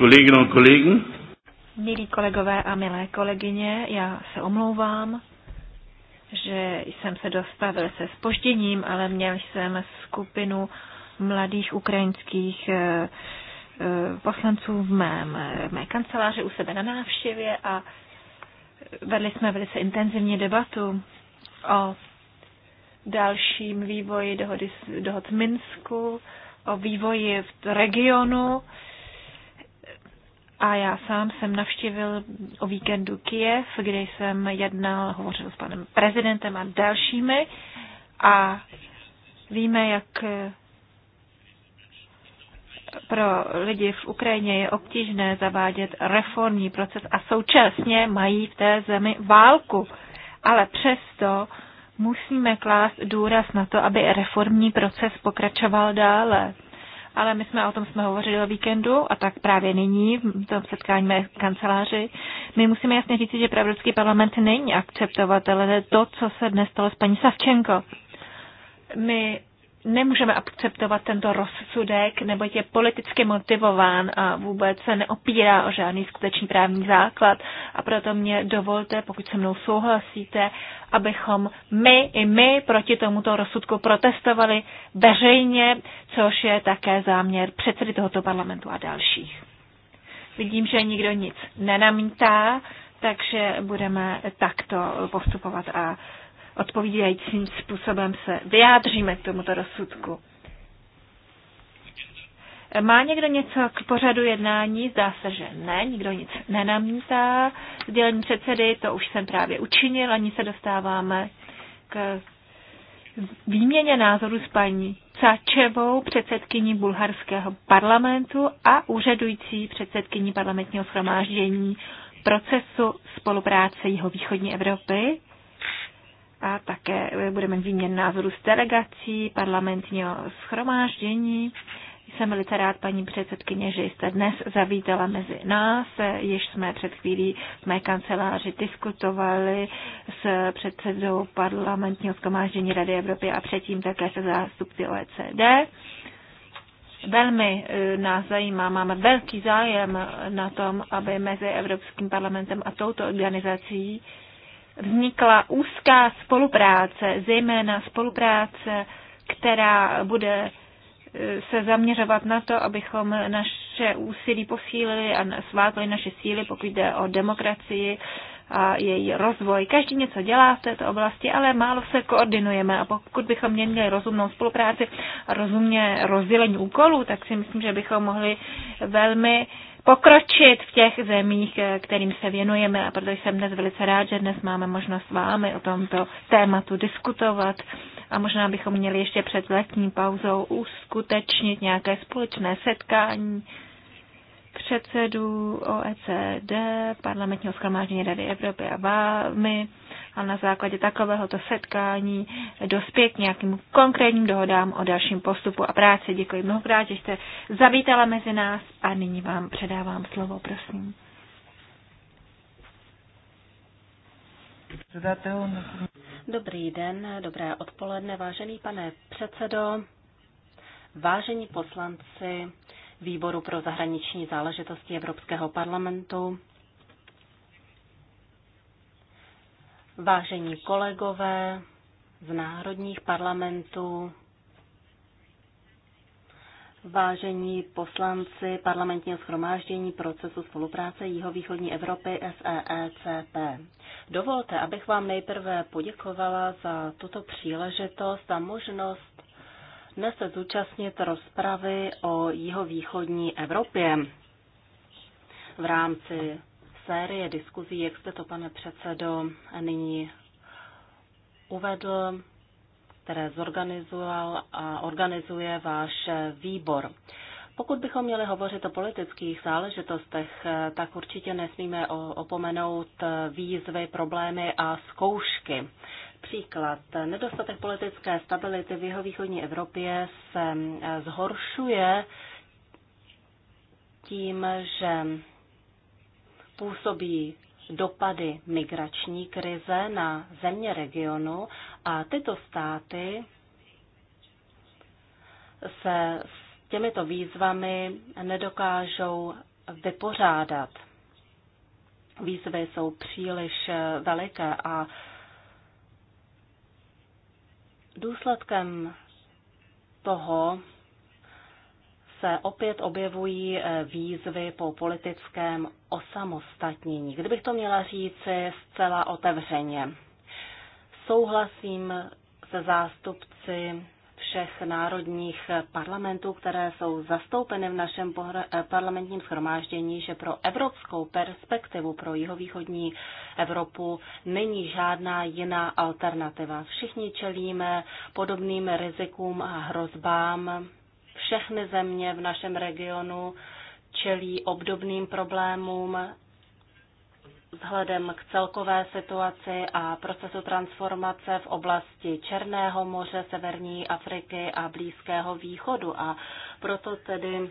Kolleginnen und Kollegen. Milí kolegové a milé kolegyně, já se omlouvám, že jsem se dostavil se spožděním, ale měl jsem skupinu mladých ukrajinských eh, eh, poslanců v mém, v mé kanceláři u sebe na návštěvě a vedli jsme velice intenzivní debatu o dalším vývoji dohody, dohod Minsku, o vývoji v regionu a já sám jsem navštívil o víkendu Kijev, kde jsem jednal, hovořil s panem prezidentem a dalšími a víme, jak eh, pro lidi v Ukrajině je obtížné zavádět reformní proces a současně mají v té zemi válku. Ale přesto musíme klást důraz na to, aby reformní proces pokračoval dále ale my jsme o tom jsme hovořili o víkendu a tak právě nyní, v tom setkání mé kanceláři, my musíme jasně říct, že pro Evropský parlament není Ale to, co se dnes stalo s paní Savčenko. My nemůžeme akceptovat tento rozsudek, nebo je politicky motivován a vůbec se neopírá o žádný skutečný právní základ. A proto mě dovolte, pokud se mnou souhlasíte, abychom my i my proti tomuto rozsudku protestovali veřejně, což je také záměr předsedy tohoto parlamentu a dalších. Vidím, že nikdo nic nenamítá, takže budeme takto postupovat a odpovídajícím způsobem se vyjádříme k tomuto rozsudku. Má někdo něco k pořadu jednání? Zdá se, že ne, nikdo nic nenamítá. Sdělení předsedy, to už jsem právě učinil, ani se dostáváme k výměně názoru s paní Cačevou, předsedkyní bulharského parlamentu a úřadující předsedkyní parlamentního shromáždění procesu spolupráce jeho východní Evropy a také budeme výměn názoru z delegací parlamentního schromáždění. Jsem velice rád, paní předsedkyně, že jste dnes zavítala mezi nás, již jsme před chvílí v mé kanceláři diskutovali s předsedou parlamentního schromáždění Rady Evropy a předtím také se zástupci OECD. Velmi eh, nás zajímá, máme velký zájem na tom, aby mezi Evropským parlamentem a touto organizací vznikla úzká spolupráce, zejména spolupráce, která bude e, se zaměřovat na to, abychom naše úsilí posílili a svátli naše síly, pokud jde o demokracii a její rozvoj. Každý něco dělá v této oblasti, ale málo se koordinujeme a pokud bychom měli rozumnou spolupráci a rozumně rozdělení úkolů, tak si myslím, že bychom mohli velmi uh, pokročit v těch zemích, eh, kterým se věnujeme. A proto jsem dnes velice rád, že dnes máme možnost s vámi o tomto tématu diskutovat. A možná bychom měli ještě před letní pauzou uskutečnit nějaké společné setkání předsedů OECD, parlamentního schromáždění Rady Evropy a vámi a na základě takovéhoto setkání dospět k nějakým konkrétním dohodám o dalším postupu a práci. Děkuji mnohokrát, že jste zavítala mezi nás a nyní vám předávám slovo, prosím. Dobrý den, dobré odpoledne, vážený pane předsedo, vážení poslanci výboru pro zahraniční záležitosti Evropského parlamentu, vážení kolegové z národních parlamentů, vážení poslanci parlamentního schromáždění procesu spolupráce Jihovýchodní Evropy SEECP. Dovolte, abych vám nejprve poděkovala za tuto příležitost a možnost dnes se zúčastnit rozpravy o jihovýchodní Evropě v rámci série diskuzí, jak jste to, pane předsedo, nyní uvedl, které zorganizoval a organizuje váš výbor. Pokud bychom měli hovořit o politických záležitostech, tak určitě nesmíme opomenout výzvy, problémy a zkoušky. Příklad. Nedostatek politické stability v jihovýchodní Evropě se zhoršuje tím, že působí dopady migrační krize na země regionu a tyto státy se s těmito výzvami nedokážou vypořádat. Výzvy jsou příliš eh, veliké a důsledkem toho se opět objevují eh, výzvy po politickém osamostatnění. Kdybych to měla říci zcela otevřeně, souhlasím se zástupci všech národních parlamentů, které jsou zastoupeny v našem eh, parlamentním schromáždění, že pro evropskou perspektivu pro jihovýchodní Evropu není žádná jiná alternativa. Všichni čelíme podobným rizikům a hrozbám všechny země v našem regionu čelí obdobným problémům vzhledem k celkové situaci a procesu transformace v oblasti Černého moře, Severní Afriky a Blízkého východu. A proto tedy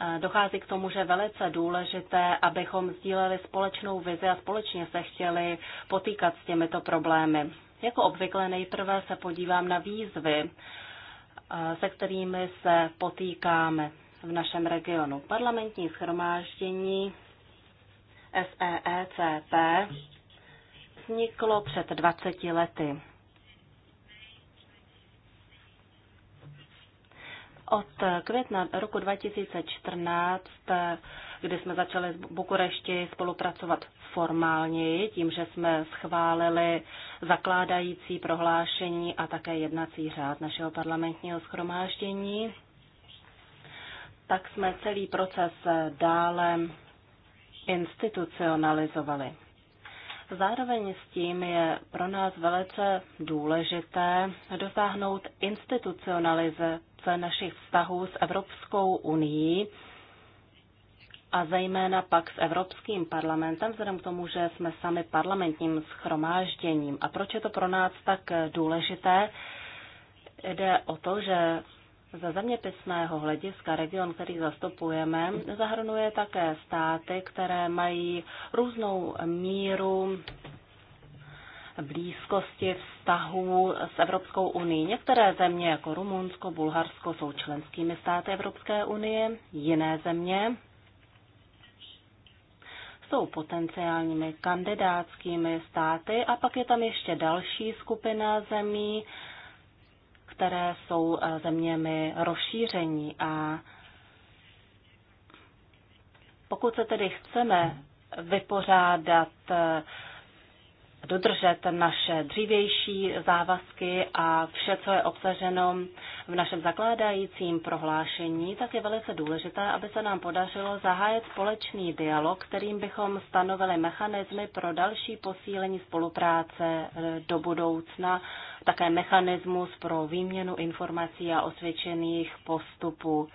eh, dochází k tomu, že velice důležité, abychom sdíleli společnou vizi a společně se chtěli potýkat s těmito problémy. Jako obvykle nejprve se podívám na výzvy, se kterými se potýkáme v našem regionu. Parlamentní schromáždění SEECP vzniklo před 20 lety. Od května roku 2014 kdy jsme začali v Bukurešti spolupracovat formálněji, tím, že jsme schválili zakládající prohlášení a také jednací řád našeho parlamentního schromáždění, tak jsme celý proces dále institucionalizovali. Zároveň s tím je pro nás velice důležité dosáhnout institucionalizace našich vztahů s Evropskou unii a zejména pak s Evropským parlamentem, vzhledem k tomu, že jsme sami parlamentním schromážděním. A proč je to pro nás tak důležité? Jde o to, že ze zeměpisného hlediska region, který zastupujeme, zahrnuje také státy, které mají různou míru blízkosti vztahů s Evropskou unii. Některé země jako Rumunsko, Bulharsko jsou členskými státy Evropské unie, jiné země jsou potenciálními kandidátskými státy a pak je tam ještě další skupina zemí, které jsou eh, zeměmi rozšíření. A pokud se tedy chceme vypořádat eh, dodržet naše dřívější závazky a vše, co je obsaženo v našem zakládajícím prohlášení, tak je velice důležité, aby se nám podařilo zahájit společný dialog, kterým bychom stanovili mechanismy pro další posílení spolupráce eh, do budoucna, také mechanismus pro výměnu informací a osvědčených postupů.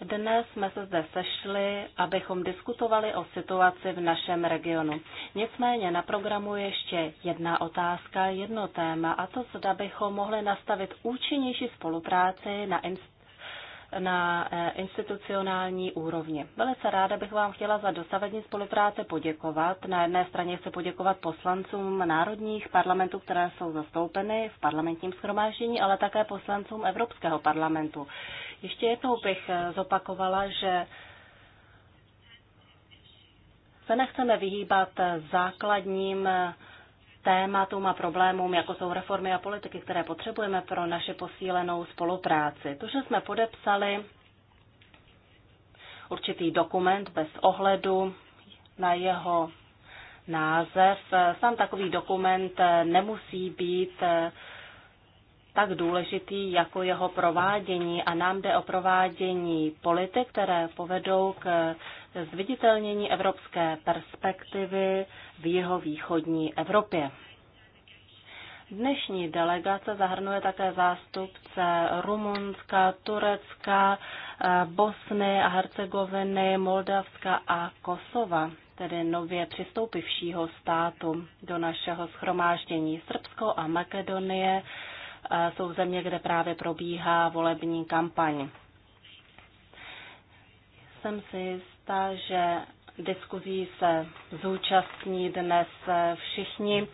Dnes jsme se zde sešli, abychom diskutovali o situaci v našem regionu. Nicméně na programu ještě jedna otázka, jedno téma, a to zda bychom mohli nastavit účinnější spolupráci na, na eh, institucionální úrovni. Velice ráda bych vám chtěla za dosavadní spolupráce poděkovat. Na jedné straně chci poděkovat poslancům národních parlamentů, které jsou zastoupeny v parlamentním schromáždění, ale také poslancům Evropského parlamentu. Ještě jednou bych eh, zopakovala, že se nechceme vyhýbat eh, základním tématům a problémům, jako jsou reformy a politiky, které potřebujeme pro naše posílenou spolupráci. To, že jsme podepsali určitý dokument bez ohledu na jeho název, sám takový dokument nemusí být tak důležitý jako jeho provádění a nám jde o provádění politik, které povedou k zviditelnění evropské perspektivy v jeho východní Evropě. Dnešní delegace zahrnuje také zástupce Rumunska, Turecka, eh, Bosny a Hercegoviny, Moldavska a Kosova tedy nově přistoupivšího státu do našeho schromáždění Srbsko a Makedonie jsou země, kde právě probíhá volební kampaň. Jsem si jistá, že diskuzí se zúčastní dnes všichni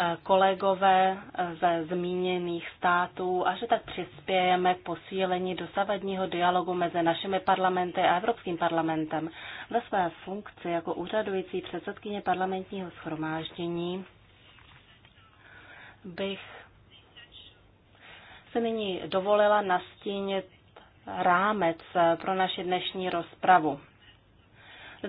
eh, kolegové ze zmíněných států a že tak přispějeme k posílení dosavadního dialogu mezi našimi parlamenty a Evropským parlamentem. Ve své funkci jako úřadující předsedkyně parlamentního schromáždění bych si nyní dovolila nastínit rámec pro naši dnešní rozpravu.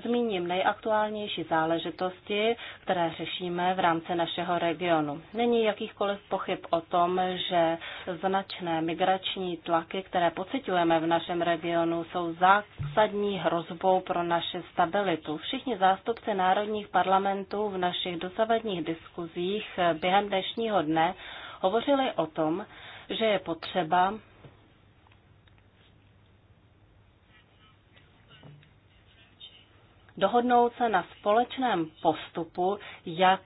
Zmíním nejaktuálnější záležitosti, které řešíme v rámci našeho regionu. Není jakýchkoliv pochyb o tom, že značné migrační tlaky, které pociťujeme v našem regionu, jsou zásadní hrozbou pro naši stabilitu. Všichni zástupci národních parlamentů v našich dosavadních diskuzích během dnešního dne hovořili o tom, že je potřeba dohodnout se na společném postupu, jak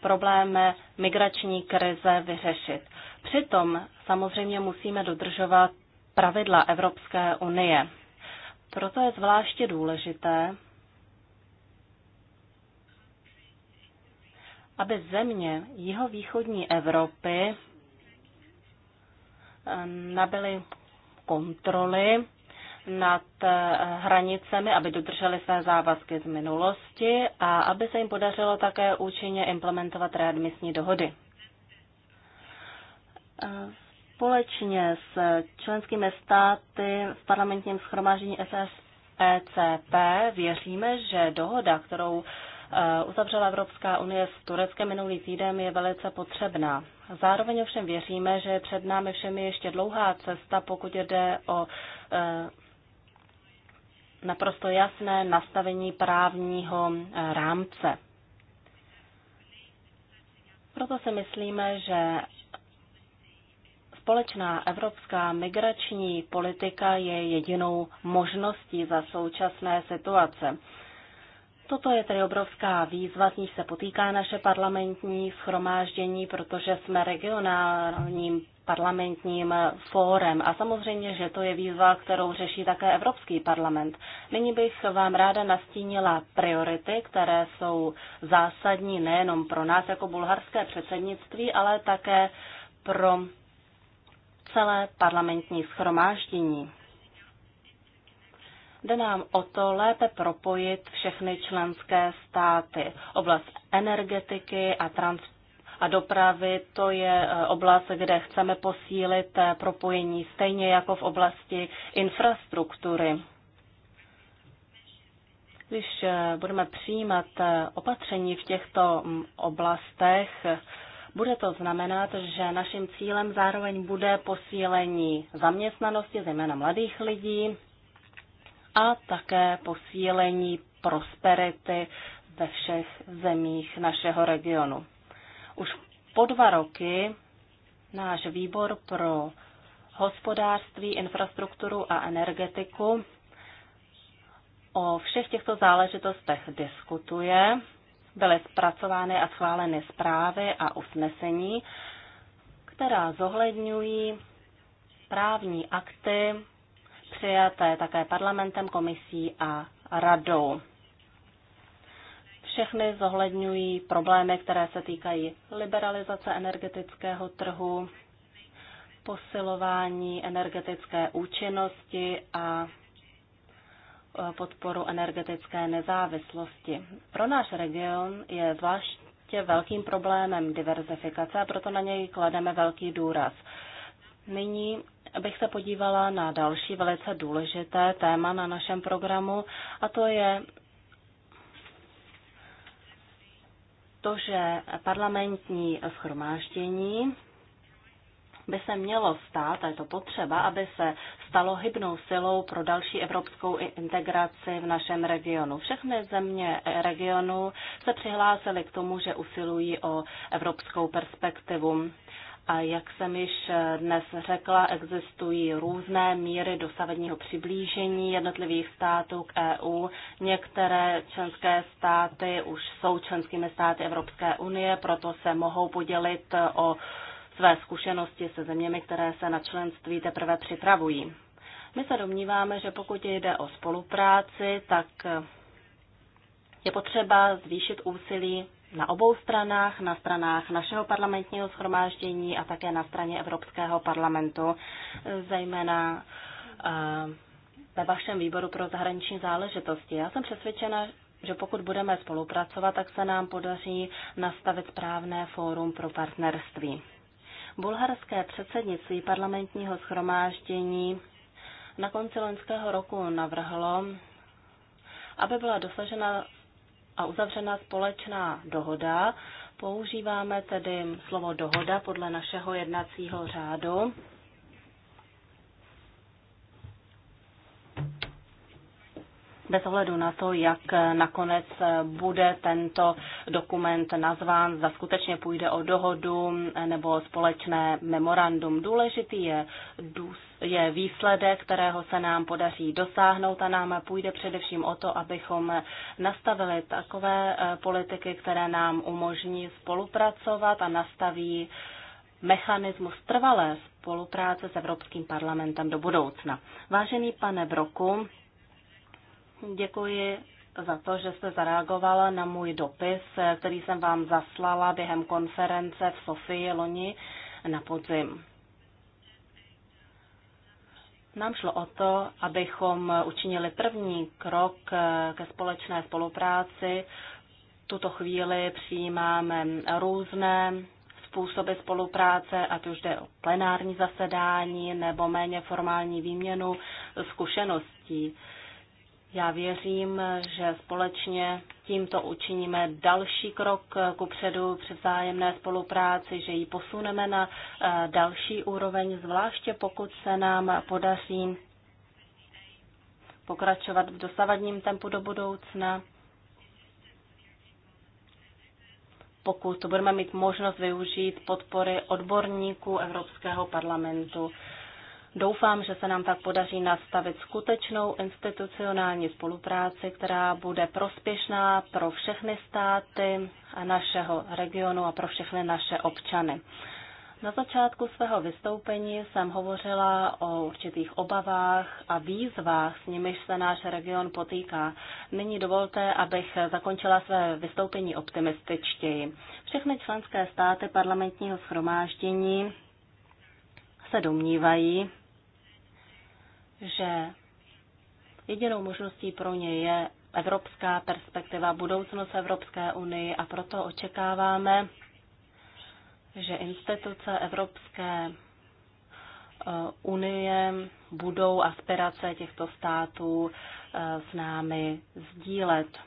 problémy migrační krize vyřešit. Přitom samozřejmě musíme dodržovat pravidla Evropské unie. Proto je zvláště důležité, aby země jihovýchodní Evropy nabyly kontroly nad eh, hranicemi, aby dodrželi své závazky z minulosti a aby se jim podařilo také účinně implementovat readmisní dohody. Eh, společně s členskými státy v parlamentním schromáždění SSECP věříme, že dohoda, kterou eh, uzavřela Evropská unie s Tureckem minulý týden, je velice potřebná. Zároveň ovšem věříme, že před námi všemi ještě dlouhá cesta, pokud jde o eh, naprosto jasné nastavení právního eh, rámce. Proto si myslíme, že společná evropská migrační politika je jedinou možností za současné situace. Toto je tedy obrovská výzva, z níž se potýká naše parlamentní schromáždění, protože jsme regionálním parlamentním fórem. A samozřejmě, že to je výzva, kterou řeší také Evropský parlament. Nyní bych vám ráda nastínila priority, které jsou zásadní nejenom pro nás jako bulharské předsednictví, ale také pro celé parlamentní schromáždění. Jde nám o to lépe propojit všechny členské státy. Oblast energetiky a transportu a dopravy, to je eh, oblast, kde chceme posílit eh, propojení, stejně jako v oblasti infrastruktury. Když eh, budeme přijímat opatření v těchto mm, oblastech, bude to znamenat, že naším cílem zároveň bude posílení zaměstnanosti, zejména mladých lidí, a také posílení prosperity ve všech zemích našeho regionu. Už po dva roky náš výbor pro hospodářství, infrastrukturu a energetiku o všech těchto záležitostech diskutuje. Byly zpracovány a schváleny zprávy a usnesení, která zohledňují právní akty přijaté také parlamentem, komisí a radou. Všechny zohledňují problémy, které se týkají liberalizace energetického trhu, posilování energetické účinnosti a e, podporu energetické nezávislosti. Pro náš region je zvláště velkým problémem diverzifikace a proto na něj klademe velký důraz. Nyní bych se podívala na další velice důležité téma na našem programu a to je to, že parlamentní schromáždění by se mělo stát, a je to potřeba, aby se stalo hybnou silou pro další evropskou integraci v našem regionu. Všechny země eh, regionu se přihlásily k tomu, že usilují o evropskou perspektivu. A jak jsem již eh, dnes řekla, existují různé míry dosavadního přiblížení jednotlivých států k EU. Některé členské státy už jsou členskými státy Evropské unie, proto se mohou podělit eh, o své zkušenosti se zeměmi, které se na členství teprve připravují. My se domníváme, že pokud jde o spolupráci, tak eh, je potřeba zvýšit úsilí na obou stranách, na stranách našeho parlamentního schromáždění a také na straně Evropského parlamentu, zejména eh, ve vašem výboru pro zahraniční záležitosti. Já jsem přesvědčena, že pokud budeme spolupracovat, tak se nám podaří nastavit správné fórum pro partnerství. Bulharské předsednictví parlamentního schromáždění na konci loňského roku navrhlo, aby byla dosažena a uzavřena společná dohoda. Používáme tedy slovo dohoda podle našeho jednacího řádu bez ohledu na to, jak nakonec bude tento dokument nazván, zda skutečně půjde o dohodu nebo společné memorandum. Důležitý je, je výsledek, kterého se nám podaří dosáhnout a nám půjde především o to, abychom nastavili takové eh, politiky, které nám umožní spolupracovat a nastaví mechanismus trvalé spolupráce s Evropským parlamentem do budoucna. Vážený pane Broku, Děkuji za to, že jste zareagoval na můj dopis, který jsem vám zaslala během konference v Sofii loni na podzim. Nám šlo o to, abychom učinili první krok ke společné spolupráci. tuto chvíli přijímáme různé způsoby spolupráce, ať už jde o plenární zasedání nebo méně formální výměnu zkušeností. Já věřím, že společně tímto učiníme další krok ku předu při vzájemné spolupráci, že ji posuneme na eh, další úroveň, zvláště pokud se nám podaří pokračovat v dosavadním tempu do budoucna. pokud budeme mít možnost využít podpory odborníků Evropského parlamentu. Doufám, že se nám tak podaří nastavit skutečnou institucionální spolupráci, která bude prospěšná pro všechny státy našeho regionu a pro všechny naše občany. Na začátku svého vystoupení jsem hovořila o určitých obavách a výzvách, s nimiž se náš region potýká. Nyní dovolte, abych zakončila své vystoupení optimističtěji. Všechny členské státy parlamentního schromáždění se domnívají, že jedinou možností pro ně je evropská perspektiva, budoucnost Evropské unie a proto očekáváme, že instituce Evropské eh, unie budou aspirace těchto států eh, s námi sdílet.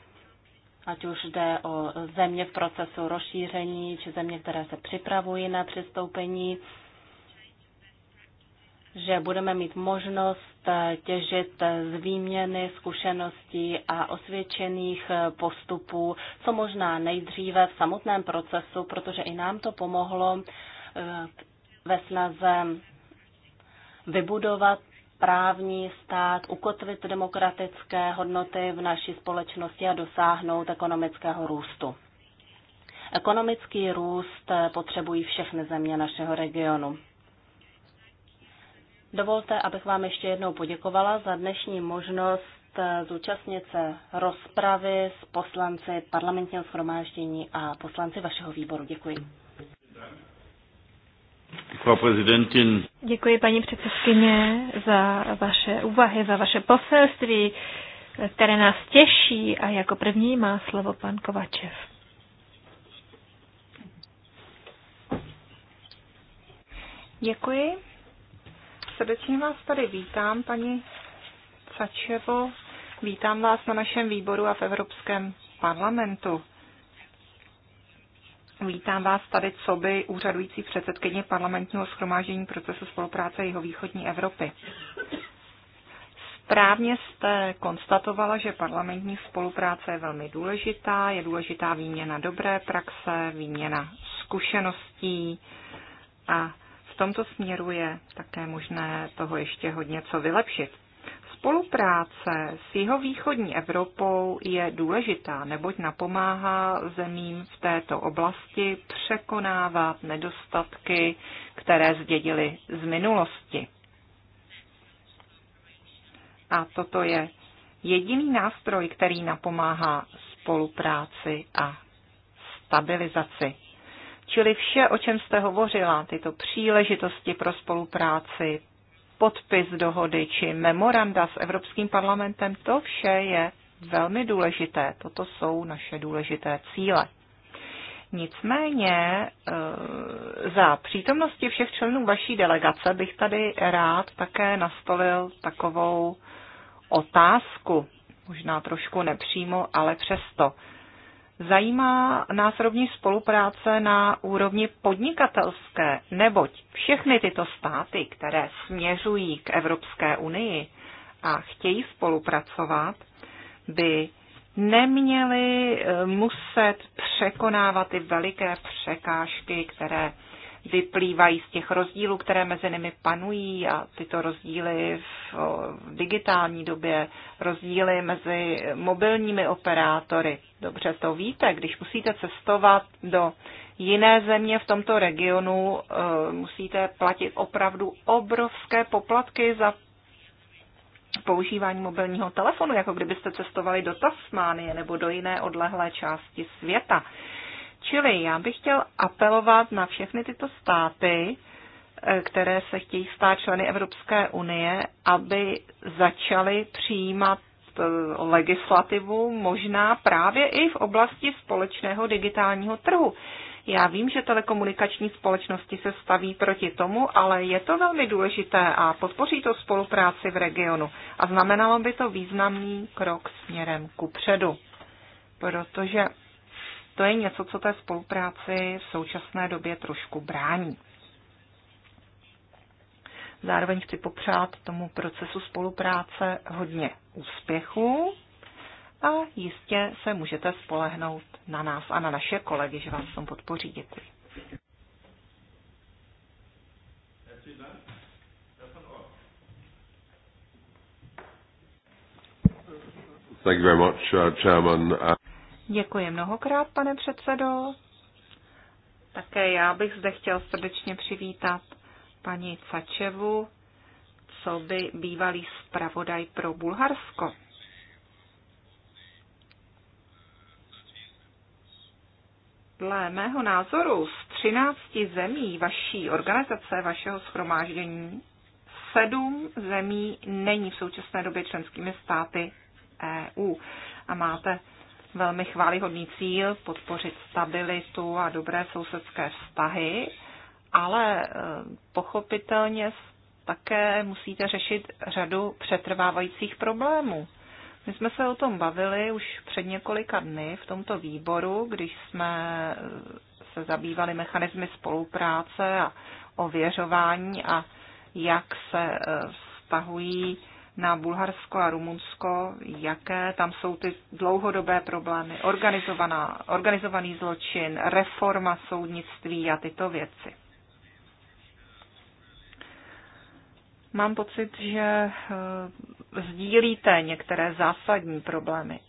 Ať už jde o země v procesu rozšíření, či země, které se připravují na přistoupení, že budeme mít možnost těžit z výměny zkušeností a osvědčených postupů, co možná nejdříve v samotném procesu, protože i nám to pomohlo eh, ve snaze vybudovat právní stát, ukotvit demokratické hodnoty v naší společnosti a dosáhnout ekonomického růstu. Ekonomický růst potřebují všechny země našeho regionu. Dovolte, abych vám ještě jednou poděkovala za dnešní možnost eh, zúčastnit se rozpravy s poslanci parlamentního schromáždění a poslanci vašeho výboru. Děkuji. Děkuji paní předsedkyně za vaše úvahy, za vaše poselství, které nás těší a jako první má slovo pan Kovačev. Děkuji. Srdečně vás tady vítám, paní Cačevo. Vítám vás na našem výboru a v Evropském parlamentu. Vítám vás tady co by úřadující předsedkyně parlamentního schromáždění procesu spolupráce jeho východní Evropy. Správně jste konstatovala, že parlamentní spolupráce je velmi důležitá, je důležitá výměna dobré praxe, výměna zkušeností a tomto směru je také možné toho ještě hodně co vylepšit. Spolupráce s jeho východní Evropou je důležitá, neboť napomáhá zemím v této oblasti překonávat nedostatky, které zdědili z minulosti. A toto je jediný nástroj, který napomáhá spolupráci a stabilizaci. Čili vše, o čem jste hovořila, tyto příležitosti pro spolupráci, podpis dohody či memoranda s Evropským parlamentem, to vše je velmi důležité. Toto jsou naše důležité cíle. Nicméně eh, za přítomnosti všech členů vaší delegace bych tady rád také nastolil takovou otázku, možná trošku nepřímo, ale přesto. Zajímá nás rovněž spolupráce na úrovni podnikatelské, neboť všechny tyto státy, které směřují k Evropské unii a chtějí spolupracovat, by neměly eh, muset překonávat ty veliké překážky, které vyplývají z těch rozdílů, které mezi nimi panují a tyto rozdíly v digitální době, rozdíly mezi mobilními operátory. Dobře to víte, když musíte cestovat do jiné země v tomto regionu, e, musíte platit opravdu obrovské poplatky za používání mobilního telefonu, jako kdybyste cestovali do Tasmánie nebo do jiné odlehlé části světa. Čili já bych chtěl apelovat na všechny tyto státy, eh, které se chtějí stát členy Evropské unie, aby začaly přijímat eh, legislativu možná právě i v oblasti společného digitálního trhu. Já vím, že telekomunikační společnosti se staví proti tomu, ale je to velmi důležité a podpoří to spolupráci v regionu. A znamenalo by to významný krok směrem ku předu. Protože to je něco, co té spolupráci v současné době trošku brání. Zároveň chci popřát tomu procesu spolupráce hodně úspěchu a jistě se můžete spolehnout na nás a na naše kolegy, že vás v tom podpoří. Děkuji. Thank you very much, uh, Chairman. Uh, Děkuji mnohokrát, pane předsedo. Také já bych zde chtěl srdečně přivítat paní Cačevu, co by bývalý zpravodaj pro Bulharsko. Dle mého názoru z 13 zemí vaší organizace, vašeho schromáždění, sedm zemí není v současné době členskými státy EU a máte velmi chválihodný cíl podpořit stabilitu a dobré sousedské vztahy, ale eh, pochopitelně také musíte řešit řadu přetrvávajících problémů. My jsme se o tom bavili už před několika dny v tomto výboru, když jsme eh, se zabývali mechanismy spolupráce a ověřování a jak se eh, vztahují na Bulharsko a Rumunsko, jaké tam jsou ty dlouhodobé problémy, organizovaná, organizovaný zločin, reforma soudnictví a tyto věci. Mám pocit, že eh, sdílíte některé zásadní problémy.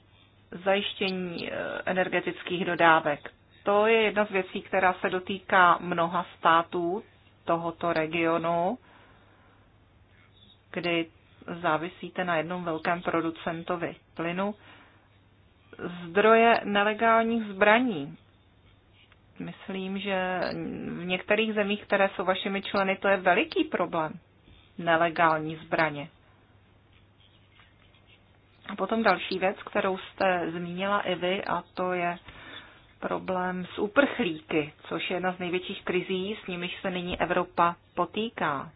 Zajištění eh, energetických dodávek. To je jedna z věcí, která se dotýká mnoha států tohoto regionu, kdy závisíte na jednom velkém producentovi plynu. Zdroje nelegálních zbraní. Myslím, že v některých zemích, které jsou vašimi členy, to je veliký problém. Nelegální zbraně. A potom další věc, kterou jste zmínila i vy, a to je problém s uprchlíky, což je jedna z největších krizí, s nimiž se nyní Evropa potýká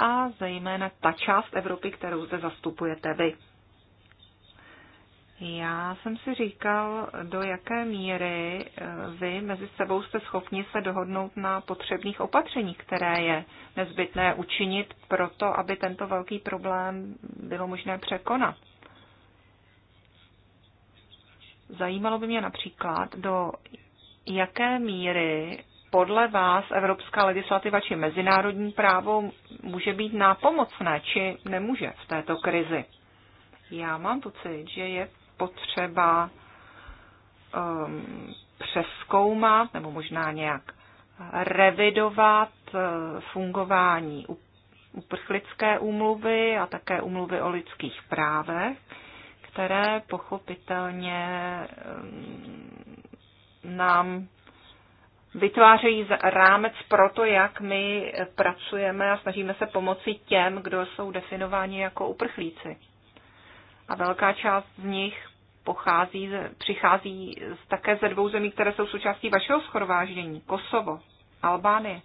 a zejména ta část Evropy, kterou zde zastupujete vy. Já jsem si říkal, do jaké míry eh, vy mezi sebou jste schopni se dohodnout na potřebných opatřeních, které je nezbytné učinit pro to, aby tento velký problém bylo možné překonat. Zajímalo by mě například, do jaké míry podle vás evropská legislativa či mezinárodní právo může být nápomocné, či nemůže v této krizi? Já mám pocit, že je potřeba um, přeskoumat nebo možná nějak revidovat uh, fungování uprchlické úmluvy a také úmluvy o lidských právech, které pochopitelně um, nám vytvářejí rámec pro to, jak my pracujeme a snažíme se pomoci těm, kdo jsou definováni jako uprchlíci. A velká část z nich pochází, přichází také ze dvou zemí, které jsou součástí vašeho schorváždění. Kosovo, Albánie,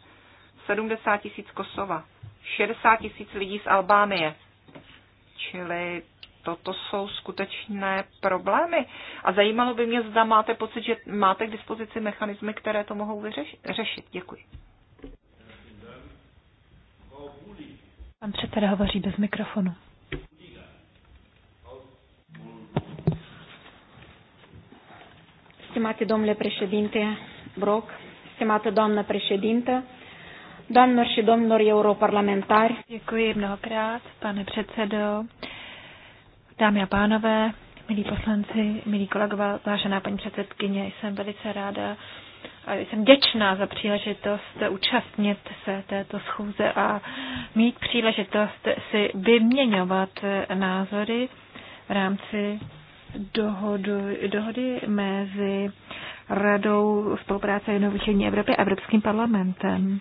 70 tisíc Kosova, 60 tisíc lidí z Albánie. Čili toto jsou skutečné problémy. A zajímalo by mě, zda máte pocit, že máte k dispozici mechanismy, které to mohou vyřešit. Děkuji. Pan předseda hovoří bez mikrofonu. Stimate domnule președinte Broc, stimată doamnă președintă, doamnelor și domnilor europarlamentari. Děkuji mnohokrát, pane předsedo, Dámy a pánové, milí poslanci, milí kolegové, vážená paní předsedkyně, jsem velice ráda a jsem děčná za příležitost účastnit se této schůze a mít příležitost si vyměňovat názory v rámci dohodu, dohody mezi Radou spolupráce jednoučení Evropy a Evropským parlamentem.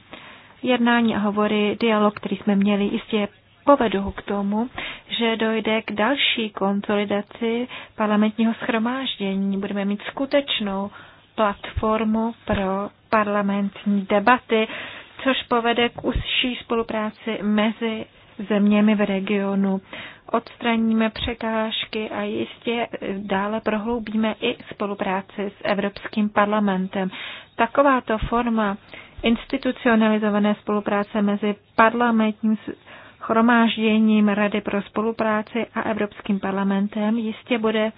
Jednání a hovory, dialog, který jsme měli, jistě je povedou k tomu, že dojde k další konsolidaci parlamentního schromáždění. Budeme mít skutečnou platformu pro parlamentní debaty, což povede k užší spolupráci mezi zeměmi v regionu. Odstraníme překážky a jistě dále prohloubíme i spolupráci s Evropským parlamentem. Takováto forma institucionalizované spolupráce mezi parlamentním chromážděním Rady pro spolupráci a Evropským parlamentem jistě bude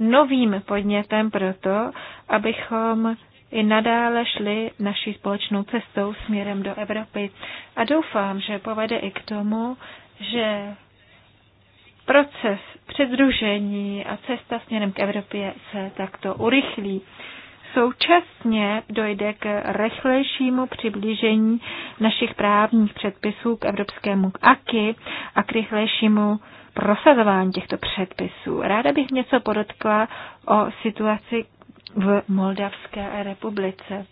novým podnětem pro to, abychom i nadále šli naší společnou cestou směrem do Evropy. A doufám, že povede i k tomu, že proces předružení a cesta směrem k Evropě se takto urychlí. Současně dojde k rychlejšímu přiblížení našich právních předpisů k evropskému AKI a k rychlejšímu prosazování těchto předpisů. Ráda bych něco podotkla o situaci v Moldavské republice.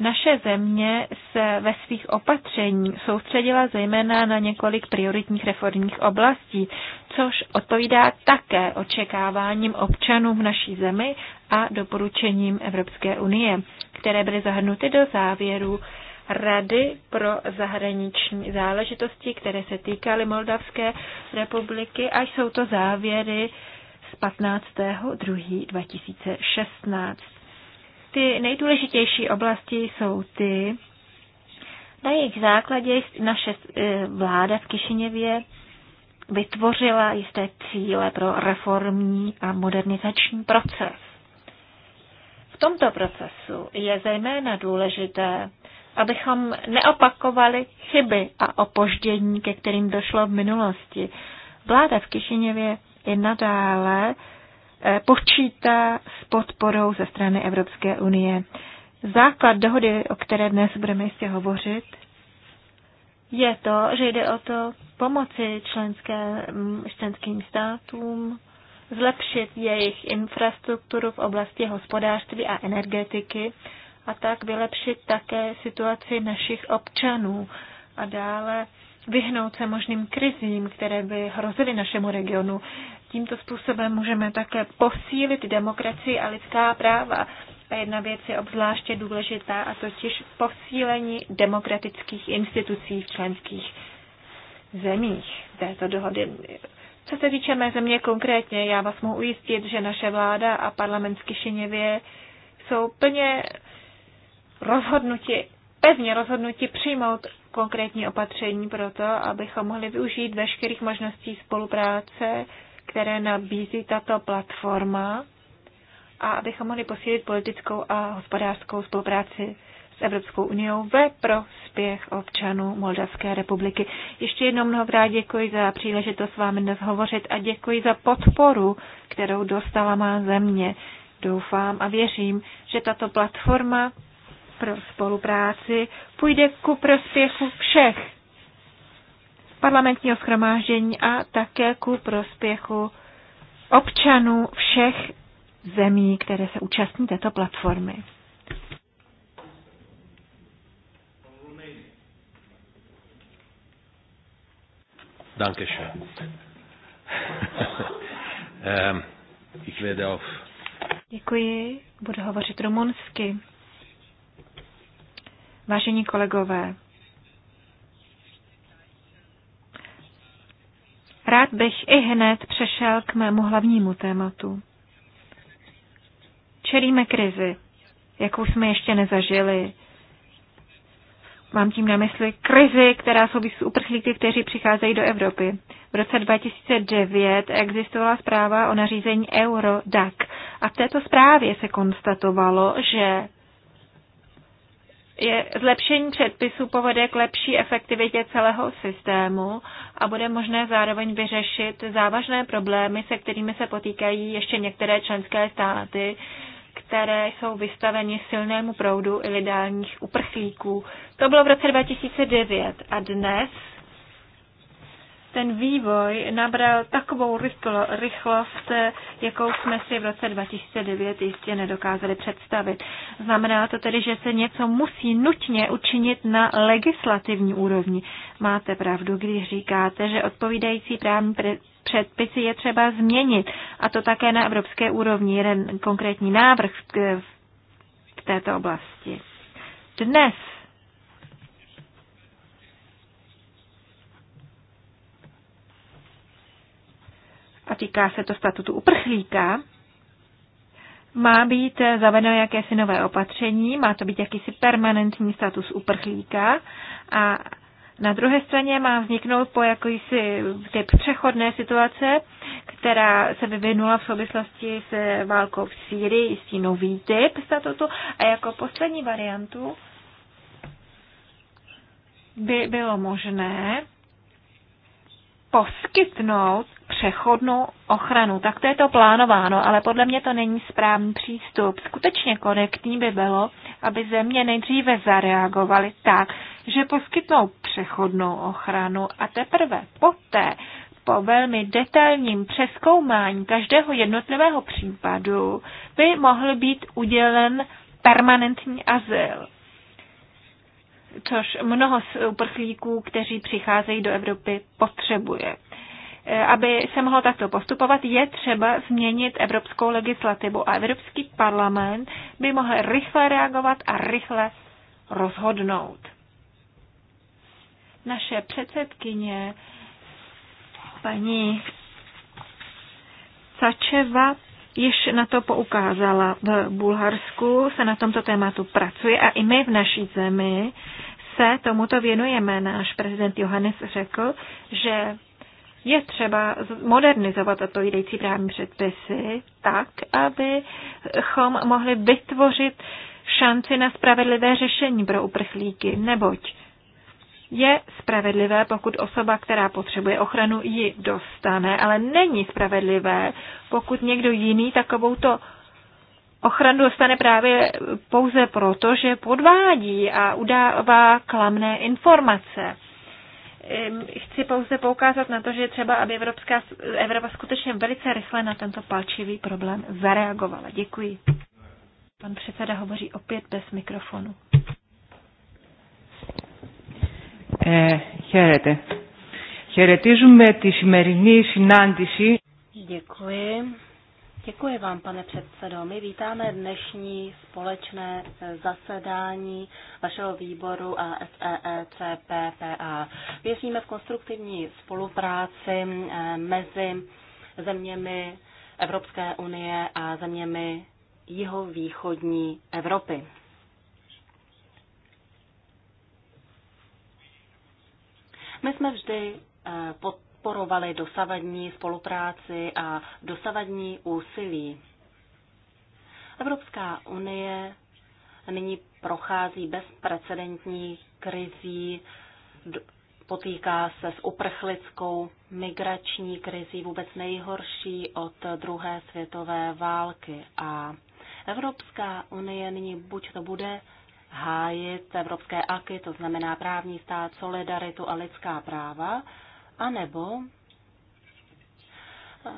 Naše země se ve svých opatření soustředila zejména na několik prioritních reformních oblastí, což odpovídá také očekáváním občanů v naší zemi a doporučením Evropské unie, které byly zahrnuty do závěru Rady pro zahraniční záležitosti, které se týkaly Moldavské republiky a jsou to závěry z 15. 2. 2016. Ty nejdůležitější oblasti jsou ty, na jejich základě naše eh, vláda v Kišiněvě vytvořila jisté cíle pro reformní a modernizační proces. V tomto procesu je zejména důležité, abychom neopakovali chyby a opoždění, ke kterým došlo v minulosti. Vláda v Kišiněvě i nadále eh, počítá s podporou ze strany Evropské unie. Základ dohody, o které dnes budeme jistě hovořit, je to, že jde o to pomoci členské, mm, členským státům zlepšit jejich infrastrukturu v oblasti hospodářství a energetiky a tak vylepšit také situaci našich občanů a dále vyhnout se možným krizím, které by hrozily našemu regionu. Tímto způsobem můžeme také posílit demokracii a lidská práva. A jedna věc je obzvláště důležitá, a totiž posílení demokratických institucí v členských zemích této dohody. Co se týče mé země konkrétně, já vás mohu ujistit, že naše vláda a parlament v Kišiněvě jsou plně rozhodnuti, pevně rozhodnuti přijmout konkrétní opatření pro to, abychom mohli využít veškerých možností spolupráce, které nabízí tato platforma a abychom mohli posílit politickou a hospodářskou spolupráci s Evropskou uniou ve prospěch občanů Moldavské republiky. Ještě jednou mnohokrát děkuji za příležitost s vámi dnes hovořit a děkuji za podporu, kterou dostala má země. Doufám a věřím, že tato platforma pro spolupráci půjde ku prospěchu všech parlamentního schromáždění a také ku prospěchu občanů všech zemí, které se účastní této platformy. Dankeschön. ähm, ich werde auf Děkuji, budu hovořit rumunsky. Vážení kolegové, rád bych i hned přešel k mému hlavnímu tématu. Čelíme krizi, jakou jsme ještě nezažili. Mám tím na mysli krizi, která souvisí s uprchlíky, kteří přicházejí do Evropy. V roce 2009 existovala zpráva o nařízení Eurodac a v této zprávě se konstatovalo, že je, zlepšení předpisů povede k lepší efektivitě celého systému a bude možné zároveň vyřešit závažné problémy, se kterými se potýkají ještě některé členské státy, které jsou vystaveni silnému proudu ilegálních uprchlíků. To bylo v roce 2009 a dnes ten vývoj nabral takovou rychlost, jakou jsme si v roce 2009 jistě nedokázali představit. Znamená to tedy, že se něco musí nutně učinit na legislativní úrovni. Máte pravdu, když říkáte, že odpovídající právní předpisy je třeba změnit, a to také na evropské úrovni, jeden konkrétní návrh v této oblasti. Dnes a týká se to statutu uprchlíka, má být zavedeno jakési nové opatření, má to být jakýsi permanentní status uprchlíka a na druhé straně má vzniknout po jakýsi typ přechodné situace, která se vyvinula v souvislosti s válkou v Sýrii, jistý nový typ statutu a jako poslední variantu by bylo možné poskytnout přechodnou ochranu. Tak to je to plánováno, ale podle mě to není správný přístup. Skutečně korektní by bylo, aby země nejdříve zareagovaly tak, že poskytnou přechodnou ochranu a teprve poté, po velmi detailním přeskoumání každého jednotlivého případu, by mohl být udělen permanentní azyl což mnoho z uprchlíků, kteří přicházejí do Evropy, potřebuje. E, aby se mohlo takto postupovat, je třeba změnit evropskou legislativu a Evropský parlament by mohl rychle reagovat a rychle rozhodnout. Naše předsedkyně paní Sačeva již na to poukázala. V Bulharsku se na tomto tématu pracuje a i my v naší zemi se tomuto věnujeme. Náš prezident Johannes řekl, že je třeba modernizovat odpovídající právní předpisy tak, abychom mohli vytvořit šanci na spravedlivé řešení pro uprchlíky, neboť je spravedlivé, pokud osoba, která potřebuje ochranu, ji dostane, ale není spravedlivé, pokud někdo jiný takovouto ochranu dostane právě pouze proto, že podvádí a udává klamné informace. Ehm, chci pouze poukázat na to, že třeba, aby Evropská, Evropa skutečně velice rychle na tento palčivý problém zareagovala. Děkuji. Pan předseda hovoří opět bez mikrofonu. Ε, χαίρετε. Χαιρετίζουμε τη σημερινή συνάντηση. Děkuji. Děkuji vám, pane předsedo. My vítáme dnešní společné eh, zasedání vašeho výboru a SEECPPA. Věříme v konstruktivní spolupráci eh, mezi zeměmi Evropské unie a zeměmi jihovýchodní Evropy. My jsme vždy eh, podporovali dosavadní spolupráci a dosavadní úsilí. Evropská unie nyní prochází bezprecedentní krizí, potýká se s uprchlickou migrační krizí, vůbec nejhorší od druhé světové války. A Evropská unie nyní buď to bude hájit evropské aky, to znamená právní stát, solidaritu a lidská práva, anebo eh,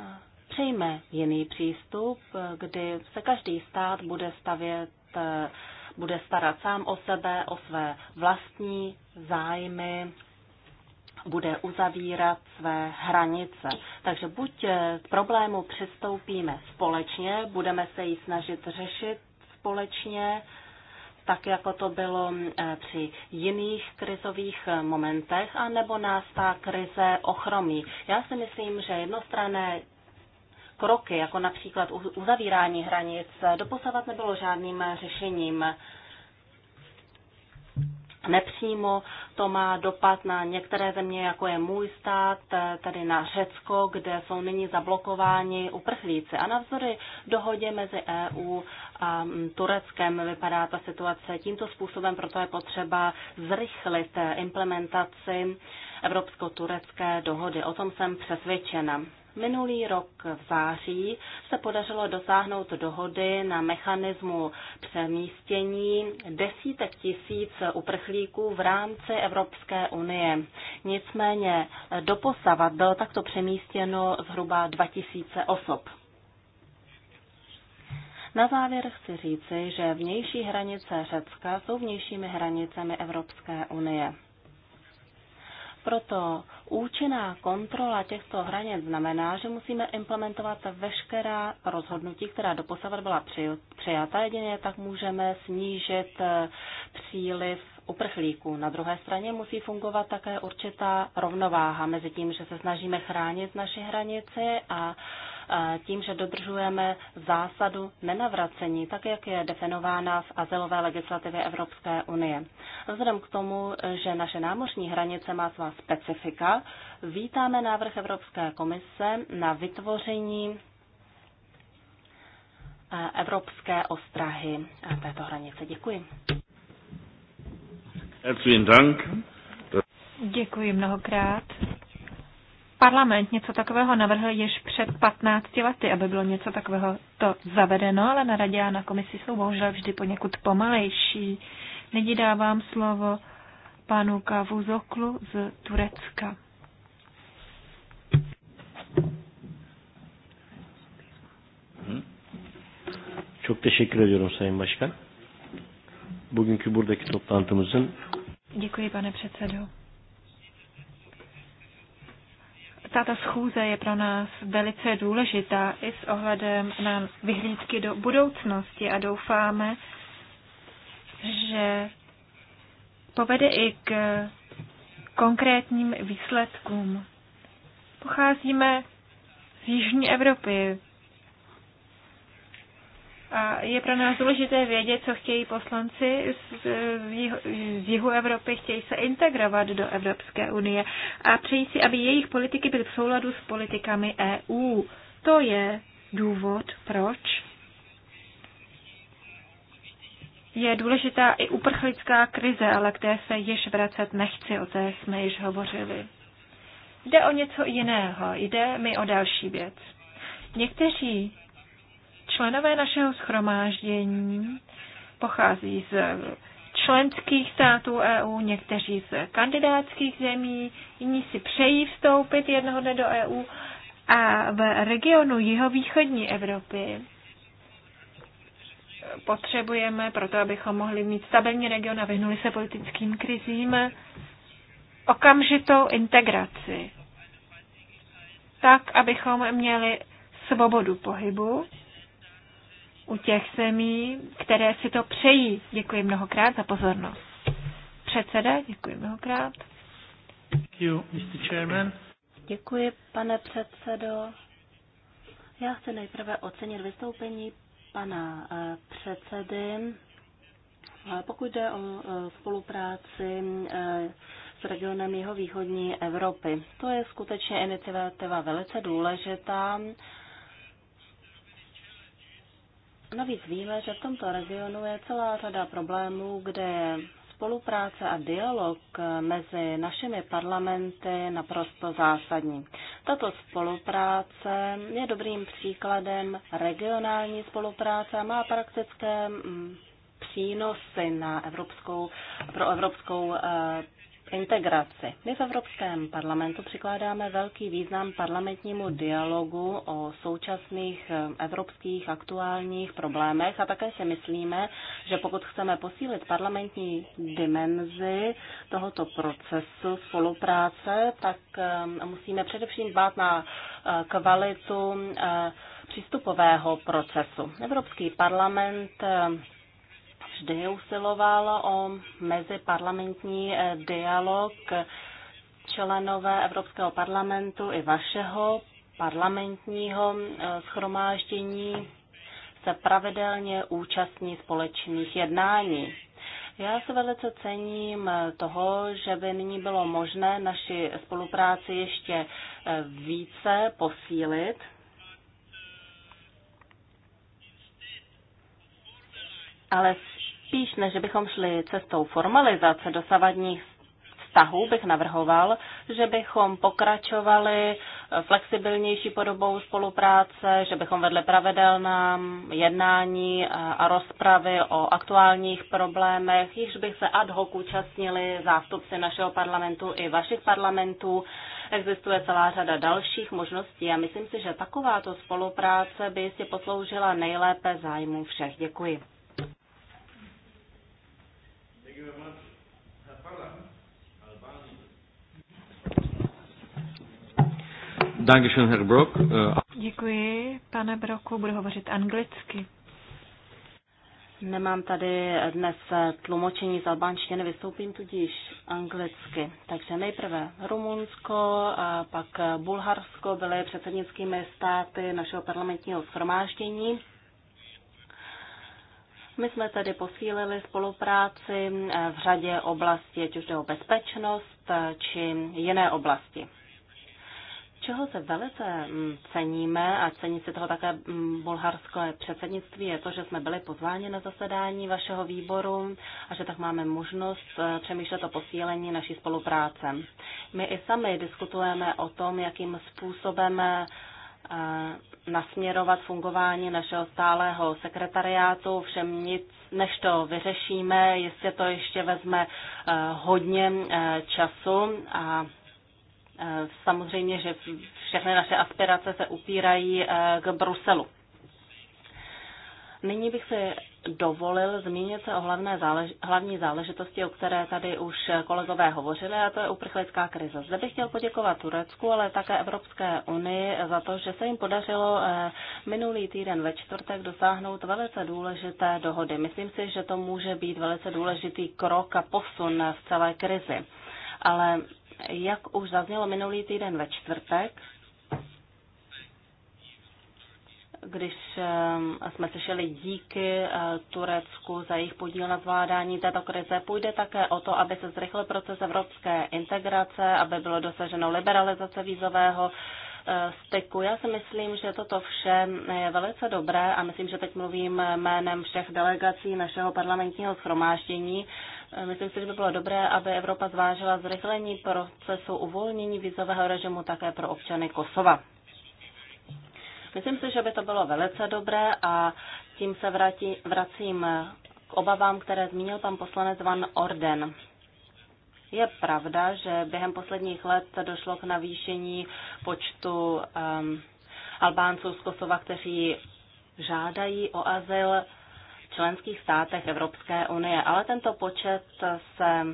přejme jiný přístup, kdy se každý stát bude stavět, eh, bude starat sám o sebe, o své vlastní zájmy, bude uzavírat své hranice. Takže buď eh, k problému přistoupíme společně, budeme se ji snažit řešit společně, tak jako to bylo eh, při jiných krizových eh, momentech, anebo nás ta krize ochromí. Já si myslím, že jednostranné kroky, jako například uzavírání hranic, eh, doposavat nebylo žádným řešením. Nepřímo to má dopad na některé země, jako je můj stát, eh, tedy na Řecko, kde jsou nyní zablokováni uprchlíci. A navzory dohodě mezi EU a mm, Tureckem vypadá ta situace tímto způsobem, proto je potřeba zrychlit eh, implementaci evropsko-turecké dohody. O tom jsem přesvědčena. Minulý rok v září se podařilo dosáhnout dohody na mechanismu přemístění desítek tisíc uprchlíků v rámci Evropské unie. Nicméně doposavat bylo takto přemístěno zhruba 2000 osob. Na závěr chci říci, že vnější hranice Řecka jsou vnějšími hranicemi Evropské unie. Proto účinná kontrola těchto hranic znamená, že musíme implementovat veškerá rozhodnutí, která doposavat byla přijata. Jedině tak můžeme snížit eh, příliv uprchlíků. Na druhé straně musí fungovat také určitá rovnováha mezi tím, že se snažíme chránit naše hranice a Eh, tím, že dodržujeme zásadu nenavracení, tak jak je definována v azylové legislativě Evropské unie. Vzhledem k tomu, že naše námořní hranice má svá specifika, vítáme návrh Evropské komise na vytvoření eh, evropské ostrahy eh, této hranice. Děkuji. Děkuji mnohokrát. Parlament něco takového navrhl již před 15 lety, aby bylo něco takového to zavedeno, ale na radě a na komisi jsou bohužel vždy poněkud pomalejší. Nyní dávám slovo panu Kavuzoklu z Turecka. Çok teşekkür ediyorum Sayın Başkan. Bugünkü buradaki toplantımızın Děkuji, pane předsedo. Tato schůze je pro nás velice důležitá i s ohledem na vyhlídky do budoucnosti a doufáme, že povede i k konkrétním výsledkům. Pocházíme z Jižní Evropy, a je pro nás důležité vědět, co chtějí poslanci z, jihu, z jihu Evropy, chtějí se integrovat do Evropské unie a přejí si, aby jejich politiky byly v souladu s politikami EU. To je důvod, proč je důležitá i uprchlická krize, ale k té se již vracet nechci, o té jsme již hovořili. Jde o něco jiného, jde mi o další věc. Někteří Členové našeho schromáždění pochází z členských států EU, někteří z kandidátských zemí, jiní si přejí vstoupit jednoho dne do EU a v regionu jihovýchodní Evropy potřebujeme proto, abychom mohli mít stabilní region a vyhnuli se politickým krizím, okamžitou integraci. Tak, abychom měli svobodu pohybu, u těch zemí, které si to přejí. Děkuji mnohokrát za pozornost. Předseda, děkuji mnohokrát. You, děkuji, pane předsedo. Já chci nejprve ocenit vystoupení pana eh, předsedy. Eh, pokud jde o eh, spolupráci s regionem jeho východní Evropy, to je skutečně iniciativa velice důležitá Navíc víme, že v tomto regionu je celá řada problémů, kde spolupráce a dialog mezi našimi parlamenty naprosto zásadní. Tato spolupráce je dobrým příkladem regionální spolupráce a má praktické mm, přínosy na evropskou, pro evropskou eh, integraci. My v Evropském parlamentu přikládáme velký význam parlamentnímu dialogu o současných eh, evropských aktuálních problémech a také si myslíme, že pokud chceme posílit parlamentní dimenzi tohoto procesu spolupráce, tak eh, musíme především dbát na eh, kvalitu přístupového procesu. Evropský parlament vždy usiloval o meziparlamentní eh, dialog členové Evropského parlamentu i vašeho parlamentního eh, schromáždění se pravidelně účastní společných jednání. Já se velice cením eh, toho, že by nyní bylo možné naši spolupráci ještě více posílit. Ale Spíš než bychom šli cestou formalizace dosavadních vztahů, bych navrhoval, že bychom pokračovali flexibilnější podobou spolupráce, že bychom vedli pravidelná jednání a rozpravy o aktuálních problémech, již by se ad hoc účastnili zástupci našeho parlamentu i vašich parlamentů. Existuje celá řada dalších možností a myslím si, že takováto spolupráce by si posloužila nejlépe zájmu všech. Děkuji. Dankeschön, Herr Brock. Eh, Děkuji, pane Broku, budu hovořit anglicky. Nemám tady dnes tlumočení z albánštiny, vystoupím tudíž anglicky. Takže nejprve Rumunsko, pak Bulharsko byly předsednickými státy našeho parlamentního shromáždění. My jsme tedy posílili spolupráci eh, v řadě oblasti, ať už jde o bezpečnost eh, či jiné oblasti. Čeho se velice mm, ceníme a cení si toho také mm, bulharské předsednictví je to, že jsme byli pozváni na zasedání vašeho výboru a že tak máme možnost eh, přemýšlet o posílení naší spolupráce. My i sami diskutujeme o tom, jakým způsobem Eh, nasměrovat fungování našeho stálého sekretariátu. Všem nic, než to vyřešíme, jestli to ještě vezme eh, hodně eh, času a samozřejmě, že všechny naše aspirace se upírají k Bruselu. Nyní bych se dovolil zmínit se o hlavné zálež- hlavní záležitosti, o které tady už kolegové hovořili, a to je uprchlická krize. Zde bych chtěl poděkovat Turecku, ale také Evropské unii za to, že se jim podařilo eh, minulý týden ve čtvrtek dosáhnout velice důležité dohody. Myslím si, že to může být velice důležitý krok a posun v celé krizi. Ale jak už zaznělo minulý týden ve čtvrtek, když ehm, jsme slyšeli díky eh, Turecku za jejich podíl na zvládání této krize, půjde také o to, aby se zrychlil proces evropské integrace, aby bylo dosaženo liberalizace vízového eh, styku. Já si myslím, že toto vše je velice dobré a myslím, že teď mluvím jménem všech delegací našeho parlamentního schromáždění. Eh, myslím si, že by bylo dobré, aby Evropa zvážila zrychlení procesu uvolnění vízového režimu také pro občany Kosova. Myslím si, že by to bylo velice dobré a tím se vrátí, vracím k obavám, které zmínil pan poslanec Van Orden. Je pravda, že během posledních let došlo k navýšení počtu um, Albánců z Kosova, kteří žádají o azyl v členských státech Evropské unie, ale tento počet se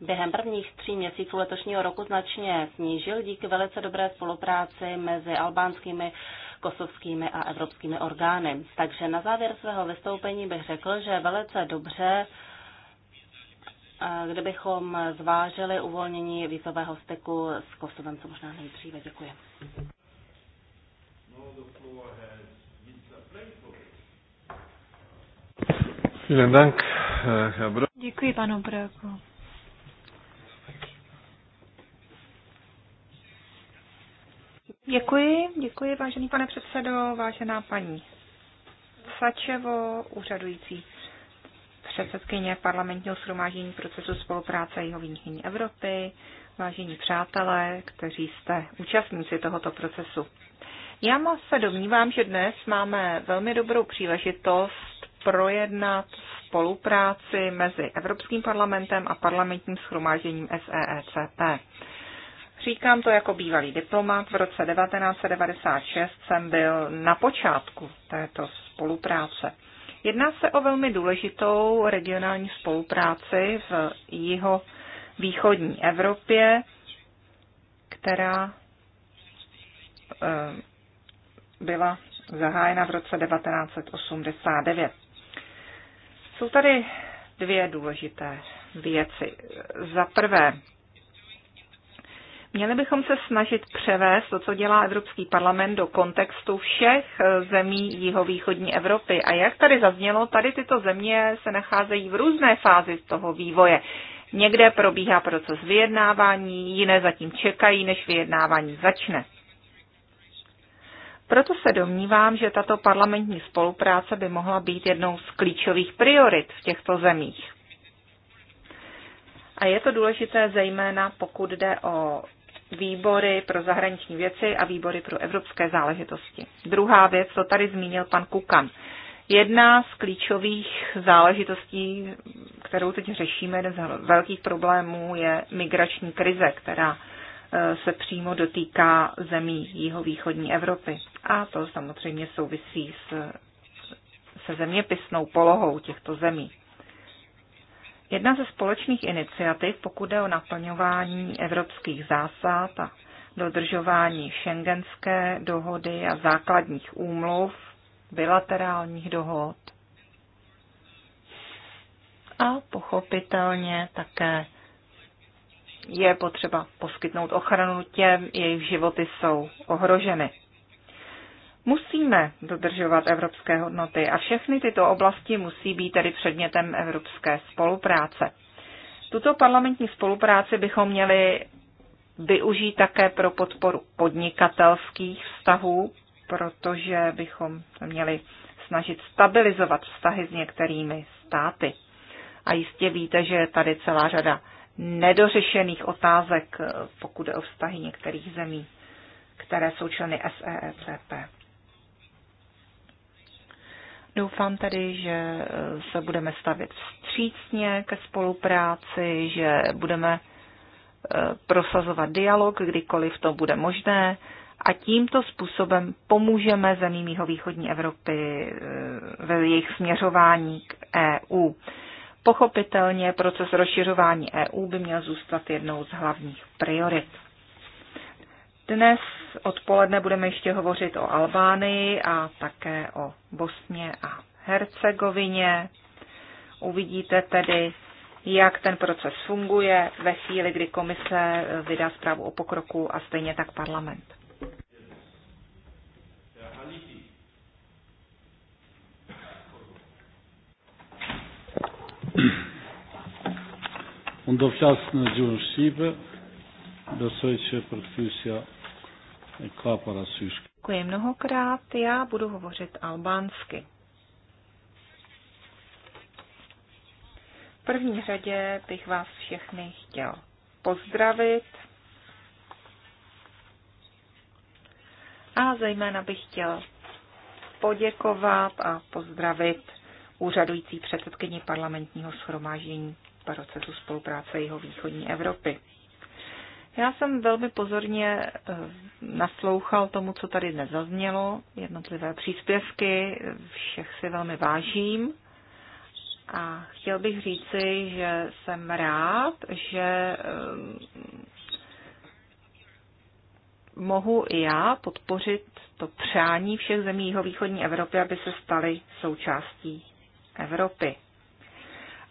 během prvních tří měsíců letošního roku značně snížil díky velice dobré spolupráci mezi albánskými kosovskými a evropskými orgány. Takže na závěr svého vystoupení bych řekl, že je velice dobře, kdybychom zvážili uvolnění vízového styku s Kosovem, co možná nejdříve. Děkuji. Děkuji panu Braku. Děkuji, děkuji, vážený pane předsedo, vážená paní Sačevo, úřadující předsedkyně parlamentního shromáždění procesu spolupráce jeho Jihovýchodní Evropy, vážení přátelé, kteří jste účastníci tohoto procesu. Já se domnívám, že dnes máme velmi dobrou příležitost projednat spolupráci mezi Evropským parlamentem a parlamentním schromážděním SEECP. Říkám to jako bývalý diplomat. V roce 1996 jsem byl na počátku této spolupráce. Jedná se o velmi důležitou regionální spolupráci v jeho východní Evropě, která eh, byla zahájena v roce 1989. Jsou tady dvě důležité věci. Za prvé, Měli bychom se snažit převést to, co dělá Evropský parlament do kontextu všech eh, zemí jihovýchodní Evropy. A jak tady zaznělo, tady tyto země se nacházejí v různé fázi toho vývoje. Někde probíhá proces vyjednávání, jiné zatím čekají, než vyjednávání začne. Proto se domnívám, že tato parlamentní spolupráce by mohla být jednou z klíčových priorit v těchto zemích. A je to důležité zejména, pokud jde o výbory pro zahraniční věci a výbory pro evropské záležitosti. Druhá věc, co tady zmínil pan Kukan. Jedna z klíčových záležitostí, kterou teď řešíme, jeden z velkých problémů, je migrační krize, která e, se přímo dotýká zemí jihovýchodní Evropy. A to samozřejmě souvisí s, se zeměpisnou polohou těchto zemí. Jedna ze společných iniciativ, pokud je o naplňování evropských zásad a dodržování šengenské dohody a základních úmluv, bilaterálních dohod a pochopitelně také je potřeba poskytnout ochranu těm, jejich životy jsou ohroženy. Musíme dodržovat evropské hodnoty a všechny tyto oblasti musí být tedy předmětem evropské spolupráce. Tuto parlamentní spolupráci bychom měli využít také pro podporu podnikatelských vztahů, protože bychom měli snažit stabilizovat vztahy s některými státy. A jistě víte, že je tady celá řada nedořešených otázek, eh, pokud je o vztahy některých zemí, které jsou členy SEECP. Doufám tedy, že eh, se budeme stavit vstřícně ke spolupráci, že budeme eh, prosazovat dialog, kdykoliv to bude možné a tímto způsobem pomůžeme zemím jihovýchodní Evropy eh, ve jejich směřování k EU. Pochopitelně proces rozšiřování EU by měl zůstat jednou z hlavních priorit. Dnes odpoledne budeme ještě hovořit o Albánii a také o Bosně a Hercegovině. Uvidíte tedy, jak ten proces funguje ve chvíli, kdy komise vydá zprávu o pokroku a stejně tak parlament. Und auf das dosající profesia Kapara Děkuji mnohokrát, já budu hovořit albánsky. V první řadě bych vás všechny chtěl pozdravit a zejména bych chtěl poděkovat a pozdravit úřadující předsedkyni parlamentního schromáždění procesu spolupráce jeho východní Evropy. Já jsem velmi pozorně eh, naslouchal tomu, co tady nezaznělo. jednotlivé příspěvky, všech si velmi vážím. A chtěl bych říci, že jsem rád, že eh, mohu i já podpořit to přání všech zemí východní Evropy, aby se staly součástí Evropy.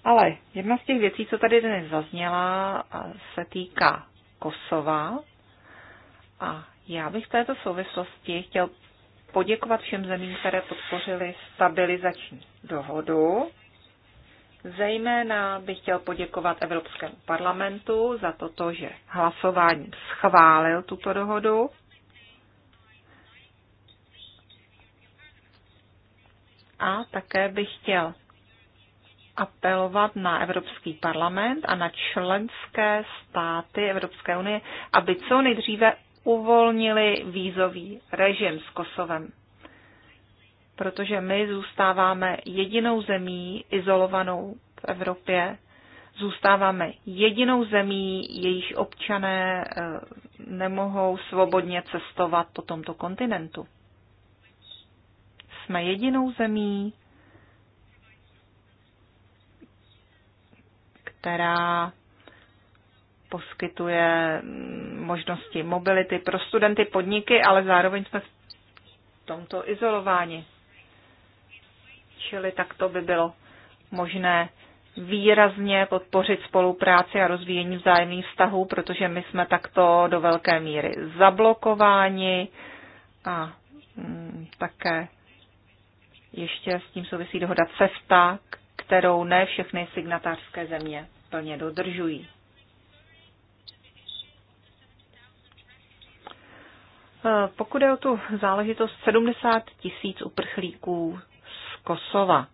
Ale jedna z těch věcí, co tady dnes zazněla, eh, se týká Kosova. A já bych v této souvislosti chtěl poděkovat všem zemím, které podpořily stabilizační dohodu. Zejména bych chtěl poděkovat Evropskému parlamentu za toto, že hlasováním schválil tuto dohodu. A také bych chtěl apelovat na Evropský parlament a na členské státy Evropské unie, aby co nejdříve uvolnili vízový režim s Kosovem. Protože my zůstáváme jedinou zemí izolovanou v Evropě, zůstáváme jedinou zemí, jejich občané eh, nemohou svobodně cestovat po tomto kontinentu. Jsme jedinou zemí, která poskytuje mm, možnosti mobility pro studenty, podniky, ale zároveň jsme v tomto izolováni. Čili tak to by bylo možné výrazně podpořit spolupráci a rozvíjení vzájemných vztahů, protože my jsme takto do velké míry zablokováni a mm, také ještě s tím souvisí dohoda CEFTA, kterou ne všechny signatářské země plně dodržují. Eh, pokud je o tu záležitost 70 tisíc uprchlíků z Kosova,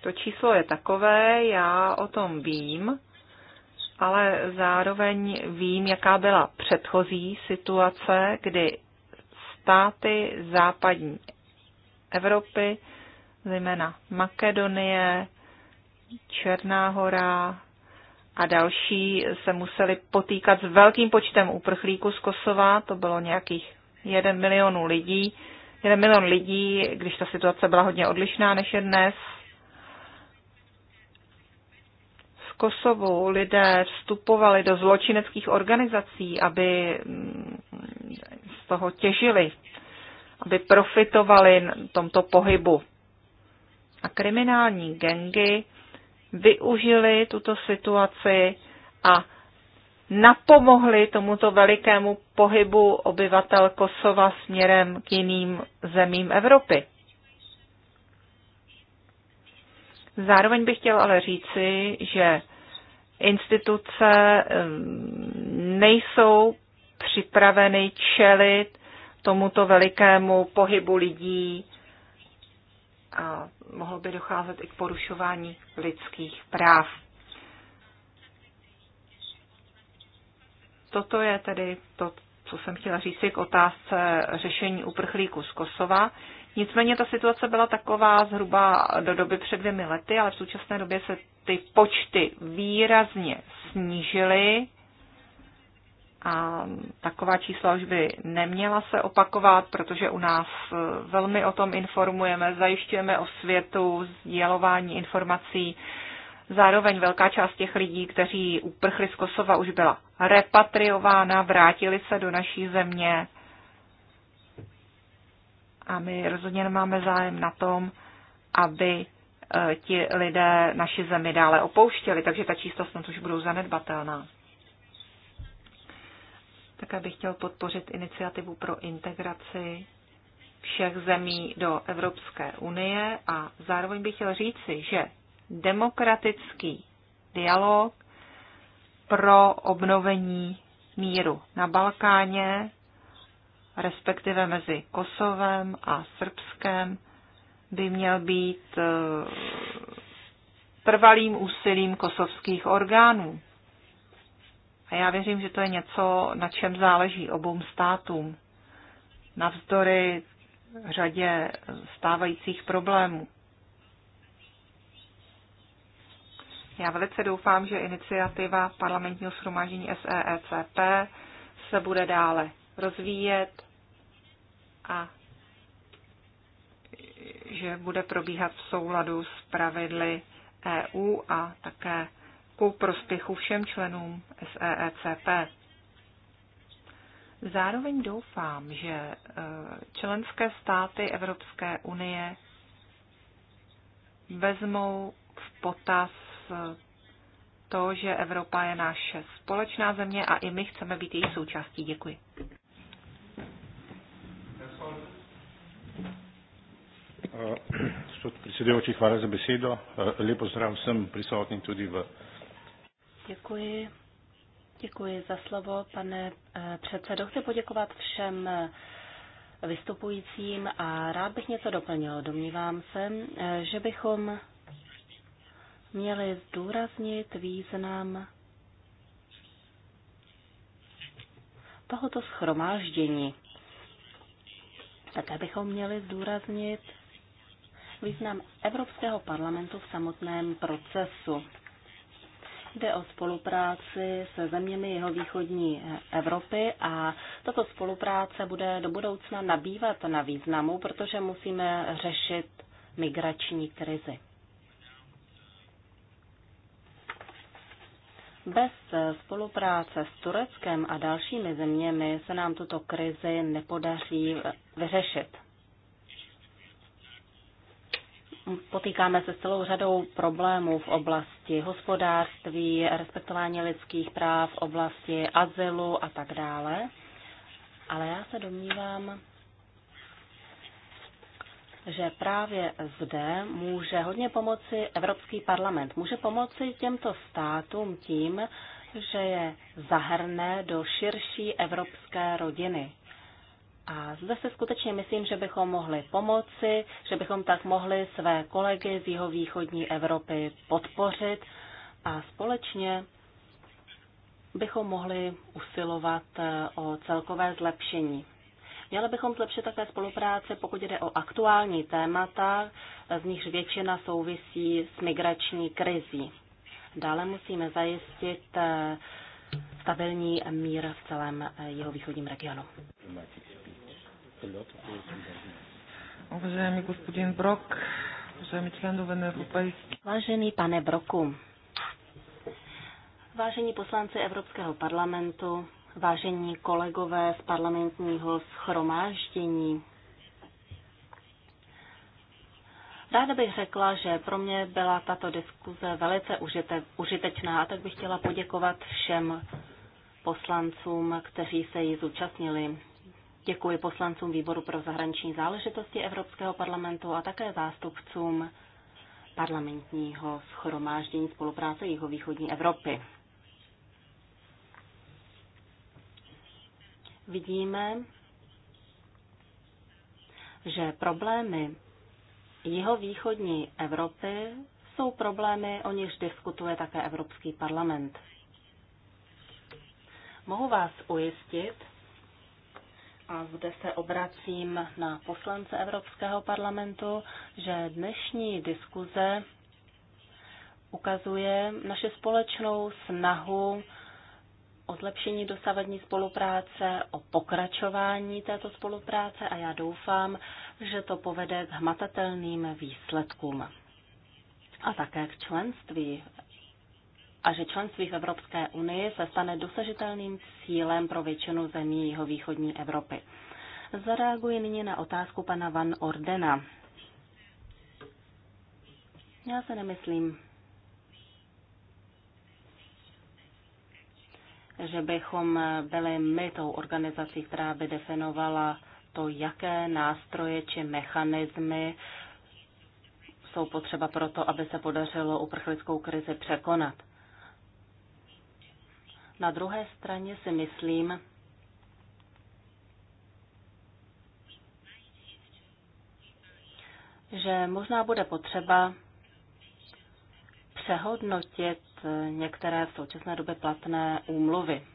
to číslo je takové, já o tom vím, ale zároveň vím, jaká byla předchozí situace, kdy státy západní Evropy zejména Makedonie, Černá hora a další se museli potýkat s velkým počtem uprchlíků z Kosova, to bylo nějakých 1 milionu lidí. 1 milion lidí, když ta situace byla hodně odlišná než je dnes. Z Kosovu lidé vstupovali do zločineckých organizací, aby mm, z toho těžili, aby profitovali na tomto pohybu a kriminální gengy využili tuto situaci a napomohli tomuto velikému pohybu obyvatel Kosova směrem k jiným zemím Evropy. Zároveň bych chtěl ale říci, že instituce nejsou připraveny čelit tomuto velikému pohybu lidí a mohlo by docházet i k porušování lidských práv. Toto je tedy to, co jsem chtěla říct k otázce řešení uprchlíků z Kosova. Nicméně ta situace byla taková zhruba do doby před dvěmi lety, ale v současné době se ty počty výrazně snížily. A taková čísla už by neměla se opakovat, protože u nás e, velmi o tom informujeme, zajišťujeme o světu, sdělování informací. Zároveň velká část těch lidí, kteří uprchli z Kosova, už byla repatriována, vrátili se do naší země. A my rozhodně nemáme zájem na tom, aby e, ti lidé naši zemi dále opouštěli, takže ta čísla snad už budou zanedbatelná. Také bych chtěl podpořit iniciativu pro integraci všech zemí do Evropské unie a zároveň bych chtěl říci, že demokratický dialog pro obnovení míru na Balkáně, respektive mezi Kosovem a Srbskem, by měl být eh, trvalým úsilím kosovských orgánů. A já věřím, že to je něco, na čem záleží obou státům. Navzdory řadě stávajících problémů. Já velice doufám, že iniciativa parlamentního shromáždění SEECP se bude dále rozvíjet a že bude probíhat v souladu s pravidly EU a také ku prospěchu všem členům SEECP. Zároveň doufám, že eh, členské státy Evropské unie vezmou v potaz eh, to, že Evropa je naše společná země a i my chceme být její součástí. Děkuji. Gospod predsedujoči, hvala za besedo. Eh, Lepo zdrav vsem prisotnim tudi v Děkuji. Děkuji za slovo, pane eh, předsedo. Chci poděkovat všem eh, vystupujícím a rád bych něco doplnil. Domnívám se, eh, že bychom měli zdůraznit význam tohoto schromáždění. Také bychom měli zdůraznit význam Evropského parlamentu v samotném procesu. Jde o spolupráci se zeměmi jeho východní Evropy a tato spolupráce bude do budoucna nabývat na významu, protože musíme řešit migrační krizi. Bez spolupráce s Tureckem a dalšími zeměmi se nám tuto krizi nepodaří vyřešit potýkáme se s celou řadou problémů v oblasti hospodářství, respektování lidských práv, v oblasti azylu a tak dále. Ale já se domnívám, že právě zde může hodně pomoci Evropský parlament. Může pomoci těmto státům tím, že je zahrne do širší evropské rodiny. A zde se skutečně myslím, že bychom mohli pomoci, že bychom tak mohli své kolegy z jeho východní Evropy podpořit a společně bychom mohli usilovat eh, o celkové zlepšení. Měli bychom zlepšit také spolupráci, pokud jde o aktuální témata, z nichž většina souvisí s migrační krizí. Dále musíme zajistit eh, stabilní mír v celém jeho východním regionu členové Vážený pane Broku, vážení poslanci Evropského parlamentu, vážení kolegové z parlamentního schromáždění, Ráda bych řekla, že pro mě byla tato diskuze velice užite, užitečná a tak bych chtěla poděkovat všem poslancům, kteří se jí zúčastnili. Děkuji poslancům Výboru pro zahraniční záležitosti Evropského parlamentu a také zástupcům parlamentního schromáždění spolupráce Jihovýchodní Evropy. Vidíme, že problémy jihovýchodní Evropy jsou problémy, o nichž diskutuje také Evropský parlament. Mohu vás ujistit, a zde se obracím na poslance Evropského parlamentu, že dnešní diskuze ukazuje naše společnou snahu o zlepšení dosavadní spolupráce, o pokračování této spolupráce a já doufám, že to povede k hmatatelným výsledkům a také k členství a že členství v Evropské unii se stane dosažitelným cílem pro většinu zemí jeho východní Evropy. Zareaguji nyní na otázku pana Van Ordena. Já se nemyslím, že bychom byli my tou organizací, která by definovala to, jaké nástroje či mechanismy jsou potřeba pro to, aby se podařilo uprchlickou krizi překonat. Na druhé straně si myslím, že možná bude potřeba přehodnotit některé v současné době platné úmluvy.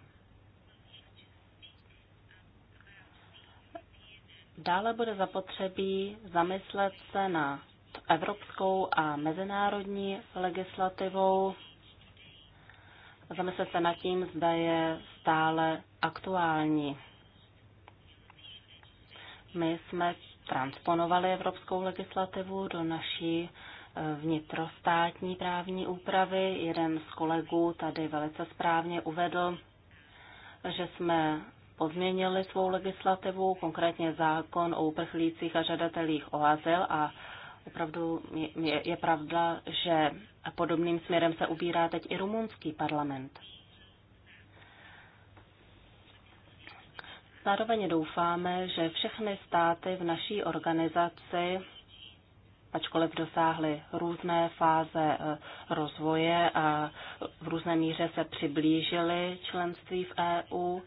Dále bude zapotřebí zamyslet se na evropskou a mezinárodní legislativou zamyslet se nad tím, zda je stále aktuální. My jsme transponovali evropskou legislativu do naší eh, vnitrostátní právní úpravy. Jeden z kolegů tady velice správně uvedl, že jsme pozměnili svou legislativu, konkrétně zákon o uprchlících a žadatelích o azyl a Opravdu je, je pravda, že podobným směrem se ubírá teď i rumunský parlament. Zároveň doufáme, že všechny státy v naší organizaci, ačkoliv dosáhly různé fáze eh, rozvoje a v různé míře se přiblížily členství v EU,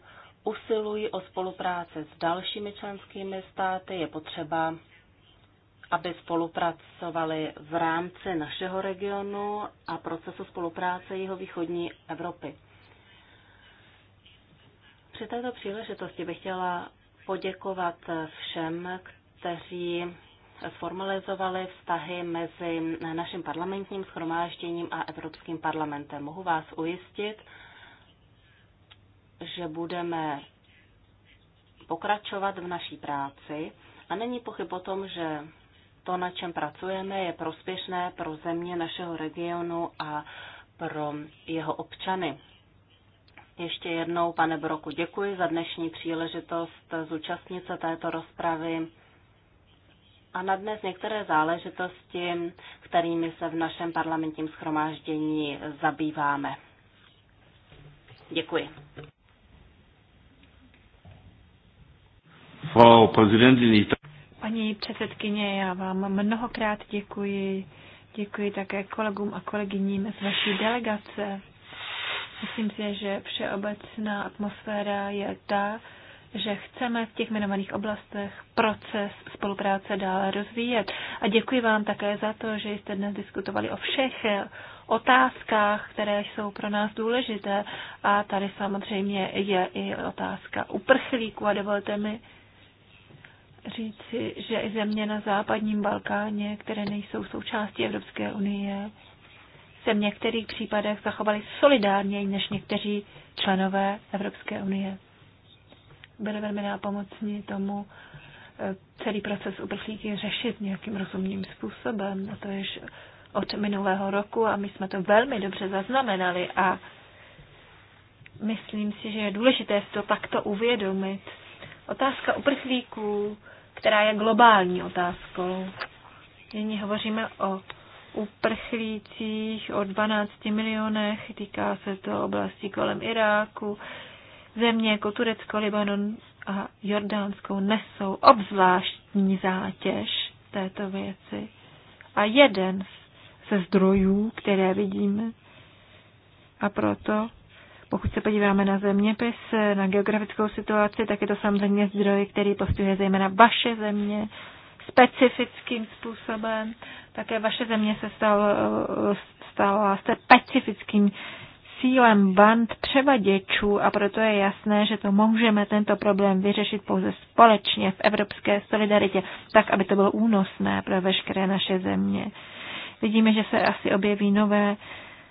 usilují o spolupráci s dalšími členskými státy. Je potřeba aby spolupracovali v rámci našeho regionu a procesu spolupráce jeho východní Evropy. Při této příležitosti bych chtěla poděkovat všem, kteří sformalizovali vztahy mezi naším parlamentním schromážděním a Evropským parlamentem. Mohu vás ujistit, že budeme pokračovat v naší práci a není pochyb o tom, že to, na čem pracujeme, je prospěšné pro země našeho regionu a pro jeho občany. Ještě jednou, pane Broku, děkuji za dnešní příležitost zúčastnit se této rozpravy a na dnes některé záležitosti, kterými se v našem parlamentním schromáždění zabýváme. Děkuji. Frau Präsidentin, Paní předsedkyně, já vám mnohokrát děkuji. Děkuji také kolegům a kolegyním z vaší delegace. Myslím si, že všeobecná atmosféra je ta, že chceme v těch jmenovaných oblastech proces spolupráce dále rozvíjet. A děkuji vám také za to, že jste dnes diskutovali o všech otázkách, které jsou pro nás důležité. A tady samozřejmě je i otázka uprchlíků a dovolte mi říci, že i země na západním Balkáně, které nejsou součástí Evropské unie, se v některých případech zachovali solidárněji než někteří členové Evropské unie. Byly velmi nápomocní tomu eh, celý proces uprchlíky řešit nějakým rozumným způsobem. A to jež od minulého roku a my jsme to velmi dobře zaznamenali a myslím si, že je důležité si to takto uvědomit. Otázka uprchlíků která je globální otázkou. Nyní hovoříme o uprchlících, o 12 milionech, týká se to oblasti kolem Iráku, země jako Turecko, Libanon a Jordánsko nesou obzvláštní zátěž této věci. A jeden ze zdrojů, které vidíme, a proto pokud se podíváme na zeměpis, na geografickou situaci, tak je to samozřejmě zdroj, který postihuje zejména vaše země specifickým způsobem. Také vaše země se stal, stala specifickým cílem band převaděčů a proto je jasné, že to můžeme tento problém vyřešit pouze společně v evropské solidaritě, tak, aby to bylo únosné pro veškeré naše země. Vidíme, že se asi objeví nové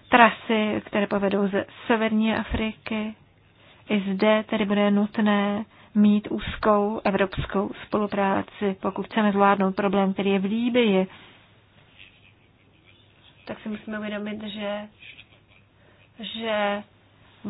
trasy, které povedou ze severní Afriky. I zde tedy bude nutné mít úzkou evropskou spolupráci, pokud chceme zvládnout problém, který je v Líbii. Tak si musíme uvědomit, že, že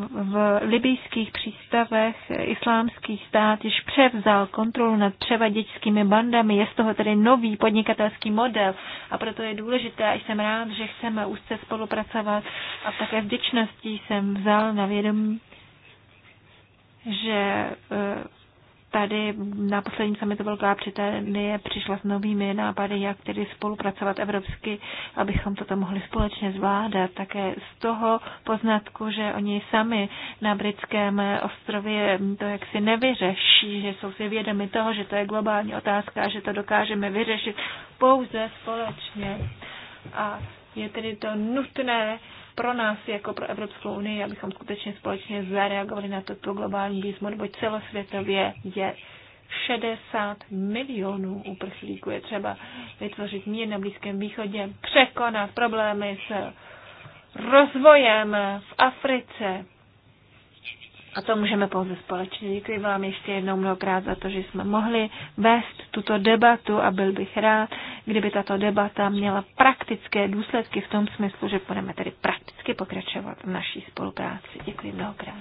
v libijských přístavech islámský stát již převzal kontrolu nad převaděčskými bandami. Je z toho tedy nový podnikatelský model a proto je důležité a jsem rád, že chceme úzce spolupracovat a také vděčností jsem vzal na vědomí, že eh, tady na poslední summitu Velká Británie přišla s novými nápady, jak tedy spolupracovat evropsky, abychom toto mohli společně zvládat. Také z toho poznatku, že oni sami na britském ostrově to jaksi nevyřeší, že jsou si vědomi toho, že to je globální otázka a že to dokážeme vyřešit pouze společně. A je tedy to nutné pro nás, jako pro Evropskou unii, abychom skutečně společně zareagovali na tuto globální výzmu, neboť celosvětově je 60 milionů uprchlíků. Je třeba vytvořit mír na Blízkém východě, překonat problémy s rozvojem v Africe, a to můžeme pouze společně. Děkuji vám ještě jednou mnohokrát za to, že jsme mohli vést tuto debatu a byl bych rád, kdyby tato debata měla praktické důsledky v tom smyslu, že budeme tedy prakticky pokračovat v naší spolupráci. Děkuji mnohokrát.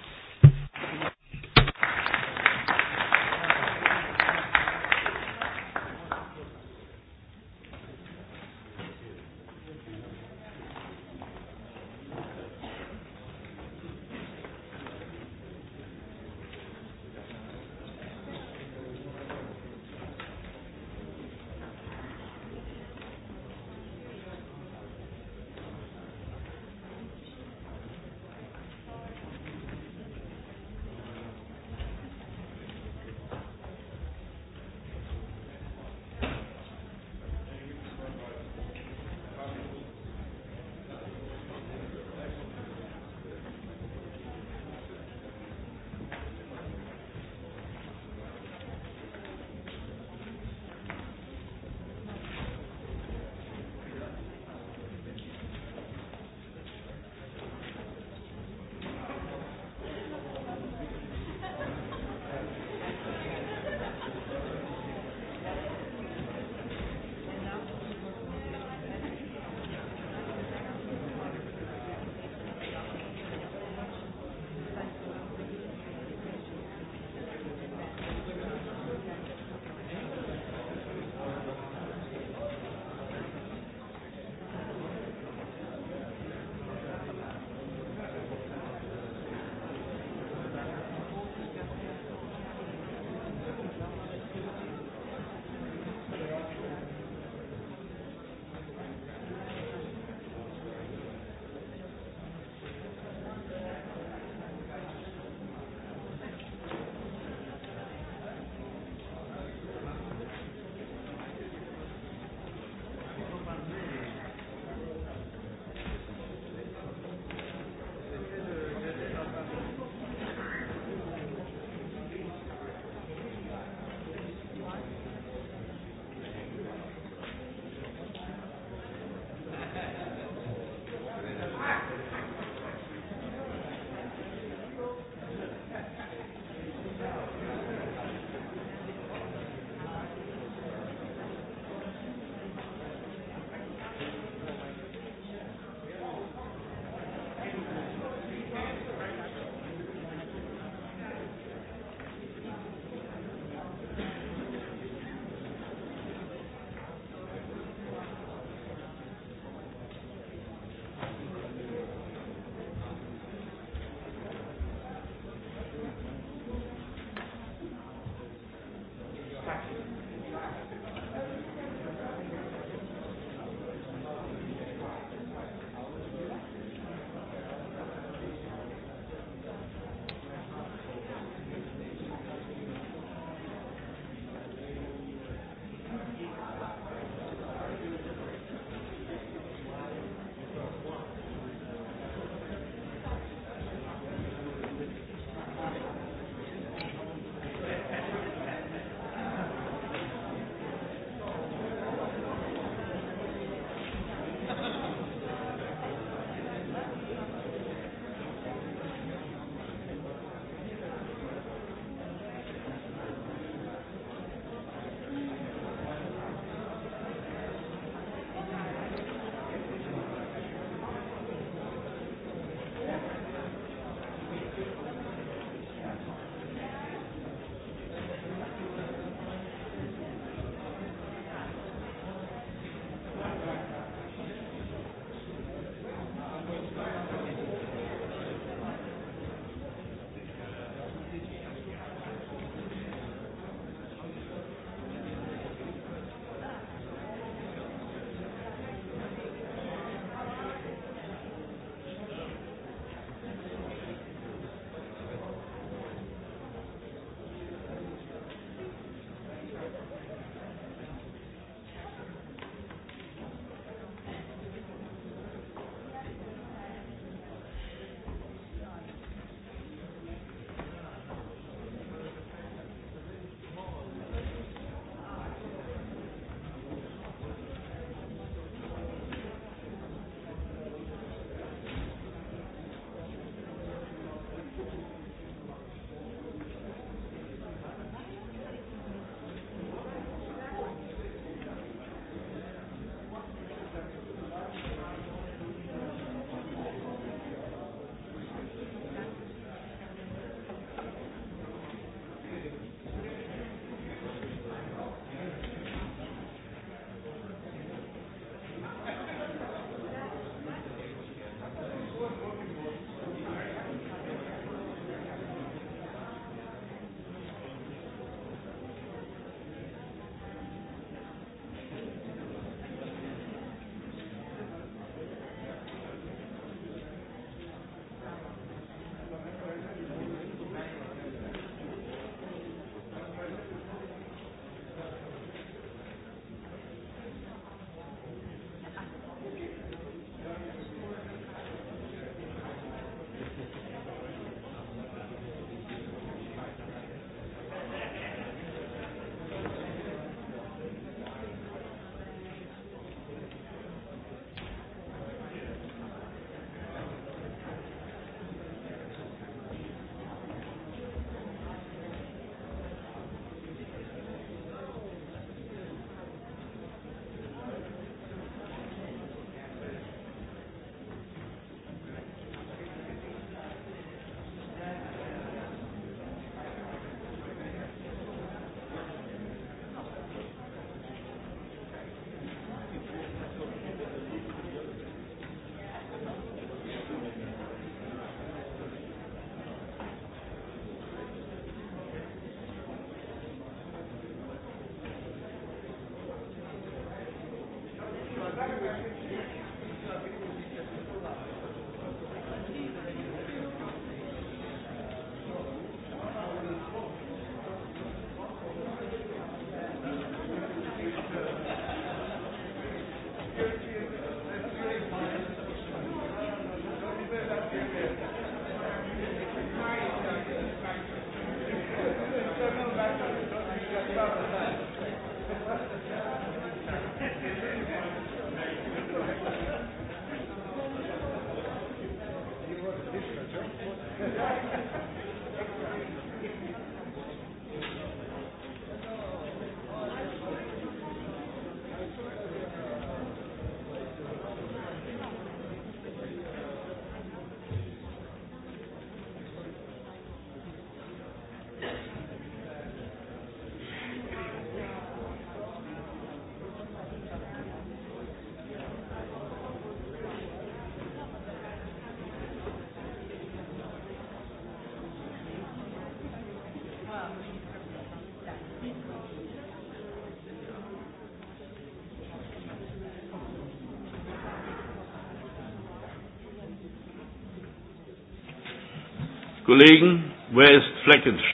Kollegen, where is Fleckenstein?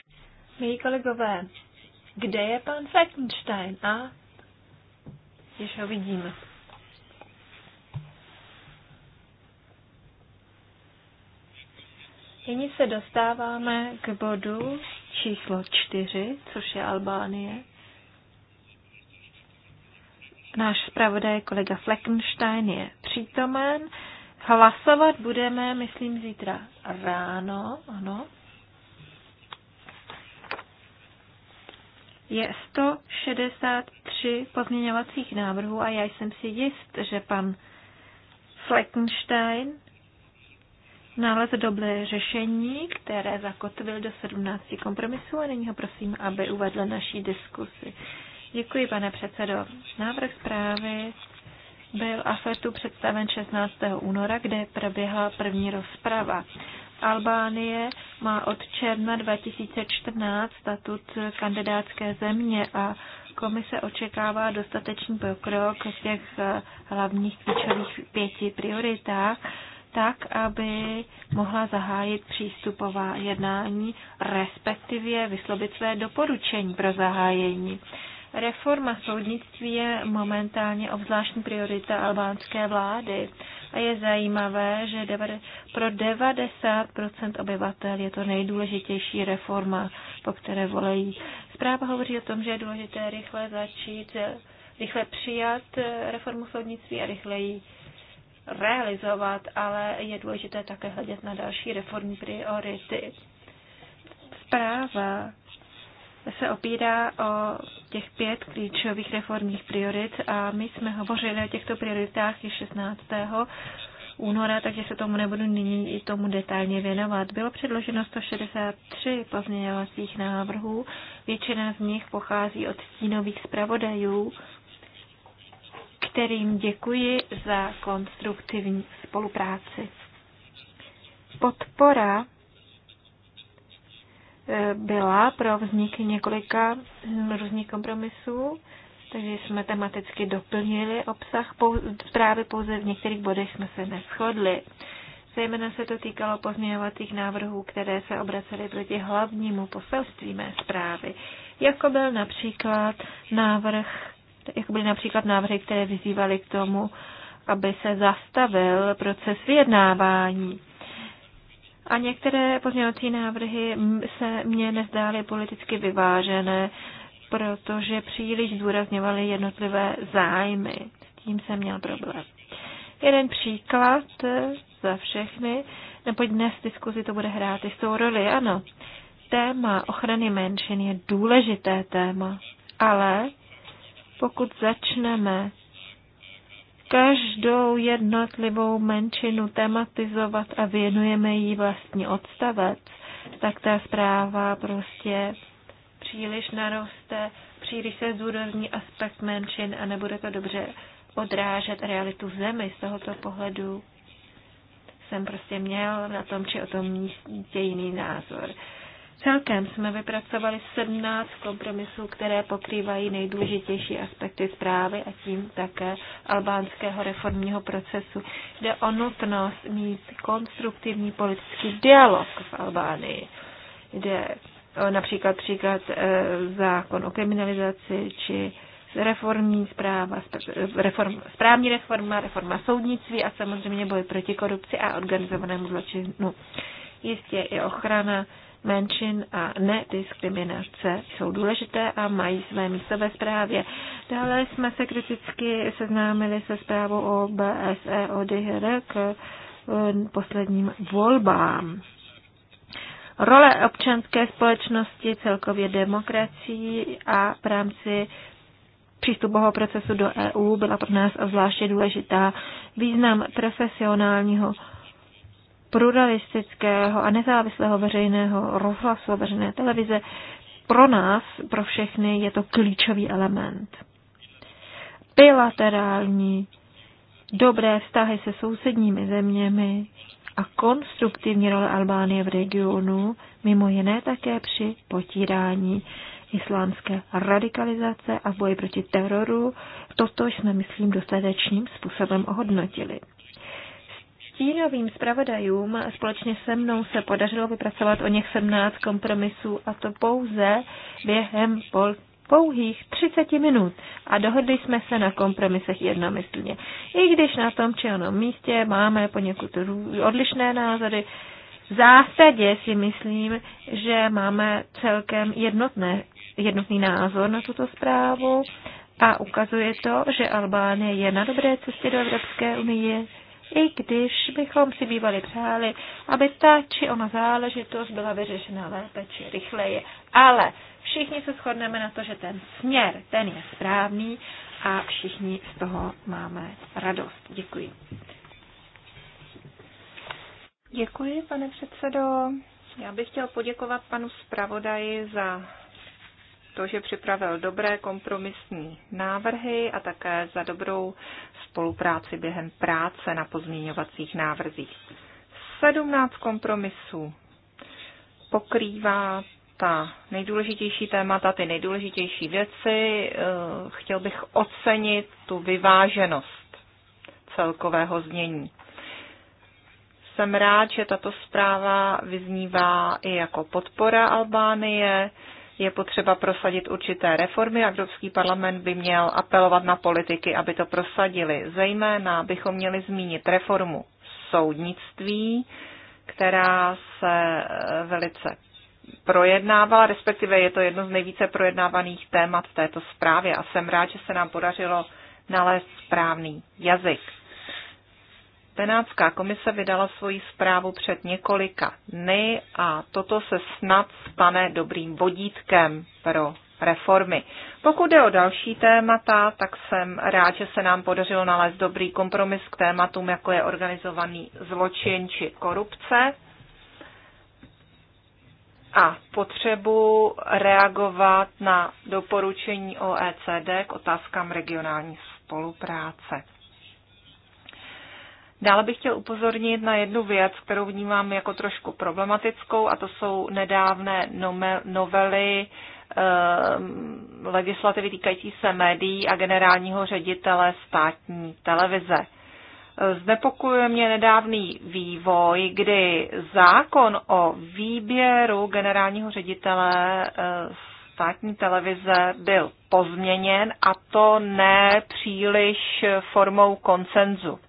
Milí kolegové, kde je pan Fleckenstein? A již ho vidíme. Nyní se dostáváme k bodu číslo čtyři, což je Albánie. Náš zpravodaj kolega Fleckenstein je přítomen. Hlasovat budeme, myslím, zítra ráno, ano, je 163 pozměňovacích návrhů a já jsem si jist, že pan Fleckenstein nález dobré řešení, které zakotvil do 17 kompromisů a nyní ho prosím, aby uvedl naší diskusi. Děkuji, pane předsedo. Návrh zprávy byl Afertu představen 16. února, kde proběhla první rozprava. Albánie má od června 2014 statut kandidátské země a komise očekává dostatečný pokrok v těch eh, hlavních klíčových pěti prioritách, tak, aby mohla zahájit přístupová jednání, respektive vyslobit své doporučení pro zahájení. Reforma soudnictví je momentálně obzvláštní priorita albánské vlády a je zajímavé, že pro 90 obyvatel je to nejdůležitější reforma, po které volejí. Zpráva hovoří o tom, že je důležité rychle začít, rychle přijat reformu soudnictví a rychle ji realizovat, ale je důležité také hledět na další reformní priority. Zpráva se opírá o těch pět klíčových reformních priorit a my jsme hovořili o těchto prioritách i 16 února, takže se tomu nebudu nyní i tomu detailně věnovat. Bylo předloženo 163 pozměňovacích návrhů, většina z nich pochází od stínových zpravodajů, kterým děkuji za konstruktivní spolupráci. Podpora E, byla pro vznik několika různých kompromisů, takže jsme tematicky doplnili obsah zprávy, pouze v některých bodech jsme se neschodli. Zejména se to týkalo pozměňovacích návrhů, které se obracely proti hlavnímu poselství mé zprávy, jako byl například návrh, jako byly například návrhy, které vyzývaly k tomu, aby se zastavil proces vyjednávání. A některé pozměňovací návrhy se mně nezdály politicky vyvážené, protože příliš zdůrazňovaly jednotlivé zájmy. S tím jsem měl problém. Jeden příklad e, za všechny, nebo dnes v diskuzi to bude hrát jistou roli, ano. Téma ochrany menšin je důležité téma, ale pokud začneme každou jednotlivou menšinu tematizovat a věnujeme jí vlastní odstavec, tak ta zpráva prostě příliš naroste, příliš se zúrovní aspekt menšin a nebude to dobře odrážet realitu v zemi z tohoto pohledu jsem prostě měl na tom či o tom místě jiný názor. Celkem jsme vypracovali 17 kompromisů, které pokrývají nejdůležitější aspekty zprávy a tím také albánského reformního procesu. Jde o nutnost mít konstruktivní politický dialog v Albánii. Jde o například příklad eh, zákon o kriminalizaci či reformní zpráva, reform, správní reforma, reforma soudnictví a samozřejmě boj proti korupci a organizovanému zločinu. Jistě i ochrana menšin a nediskriminace jsou důležité a mají své místo ve zprávě. Dále jsme se kriticky seznámili se zprávou o BSE ODHR k eh, posledním volbám. Role občanské společnosti, celkově demokracií a v rámci přístupového procesu do EU byla pro nás zvláště důležitá. Význam profesionálního pluralistického a nezávislého veřejného rozhlasu a veřejné televize pro nás, pro všechny, je to klíčový element. Bilaterální dobré vztahy se sousedními zeměmi a konstruktivní role Albánie v regionu, mimo jiné také při potírání islámské radikalizace a boji proti teroru, toto jsme, myslím, dostatečným způsobem ohodnotili. Stínovým zpravodajům společně se mnou se podařilo vypracovat o něch 17 kompromisů a to pouze během pol pouhých 30 minut a dohodli jsme se na kompromisech jednomyslně. I když na tom či onom místě máme poněkud odlišné názory, v zásadě si myslím, že máme celkem jednotné, jednotný názor na tuto zprávu a ukazuje to, že Albánie je na dobré cestě do Evropské unie, i když bychom si bývali přáli, aby ta či ona záležitost byla vyřešena lépe či rychleji. Ale všichni se shodneme na to, že ten směr, ten je správný a všichni z toho máme radost. Děkuji. Děkuji, pane předsedo. Já bych chtěl poděkovat panu zpravodaji za to, že připravil dobré kompromisní návrhy a také za dobrou spolupráci během práce na pozměňovacích návrzích. 17 kompromisů pokrývá ta nejdůležitější témata, ty nejdůležitější věci. Eh, chtěl bych ocenit tu vyváženost celkového znění. Jsem rád, že tato zpráva vyznívá i jako podpora Albánie, je potřeba prosadit určité reformy a Evropský parlament by měl apelovat na politiky, aby to prosadili. Zejména bychom měli zmínit reformu soudnictví, která se e, velice projednávala, respektive je to jedno z nejvíce projednávaných témat v této zprávě a jsem rád, že se nám podařilo nalézt správný jazyk. Benátská komise vydala svoji zprávu před několika dny a toto se snad stane dobrým vodítkem pro reformy. Pokud jde o další témata, tak jsem rád, že se nám podařilo nalézt dobrý kompromis k tématům, jako je organizovaný zločin či korupce a potřebu reagovat na doporučení OECD k otázkám regionální spolupráce. Dále bych chtěl upozornit na jednu věc, kterou vnímám jako trošku problematickou, a to jsou nedávné novely ehm, legislativy týkající se médií a generálního ředitele státní televize. Znepokojuje mě nedávný vývoj, kdy zákon o výběru generálního ředitele eh, státní televize byl pozměněn a to ne příliš formou koncenzu.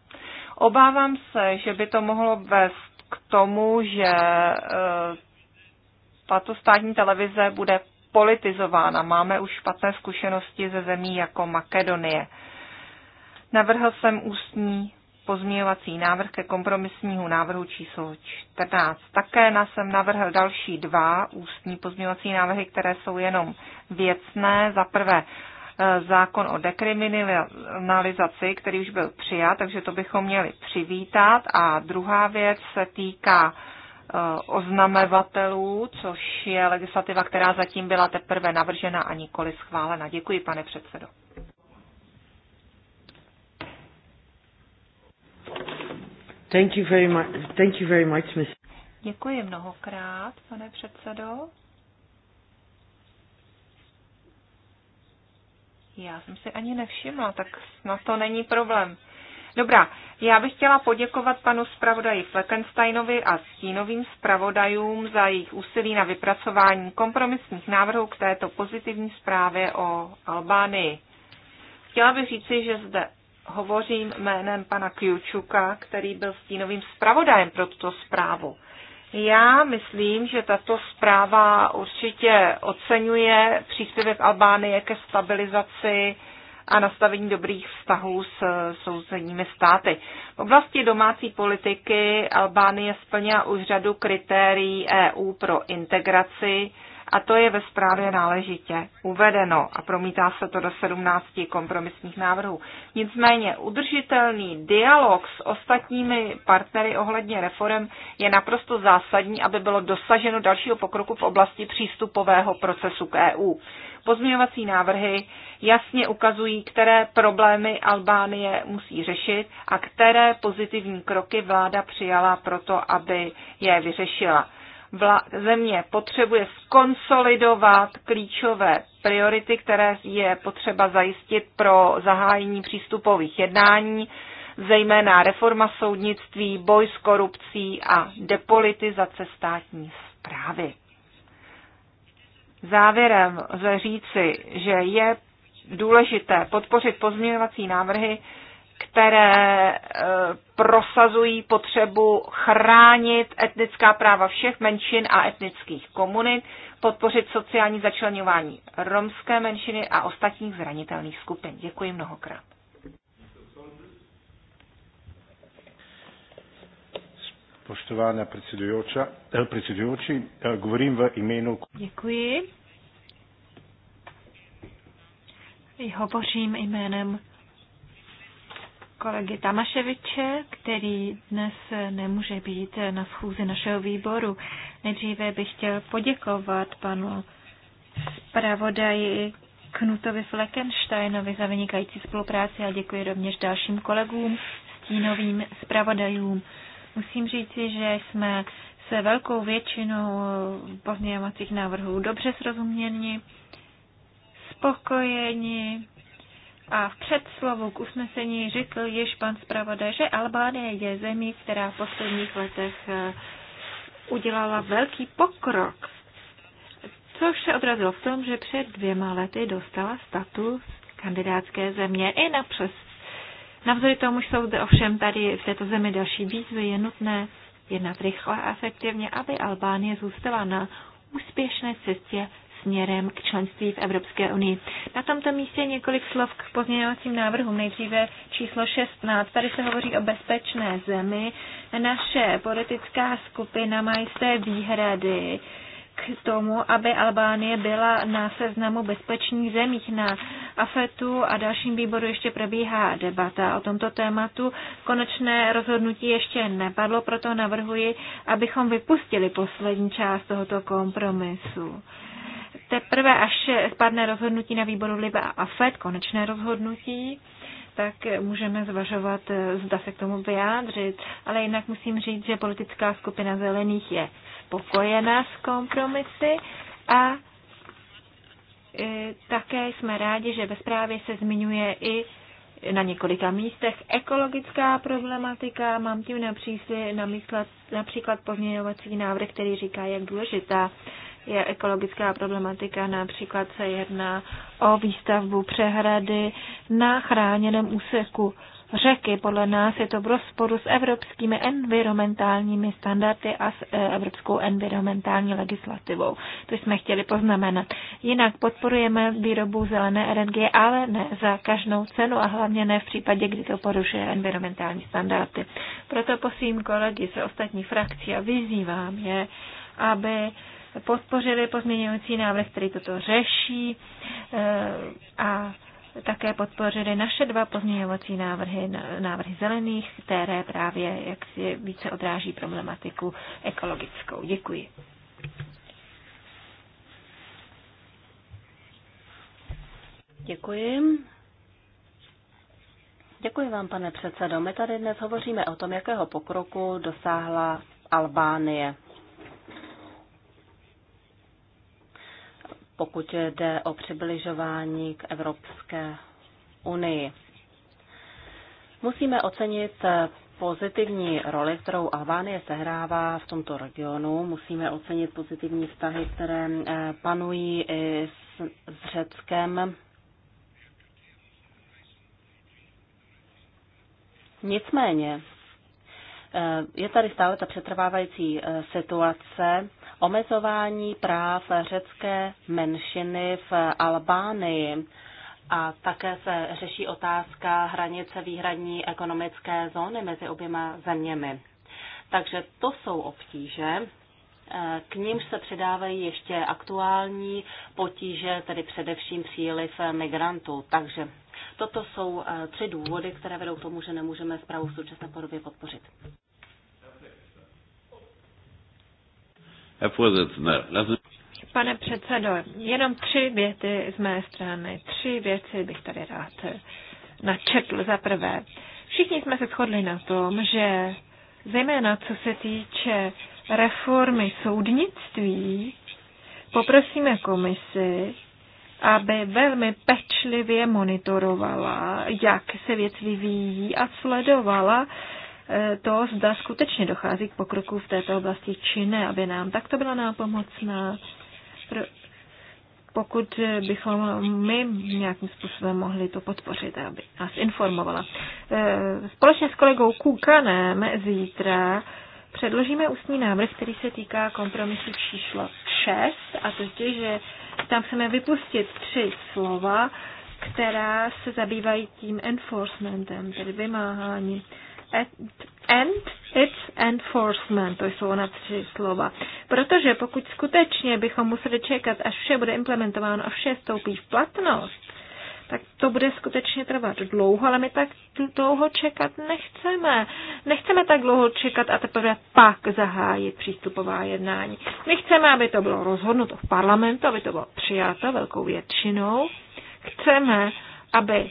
Obávám se, že by to mohlo vést k tomu, že eh, tato státní televize bude politizována. Máme už špatné zkušenosti ze zemí jako Makedonie. Navrhl jsem ústní pozměňovací návrh ke kompromisnímu návrhu číslo 14. Také nás jsem navrhl další dva ústní pozměňovací návrhy, které jsou jenom věcné. Za prvé E, zákon o dekriminalizaci, který už byl přijat, takže to bychom měli přivítat. A druhá věc se týká e, oznamovatelů, což je legislativa, která zatím byla teprve navržena a nikoli schválena. Děkuji, pane předsedo. Thank you very much, thank you very much, miss. Děkuji mnohokrát, pane předsedo. Já jsem si ani nevšimla, tak snad to není problém. Dobrá, já bych chtěla poděkovat panu zpravodaji Fleckensteinovi a stínovým zpravodajům za jejich úsilí na vypracování kompromisních návrhů k této pozitivní zprávě o Albánii. Chtěla bych říci, že zde hovořím jménem pana Kjučuka, který byl stínovým zpravodajem pro tuto zprávu. Já myslím, že tato zpráva určitě oceňuje příspěvek Albánie ke stabilizaci a nastavení dobrých vztahů s sousedními státy. V oblasti domácí politiky Albánie splnila už řadu kritérií EU pro integraci, a to je ve zprávě náležitě uvedeno a promítá se to do 17 kompromisních návrhů. Nicméně udržitelný dialog s ostatními partnery ohledně reform je naprosto zásadní, aby bylo dosaženo dalšího pokroku v oblasti přístupového procesu k EU. Pozměňovací návrhy jasně ukazují, které problémy Albánie musí řešit a které pozitivní kroky vláda přijala proto, aby je vyřešila země potřebuje skonsolidovat klíčové priority, které je potřeba zajistit pro zahájení přístupových jednání, zejména reforma soudnictví, boj s korupcí a depolitizace státní zprávy. Závěrem lze říci, že je důležité podpořit pozměňovací návrhy, které eh, prosazují potřebu chránit etnická práva všech menšin a etnických komunit, podpořit sociální začlenování romské menšiny a ostatních zranitelných skupin. Děkuji mnohokrát. Poštovana predsedujoča, eh, predsedujoči, eh, govorim v imenu... Děkuji. Hovořím jménem kolegy Tamaševiče, který dnes nemůže být na schůzi našeho výboru. Nejdříve bych chtěl poděkovat panu zpravodaji Knutovi Fleckensteinovi za vynikající spolupráci a děkuji rovněž dalším kolegům, stínovým zpravodajům. Musím říci, že jsme se velkou většinou pozměňovacích návrhů dobře srozuměni, spokojeni, a v předslovu k usnesení řekl již pan zpravodaj, že Albánie je zemí, která v posledních letech eh, udělala velký pokrok, což se odrazilo v tom, že před dvěma lety dostala status kandidátské země i na přes. Navzory tomu jsou ovšem tady v této zemi další výzvy, je nutné jednat rychle a efektivně, aby Albánie zůstala na úspěšné cestě směrem k členství v Evropské unii. Na tomto místě několik slov k pozměňovacím návrhům. Nejdříve číslo 16. Tady se hovoří o bezpečné zemi. Naše politická skupina má jisté výhrady k tomu, aby Albánie byla na seznamu bezpečných zemích. Na AFETu a dalším výboru ještě probíhá debata o tomto tématu. Konečné rozhodnutí ještě nepadlo, proto navrhuji, abychom vypustili poslední část tohoto kompromisu teprve až spadne rozhodnutí na výboru Liba a AFED, konečné rozhodnutí, tak můžeme zvažovat, eh, zda se k tomu vyjádřit. Ale jinak musím říct, že politická skupina zelených je spokojená s kompromisy a eh, také jsme rádi, že ve zprávě se zmiňuje i na několika místech ekologická problematika. Mám tím například, například pozměňovací návrh, který říká, jak důležitá je ekologická problematika. Například se jedná o výstavbu přehrady na chráněném úseku řeky. Podle nás je to v rozporu s evropskými environmentálními standardy a s eh, evropskou environmentální legislativou. To jsme chtěli poznamenat. Jinak podporujeme výrobu zelené energie, ale ne za každou cenu a hlavně ne v případě, kdy to porušuje environmentální standardy. Proto posím kolegy ze ostatní frakcí a vyzývám je, aby podpořili pozměňující návrh, který toto řeší eh, a také podpořili naše dva pozměňovací návrhy, návrhy zelených, které právě jak si více odráží problematiku ekologickou. Děkuji. Děkuji. Děkuji vám, pane předsedo. My tady dnes hovoříme o tom, jakého pokroku dosáhla Albánie. pokud jde o přibližování k Evropské unii. Musíme ocenit pozitivní roli, kterou Albánie sehrává v tomto regionu. Musíme ocenit pozitivní vztahy, které eh, panují i s, s Řeckem. Nicméně Eh, je tady stále ta přetrvávající eh, situace omezování práv řecké menšiny v eh, Albánii. A také se řeší otázka hranice výhradní ekonomické zóny mezi oběma zeměmi. Takže to jsou obtíže, k nímž se přidávají ještě aktuální potíže, tedy především příliv migrantů. Takže toto jsou tři důvody, které vedou k tomu, že nemůžeme zprávu v současné podobě podpořit. Pane předsedo, jenom tři věty z mé strany. Tři věci bych tady rád načetl. Za prvé, všichni jsme se shodli na tom, že zejména co se týče reformy soudnictví, poprosíme komisi, aby velmi pečlivě monitorovala, jak se věc vyvíjí a sledovala, E, to, zda skutečně dochází k pokroku v této oblasti či ne, aby nám takto byla nápomocná. Pokud bychom my nějakým způsobem mohli to podpořit, aby nás informovala. E, společně s kolegou Kukanem zítra předložíme ústní návrh, který se týká kompromisu číslo 6, a to je, že tam chceme vypustit tři slova, která se zabývají tím enforcementem, tedy vymáháním and its enforcement, to jsou ona tři slova. Protože pokud skutečně bychom museli čekat, až vše bude implementováno a vše stoupí v platnost, tak to bude skutečně trvat dlouho, ale my tak dlouho čekat nechceme. Nechceme tak dlouho čekat a teprve pak zahájit přístupová jednání. My chceme, aby to bylo rozhodnuto v parlamentu, aby to bylo přijato velkou většinou. Chceme, aby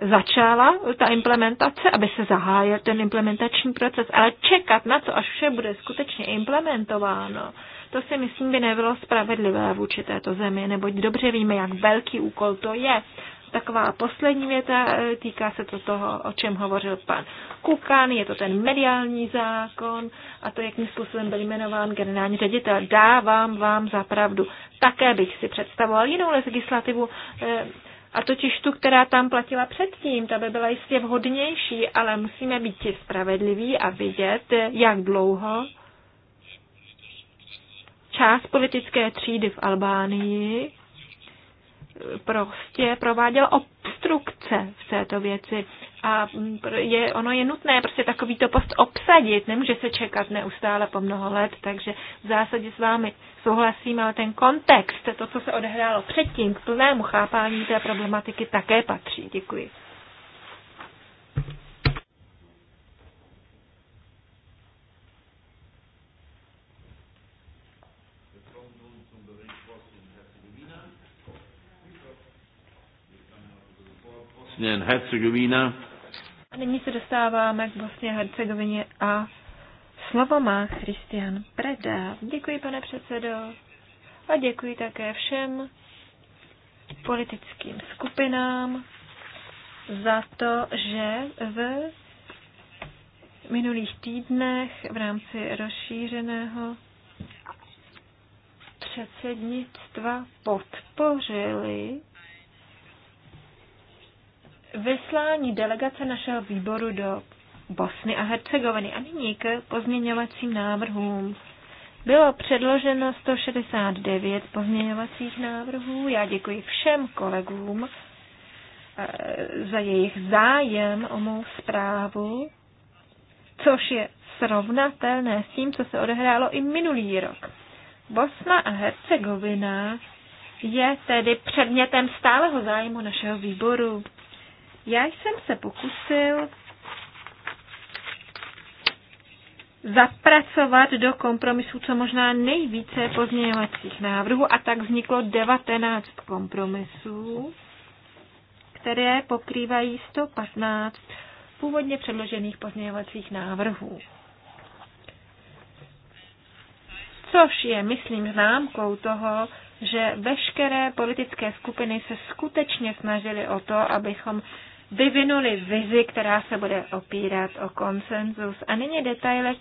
začala ta implementace, aby se zahájil ten implementační proces, ale čekat na to, až vše bude skutečně implementováno, to si myslím by nebylo spravedlivé vůči této zemi, neboť dobře víme, jak velký úkol to je. Taková poslední věta eh, týká se to toho, o čem hovořil pan Kukan, je to ten mediální zákon a to, jakým způsobem byl jmenován generální ředitel. Dávám vám za pravdu. Také bych si představoval jinou legislativu, eh, a totiž tu, která tam platila předtím, ta by byla jistě vhodnější, ale musíme být spravedliví a vidět, jak dlouho část politické třídy v Albánii prostě prováděl obstrukce v této věci a je, ono je nutné prostě takovýto post obsadit, nemůže se čekat neustále po mnoho let, takže v zásadě s vámi souhlasím, ale ten kontext, to, co se odehrálo předtím, k plnému chápání té problematiky také patří. Děkuji. Bosnia Herzegovina a nyní se dostáváme k Bosně a Hercegovině a slovo má Christian Preda. Děkuji, pane předsedo. A děkuji také všem politickým skupinám za to, že v minulých týdnech v rámci rozšířeného předsednictva podpořili vyslání delegace našeho výboru do Bosny a Hercegoviny. A nyní k pozměňovacím návrhům. Bylo předloženo 169 pozměňovacích návrhů. Já děkuji všem kolegům eh, za jejich zájem o mou zprávu, což je srovnatelné s tím, co se odehrálo i minulý rok. Bosna a Hercegovina je tedy předmětem stáleho zájmu našeho výboru. Já jsem se pokusil zapracovat do kompromisu co možná nejvíce pozměňovacích návrhů a tak vzniklo 19 kompromisů, které pokrývají 115 původně předložených pozměňovacích návrhů. Což je, myslím, známkou toho, že veškeré politické skupiny se skutečně snažily o to, abychom vyvinuli vizi, která se bude opírat o konsenzus. A nyní detailně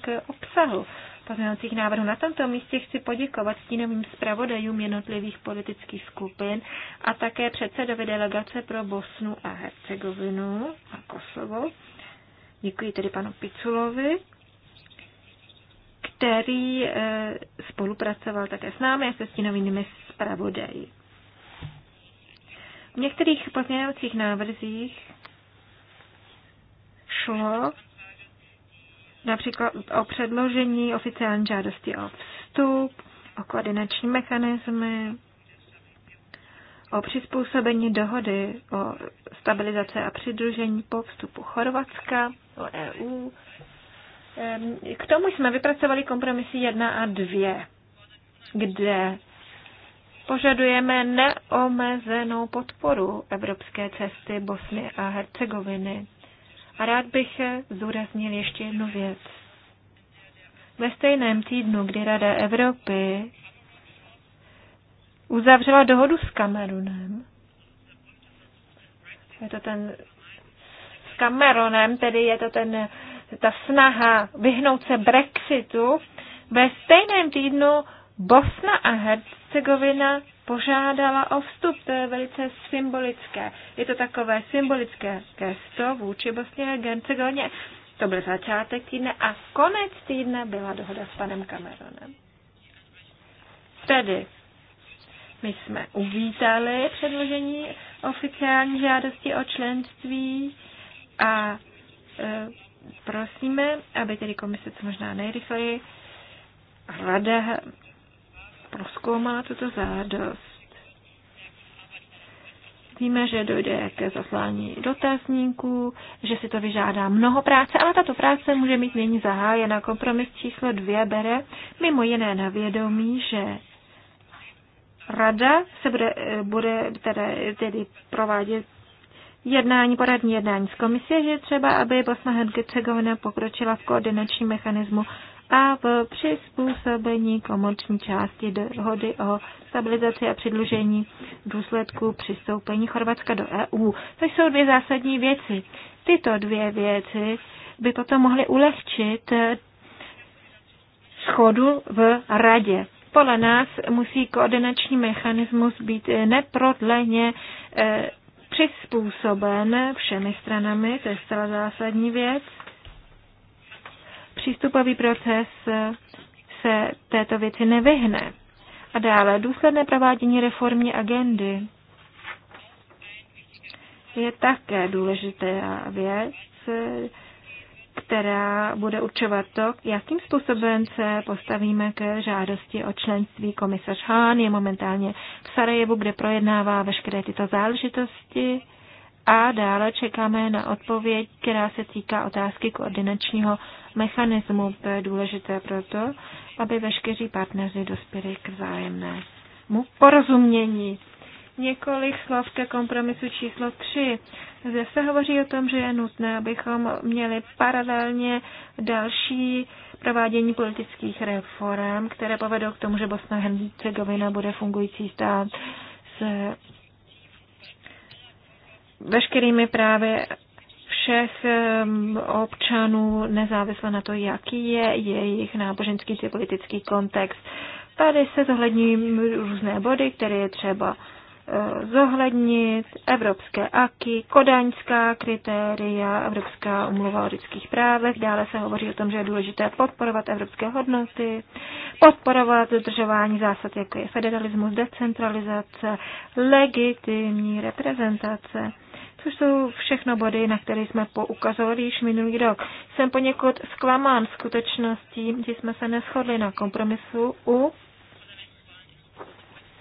k obsahu pozměňovacích návrhů. Na tomto místě chci poděkovat stínovým zpravodajům jednotlivých politických skupin a také předsedovi delegace pro Bosnu a Hercegovinu a Kosovo. Děkuji tedy panu Piculovi který eh, spolupracoval také s námi a se stínovými zpravodaji. V některých pozměňovacích návrzích šlo například o předložení oficiální žádosti o vstup, o koordinační mechanismy, o přizpůsobení dohody o stabilizace a přidružení po vstupu Chorvatska do EU, Ehm, k tomu jsme vypracovali kompromisy 1 a 2, kde požadujeme neomezenou podporu evropské cesty Bosny a Hercegoviny. A rád bych zúraznil ještě jednu věc. Ve stejném týdnu, kdy Rada Evropy uzavřela dohodu s Kamerunem, je to ten s Kamerunem, tedy je to ten ta snaha vyhnout se Brexitu, ve stejném týdnu Bosna a Hercegovina požádala o vstup. To je velice symbolické. Je to takové symbolické gesto vůči Bosně a Hercegovině. To byl začátek týdne a konec týdne byla dohoda s panem Cameronem. Tedy my jsme uvítali předložení oficiální žádosti o členství a e, prosíme, aby tedy komise co možná nejrychleji rada proskoumala tuto zádost. Víme, že dojde ke zaslání dotazníků, že si to vyžádá mnoho práce, ale tato práce může mít nyní zahájena. Kompromis číslo dvě bere mimo jiné na vědomí, že rada se bude, eh, bude tedy, tedy provádět jednání, poradní jednání z komisie, že je třeba, aby Bosna Hercegovina pokročila v koordinačním mechanismu a v přizpůsobení komorční části dohody o stabilizaci a přidlužení důsledků přistoupení Chorvatska do EU. To jsou dvě zásadní věci. Tyto dvě věci by potom mohly ulehčit schodu v radě. Podle nás musí koordinační mechanismus být neprodleně eh, přizpůsoben všemi stranami, to je zcela zásadní věc. Přístupový proces se této věci nevyhne. A dále důsledné provádění reformní agendy je také důležitá věc, která bude určovat to, jakým způsobem se postavíme k žádosti o členství. Komisař Hahn je momentálně v Sarajevu, kde projednává veškeré tyto záležitosti. A dále čekáme na odpověď, která se týká otázky koordinačního mechanismu. To je důležité proto, aby veškeří partneři dospěli k vzájemnému porozumění. Několik slov ke kompromisu číslo 3. Zde se hovoří o tom, že je nutné, abychom měli paralelně další provádění politických reform, které povedou k tomu, že Bosna Hercegovina bude fungující stát s veškerými právy všech občanů, nezávisle na to, jaký je jejich náboženský či politický kontext. Tady se zohlední různé body, které je třeba Eh, zohlednit evropské aky, kodaňská kritéria, Evropská umluva o lidských právech. Dále se hovoří o tom, že je důležité podporovat evropské hodnoty, podporovat dodržování zásad, jako je federalismus, decentralizace, legitimní reprezentace což jsou všechno body, na které jsme poukazovali již minulý rok. Jsem poněkud zklamán skutečností, že jsme se neschodli na kompromisu u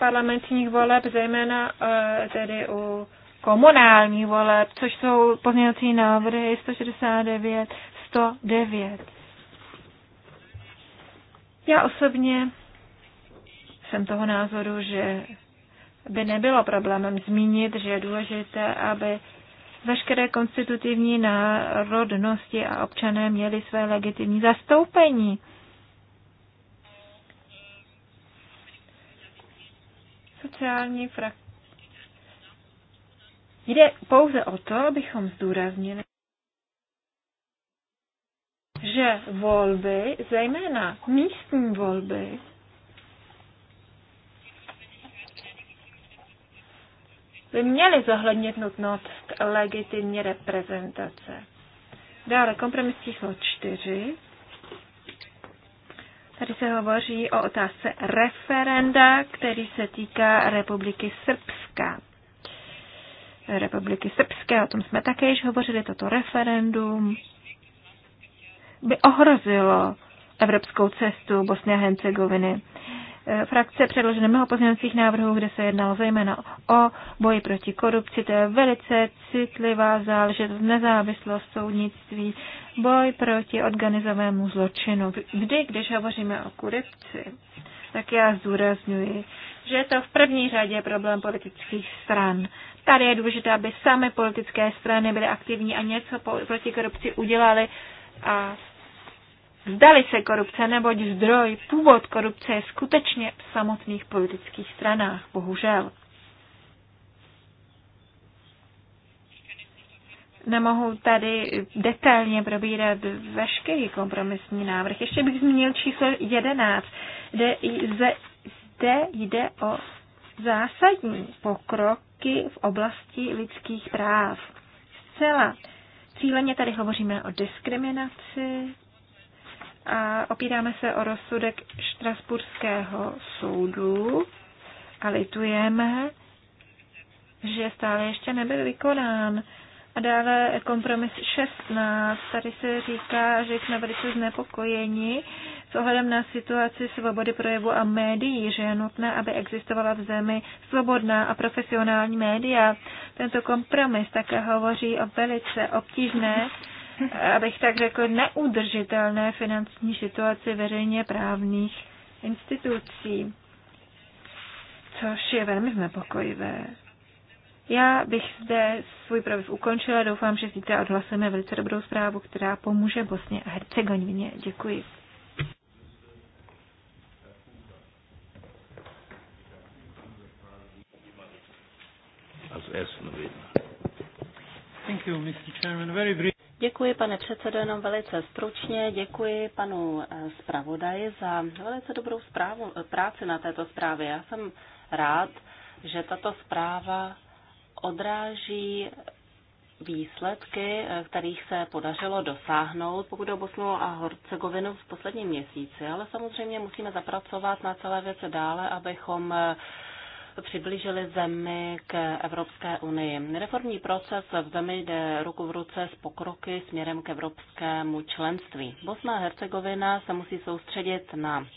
parlamentních voleb, zejména eh, tedy u komunální voleb, což jsou pozměňovací návrhy 169, 109. Já osobně jsem toho názoru, že by nebylo problémem zmínit, že je důležité, aby veškeré konstitutivní národnosti a občané měli své legitimní zastoupení. sociální frakce. Jde pouze o to, abychom zdůraznili, že volby, zejména místní volby, by měly zohlednit nutnost legitimní reprezentace. Dále kompromis číslo 4. Tady se hovoří o otázce referenda, který se týká Republiky Srbska. Republiky Srbské, o tom jsme také již hovořili, toto referendum by ohrozilo evropskou cestu Bosny a Hercegoviny frakce předložené mnoho pozměňovacích návrhů, kde se jednalo zejména o boji proti korupci. To je velice citlivá záležitost, nezávislost soudnictví, boj proti organizovému zločinu. Vždy, když hovoříme o korupci, tak já zdůrazňuji, že je to v první řadě problém politických stran. Tady je důležité, aby samé politické strany byly aktivní a něco proti korupci udělali a Zdali se korupce, neboť zdroj, původ korupce je skutečně v samotných politických stranách, bohužel. Nemohu tady detailně probírat veškerý kompromisní návrh. Ještě bych zmínil číslo 11, kde zde jde o zásadní pokroky v oblasti lidských práv. Zcela cíleně tady hovoříme o diskriminaci, a opíráme se o rozsudek Štrasburského soudu a litujeme, že stále ještě nebyl vykonán. A dále kompromis 16. Tady se říká, že jsme velice znepokojeni s ohledem na situaci svobody projevu a médií, že je nutné, aby existovala v zemi svobodná a profesionální média. Tento kompromis také hovoří o velice obtížné abych tak řekl, neudržitelné finanční situaci veřejně právních institucí, což je velmi znepokojivé. Já bych zde svůj projev ukončila. Doufám, že zítra odhlasujeme velice dobrou zprávu, která pomůže Bosně a Hercegovině. Děkuji. Also ersten Redner. Děkuji, pane předsedo, jenom velice stručně. Děkuji panu eh, zpravodaji za velice dobrou zprávu, eh, práci na této zprávě. Já jsem rád, že tato zpráva odráží výsledky, eh, kterých se podařilo dosáhnout, pokud o Bosnu a Horcegovinu v posledním měsíci. Ale samozřejmě musíme zapracovat na celé věce dále, abychom přiblížili zemi k Evropské unii. Reformní proces v zemi jde ruku v ruce s pokroky směrem k evropskému členství. Bosna a Hercegovina se musí soustředit na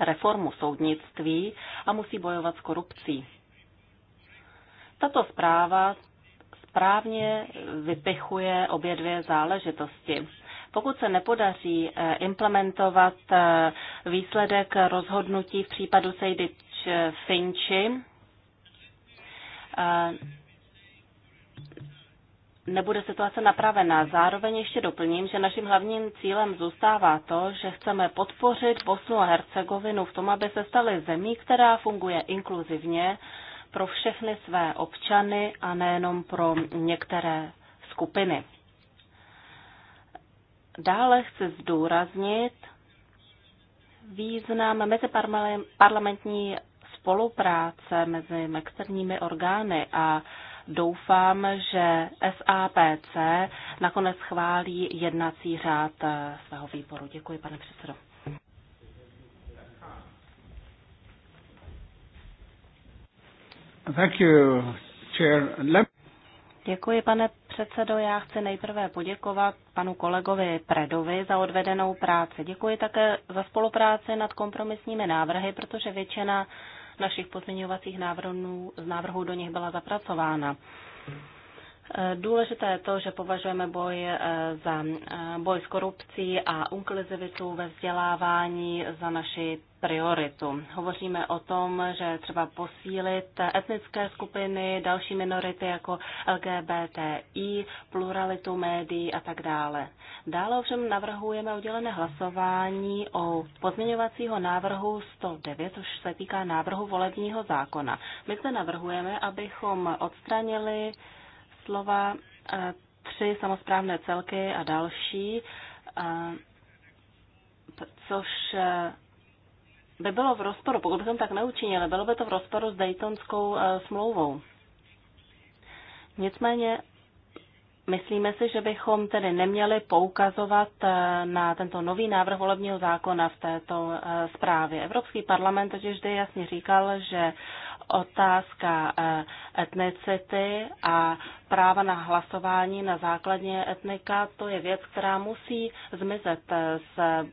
reformu soudnictví a musí bojovat s korupcí. Tato zpráva správně vypichuje obě dvě záležitosti. Pokud se nepodaří eh, implementovat eh, výsledek rozhodnutí v případu Sejdy Finči nebude situace napravená. Zároveň ještě doplním, že naším hlavním cílem zůstává to, že chceme podpořit Bosnu a Hercegovinu v tom, aby se staly zemí, která funguje inkluzivně pro všechny své občany a nejenom pro některé skupiny. Dále chci zdůraznit význam meziparlamentní spolupráce mezi externími orgány a doufám, že SAPC nakonec chválí jednací řád eh, svého výboru. Děkuji, pane předsedo. Thank you, chair. Let... Děkuji, pane předsedo. Já chci nejprve poděkovat panu kolegovi Predovi za odvedenou práci. Děkuji také za spolupráci nad kompromisními návrhy, protože většina našich pozměňovacích návrhů, z návrhů do nich byla zapracována. Důležité je to, že považujeme boj eh, za eh, boj s korupcí a inkluzivitu ve vzdělávání za naši prioritu. Hovoříme o tom, že třeba posílit etnické skupiny, další minority jako LGBTI, pluralitu médií a tak dále. Dále ovšem navrhujeme udělené hlasování o pozměňovacího návrhu 109, což se týká návrhu volebního zákona. My zde navrhujeme, abychom odstranili slova eh, tři samozprávné celky a další, eh, což eh, by bylo v rozporu, pokud bychom tak neučinili, bylo by to v rozporu s Daytonskou smlouvou. Nicméně myslíme si, že bychom tedy neměli poukazovat na tento nový návrh volebního zákona v této zprávě. Evropský parlament totiž vždy jasně říkal, že otázka eh, etnicity a práva na hlasování na základě etnika, to je věc, která musí zmizet eh, z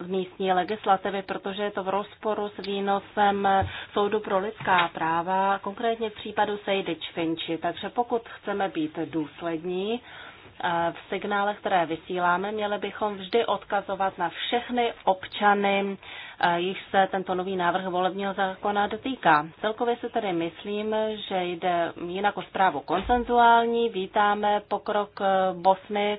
z místní legislativy, protože je to v rozporu s výnosem eh, Soudu pro lidská práva, konkrétně v případu Sejdič Finči. Takže pokud chceme být důslední, v signálech, které vysíláme, měli bychom vždy odkazovat na všechny občany, jich se tento nový návrh volebního zákona dotýká. Celkově se tedy myslím, že jde jinak o zprávu konsenzuální, vítáme pokrok e, Bosny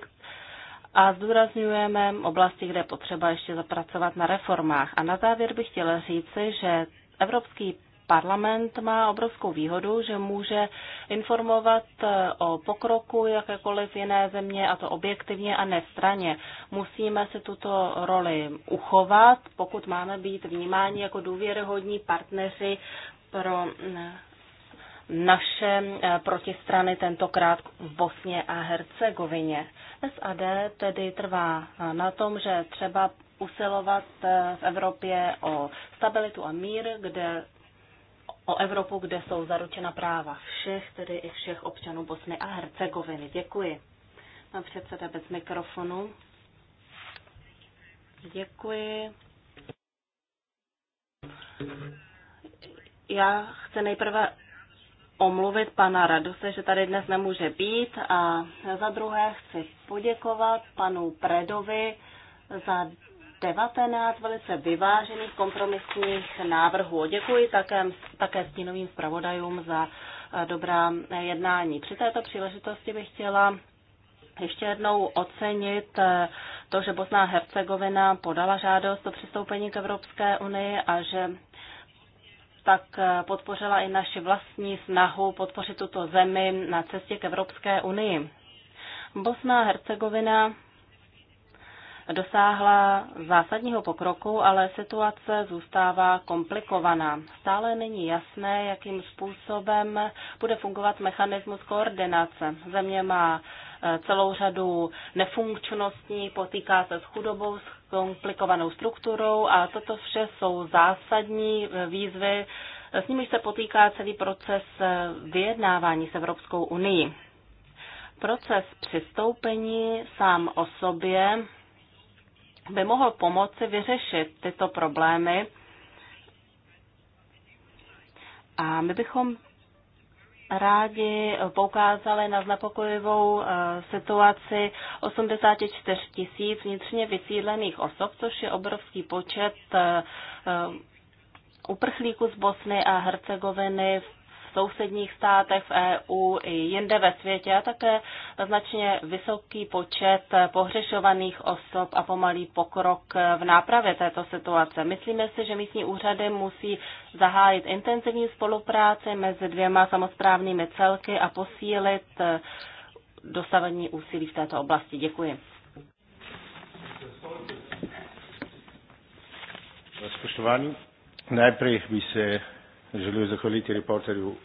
a zdůrazňujeme oblasti, kde je potřeba ještě zapracovat na reformách. A na závěr bych chtěla říci, že Evropský parlament má obrovskou výhodu, že může informovat eh, o pokroku jakékoliv jiné země, a to objektivně a nestraně. Musíme si tuto roli uchovat, pokud máme být vnímáni jako důvěryhodní partneři pro eh, naše eh, protistrany tentokrát v Bosně a Hercegovině. SAD tedy trvá na tom, že třeba usilovat v Evropě o stabilitu a mír, kde o Evropu, kde jsou zaručena práva všech, tedy i všech občanů Bosny a Hercegoviny. Děkuji. Pan předseda bez mikrofonu. Děkuji. Já chci nejprve omluvit pana Radose, že tady dnes nemůže být a za druhé chci poděkovat panu Predovi za 19 velice vyvážených kompromisních návrhů. Děkuji také, také stínovým zpravodajům za eh, dobrá eh, jednání. Při této příležitosti bych chtěla ještě jednou ocenit eh, to, že Bosná Hercegovina podala žádost o přistoupení k Evropské unii a že tak podpořila i naši vlastní snahu podpořit tuto zemi na cestě k Evropské unii. Bosna Hercegovina dosáhla zásadního pokroku, ale situace zůstává komplikovaná. Stále není jasné, jakým způsobem bude fungovat mechanismus koordinace. Země má eh, celou řadu nefunkčností, potýká se s chudobou, s komplikovanou strukturou a toto vše jsou zásadní eh, výzvy, eh, s nimiž se potýká celý proces vyjednávání s Evropskou unii. Proces přistoupení sám o sobě by mohl pomoci vyřešit tyto problémy. A my bychom rádi poukázali na znepokojivou eh, situaci 84 tisíc vnitřně vysídlených osob, což je obrovský počet eh, eh, uprchlíků z Bosny a Hercegoviny v sousedních státech v EU i jinde ve světě a také značně vysoký počet pohřešovaných osob a pomalý pokrok v nápravě této situace. Myslíme si, že místní úřady musí zahájit intenzivní spolupráci mezi dvěma samozprávnými celky a posílit eh, dosavadní úsilí v této oblasti. Děkuji. Spoštovani, Nejprve bych. se Želuji zachvalit reporterů.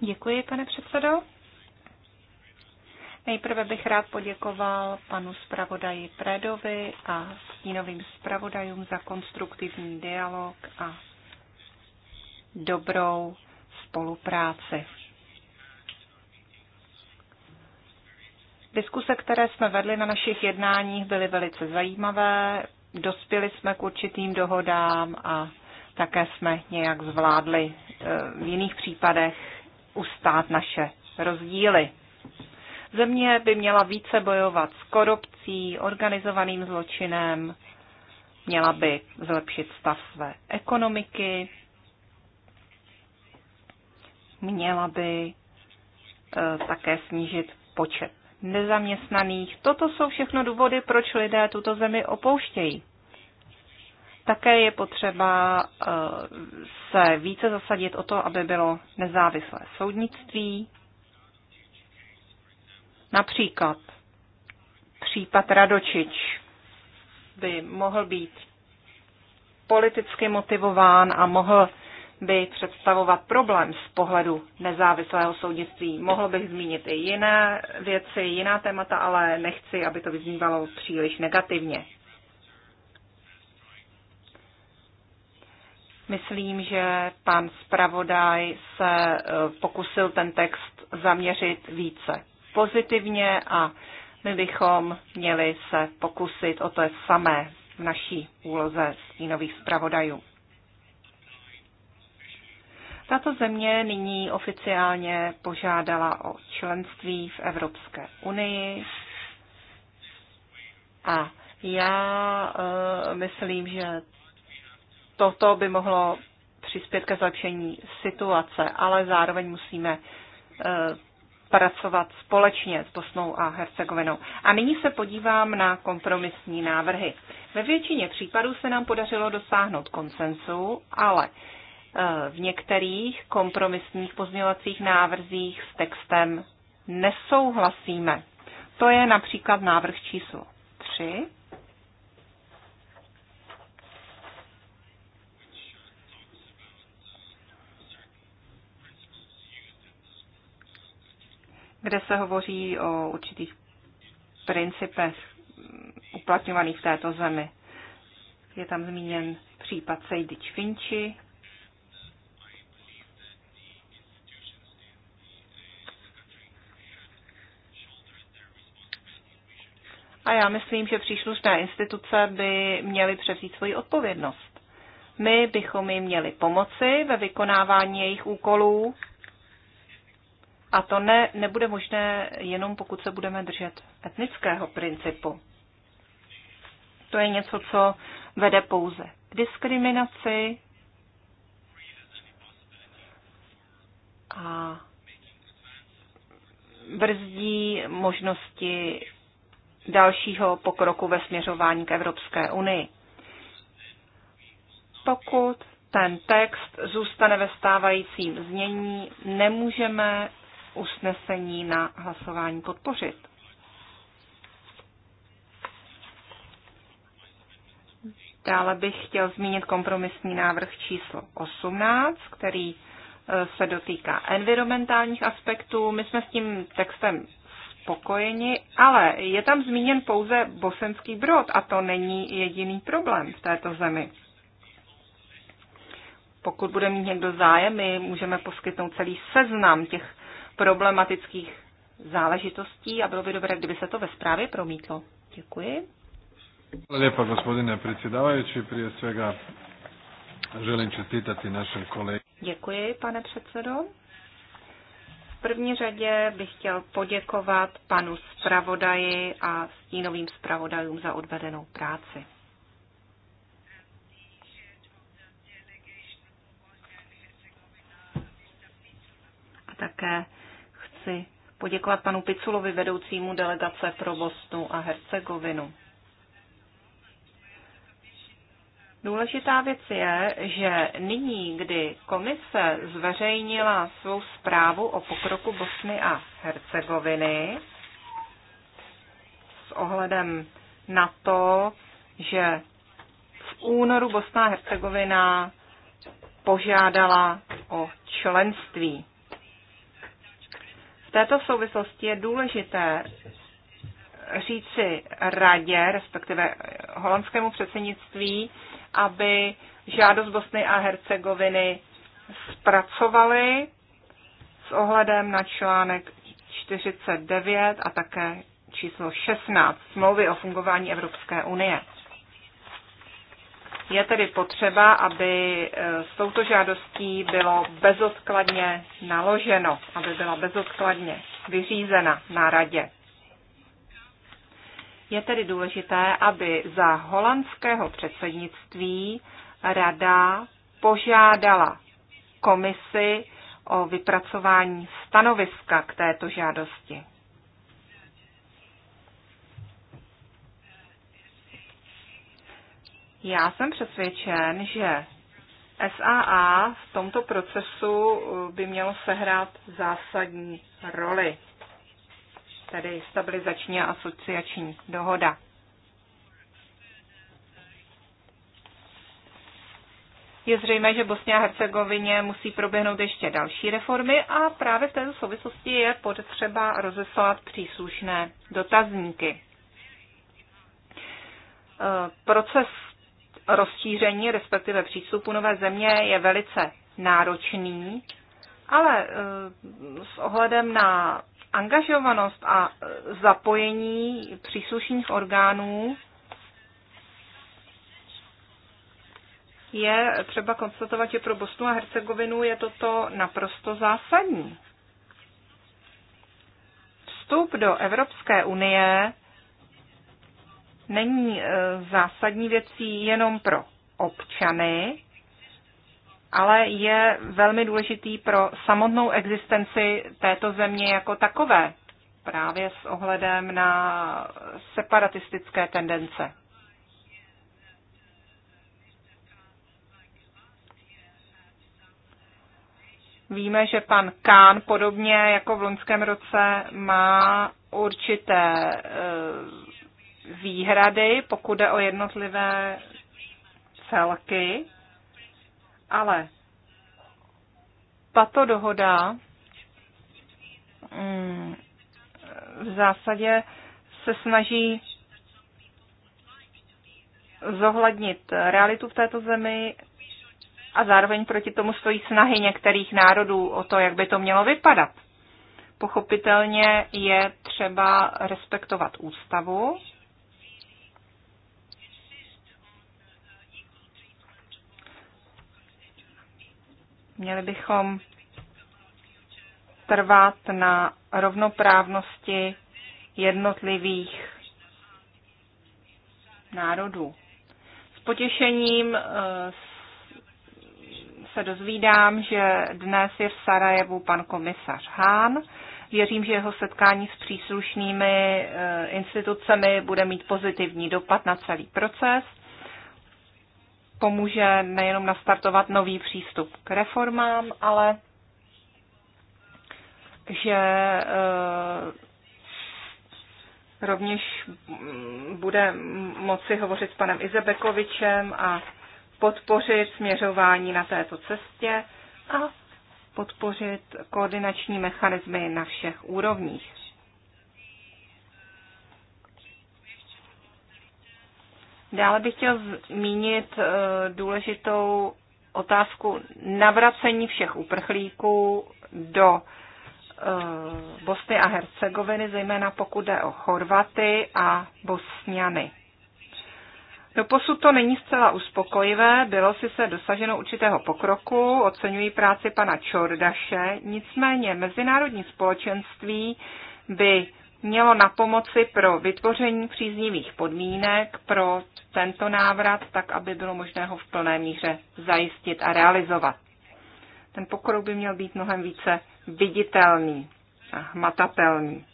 Děkuji, pane předsedo. Nejprve bych rád poděkoval panu zpravodaji Predovi a stínovým zpravodajům za konstruktivní dialog a dobrou spolupráci. Diskuse, které jsme vedli na našich jednáních, byly velice zajímavé. Dospěli jsme k určitým dohodám a také jsme nějak zvládli e, v jiných případech ustát naše rozdíly. Země by měla více bojovat s korupcí, organizovaným zločinem, měla by zlepšit stav své ekonomiky, měla by e, také snížit počet nezaměstnaných. Toto jsou všechno důvody, proč lidé tuto zemi opouštějí. Také je potřeba eh, se více zasadit o to, aby bylo nezávislé soudnictví. Například případ Radočič by mohl být politicky motivován a mohl by představovat problém z pohledu nezávislého soudnictví. Mohl bych zmínit i jiné věci, jiná témata, ale nechci, aby to vyznívalo příliš negativně. Myslím, že pan zpravodaj se e, pokusil ten text zaměřit více pozitivně a my bychom měli se pokusit o to samé v naší úloze stínových zpravodajů. Tato země nyní oficiálně požádala o členství v Evropské unii a já uh, myslím, že toto by mohlo přispět ke zlepšení situace, ale zároveň musíme eh, pracovat společně s Bosnou a Hercegovinou. A nyní se podívám na kompromisní návrhy. Ve většině případů se nám podařilo dosáhnout konsensu, ale eh, v některých kompromisních pozměňovacích návrzích s textem nesouhlasíme. To je například návrh číslo 3, kde se hovoří o určitých principech uplatňovaných v této zemi. Je tam zmíněn případ Sejdič Finči. A já myslím, že příslušné instituce by měly převzít svoji odpovědnost. My bychom jim měli pomoci ve vykonávání jejich úkolů a to ne, nebude možné jenom pokud se budeme držet etnického principu. To je něco, co vede pouze k diskriminaci a brzdí možnosti dalšího pokroku ve směřování k Evropské unii. Pokud ten text zůstane ve stávajícím znění, nemůžeme usnesení na hlasování podpořit. Dále bych chtěl zmínit kompromisní návrh číslo 18, který e, se dotýká environmentálních aspektů. My jsme s tím textem spokojeni, ale je tam zmíněn pouze bosenský brod a to není jediný problém v této zemi. Pokud bude mít někdo zájem, my můžeme poskytnout celý seznam těch problematických záležitostí a bylo by dobré, kdyby se to ve zprávě promítlo. Děkuji. Hvala lijepa gospodine predsjedavajući. Prije svega želim čestitati našem kolegi. Děkuji, pane předsedo. V první řadě bych chtěl poděkovat panu zpravodaji a stínovým zpravodajům za odvedenou práci. A také chci poděkovat panu Piculovi, vedoucímu delegace pro Bosnu a Hercegovinu. Důležitá věc je, že nyní, kdy komise zveřejnila svou zprávu o pokroku Bosny a Hercegoviny s ohledem na to, že v únoru Bosna a Hercegovina požádala o členství v této souvislosti je důležité říci radě, respektive holandskému předsednictví, aby žádost Bosny a Hercegoviny zpracovali s ohledem na článek 49 a také číslo 16 smlouvy o fungování Evropské unie. Je tedy potřeba, aby e, s touto žádostí bylo bezodkladně naloženo, aby byla bezodkladně vyřízena na radě. Je tedy důležité, aby za holandského předsednictví rada požádala komisi o vypracování stanoviska k této žádosti. Já jsem přesvědčen, že SAA v tomto procesu uh, by mělo sehrát zásadní roli, tedy stabilizační a asociační dohoda. Je zřejmé, že Bosně a Hercegovině musí proběhnout ještě další reformy a právě v této souvislosti je potřeba rozeslat příslušné dotazníky. Uh, proces rozšíření, respektive přístupu nové země je velice náročný, ale eh, s ohledem na angažovanost a eh, zapojení příslušných orgánů je třeba konstatovat, že pro Bosnu a Hercegovinu je toto naprosto zásadní. Vstup do Evropské unie není e, zásadní věcí jenom pro občany, ale je velmi důležitý pro samotnou existenci této země jako takové, právě s ohledem na separatistické tendence. Víme, že pan Kán podobně jako v loňském roce má určité e, výhrady, pokud jde o jednotlivé celky, ale tato dohoda mm, v zásadě se snaží zohlednit realitu v této zemi a zároveň proti tomu stojí snahy některých národů o to, jak by to mělo vypadat. Pochopitelně je třeba respektovat ústavu Měli bychom trvat na rovnoprávnosti jednotlivých národů. S potěšením eh, se dozvídám, že dnes je v Sarajevu pan komisař Hán. Věřím, že jeho setkání s příslušnými eh, institucemi bude mít pozitivní dopad na celý proces pomůže nejenom nastartovat nový přístup k reformám, ale že eh, rovněž mm, bude moci hovořit s panem Izebekovičem a podpořit směřování na této cestě a podpořit koordinační mechanismy na všech úrovních. Dále bych chtěl zmínit eh, důležitou otázku navracení všech uprchlíků do eh, Bosny a Hercegoviny, zejména pokud jde o Chorvaty a Bosňany. Doposud no, to není zcela uspokojivé, bylo si se dosaženo určitého pokroku, oceňují práci pana Čordaše, nicméně mezinárodní společenství by mělo na pomoci pro vytvoření příznivých podmínek pro tento návrat, tak aby bylo možné ho v plné míře zajistit a realizovat. Ten pokrok by měl být mnohem více viditelný a hmatatelný.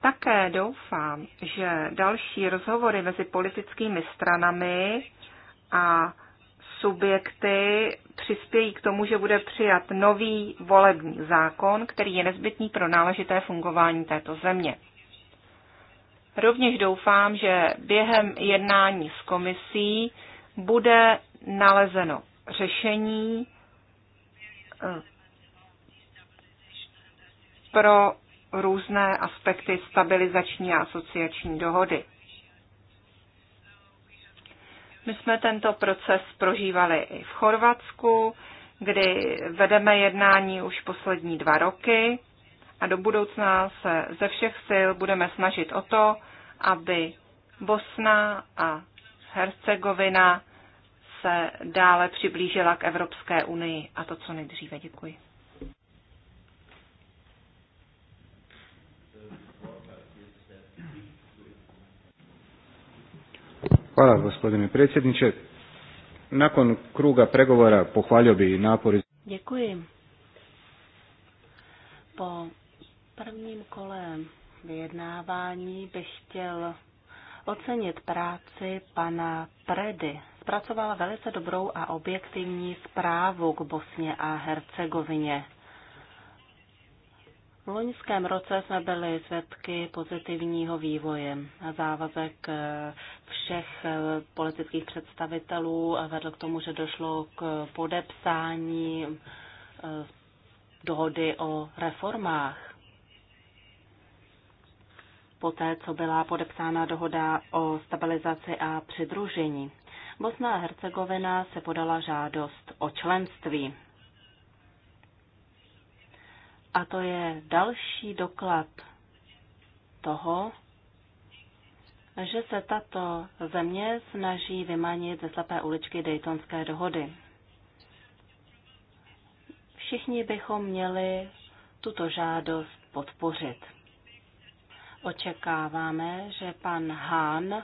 Také doufám, že další rozhovory mezi politickými stranami a subjekty přispějí k tomu, že bude přijat nový volební zákon, který je nezbytný pro náležité fungování této země. Rovněž doufám, že během jednání s komisí bude nalezeno řešení eh, pro různé aspekty stabilizační a asociační dohody. My jsme tento proces prožívali i v Chorvatsku, kdy vedeme jednání už poslední dva roky a do budoucna se ze všech sil budeme snažit o to, aby Bosna a Hercegovina se dále přiblížila k Evropské unii a to co nejdříve. Děkuji. Hvala gospodine predsjedniče. Nakon kruga pregovora pohvalio bi napor Děkuji. Po prvním kole vyjednávání bych chtěl ocenit práci pana Predy. Zpracovala velice dobrou a objektivní zprávu k Bosně a Hercegovině. V loňském roce jsme byli svědky pozitivního vývoje. Závazek eh, všech eh, politických představitelů vedl k tomu, že došlo k podepsání eh, dohody o reformách. Poté, co byla podepsána dohoda o stabilizaci a přidružení. Bosna a Hercegovina se podala žádost o členství. A to je další doklad toho, že se tato země snaží vymanit ze slepé uličky Daytonské dohody. Všichni bychom měli tuto žádost podpořit. Očekáváme, že pan Hahn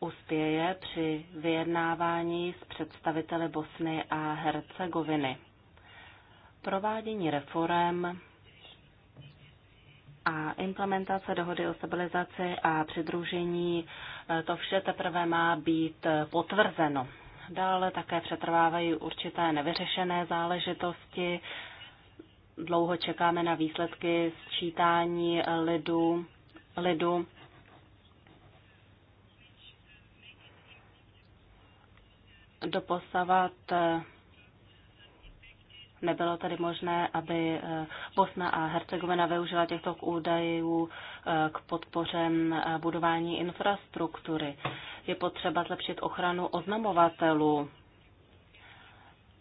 uspěje při vyjednávání s představiteli Bosny a Hercegoviny provádění reform a implementace dohody o stabilizaci a přidružení, eh, to vše teprve má být potvrzeno. Dále také přetrvávají určité nevyřešené záležitosti. Dlouho čekáme na výsledky sčítání lidu. lidu. Doposavat eh, Nebylo tedy možné, aby eh, Bosna a Hercegovina využila těchto údajů eh, k podpoře eh, budování infrastruktury. Je potřeba zlepšit ochranu oznamovatelů.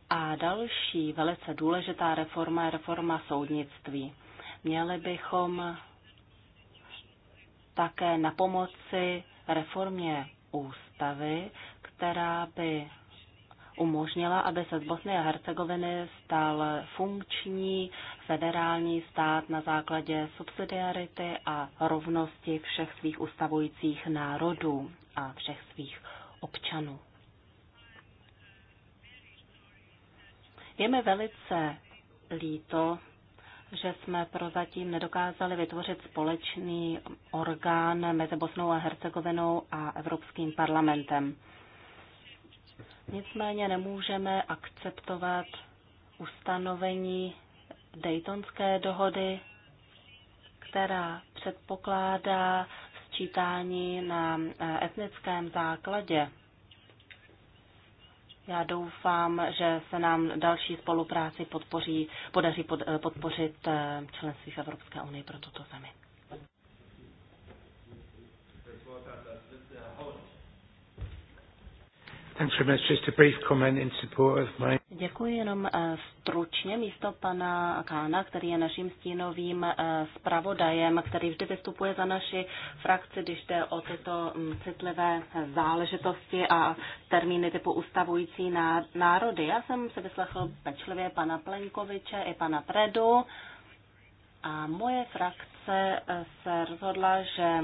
A další velice důležitá reforma je reforma soudnictví. Měli bychom také na pomoci reformě ústavy, která by umožnila, aby se z Bosny a Hercegoviny stal funkční federální stát na základě subsidiarity a rovnosti všech svých ustavujících národů a všech svých občanů. Je mi velice líto, že jsme prozatím nedokázali vytvořit společný orgán mezi Bosnou a Hercegovinou a Evropským parlamentem. Nicméně nemůžeme akceptovat ustanovení Daytonské dohody, která předpokládá sčítání na eh, etnickém základě. Já doufám, že se nám další spolupráci podpoří, podaří pod, eh, podpořit eh, členství v Evropské unii pro tuto zemi. Děkuji jenom eh, stručně místo pana Kána, který je naším stínovým eh, zpravodajem, který vždy vystupuje za naši frakci, když jde o tyto mm, citlivé záležitosti a termíny typu ustavující národy. Já jsem se vyslechl pečlivě pana Plenkoviče i pana Predu a moje frakce eh, se rozhodla, že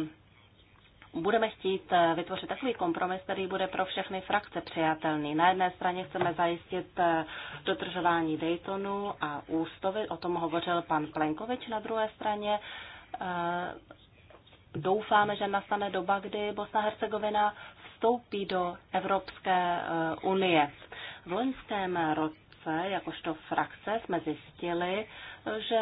budeme chtít eh, vytvořit takový kompromis, který bude pro všechny frakce přijatelný. Na jedné straně chceme zajistit eh, dotržování Daytonu a ústavy, o tom hovořil pan Plenkovič, na druhé straně eh, doufáme, že nastane doba, kdy Bosna Hercegovina vstoupí do Evropské unie. V loňském roce jakožto frakce jsme zjistili, že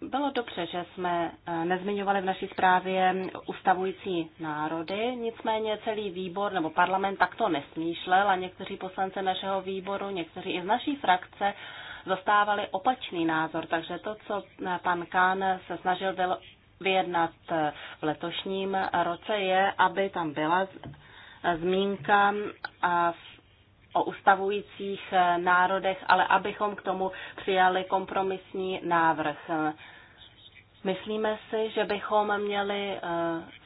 bylo dobře, že jsme eh, nezmiňovali v naší zprávě ustavující národy, nicméně celý výbor nebo parlament takto nesmýšlel a někteří poslanci našeho výboru, někteří i z naší frakce zastávali opačný názor. Takže to, co eh, pan Kán se snažil vyjednat eh, v letošním roce, je, aby tam byla zmínka v o ustavujících eh, národech, ale abychom k tomu přijali kompromisní návrh. Myslíme si, že bychom měli eh,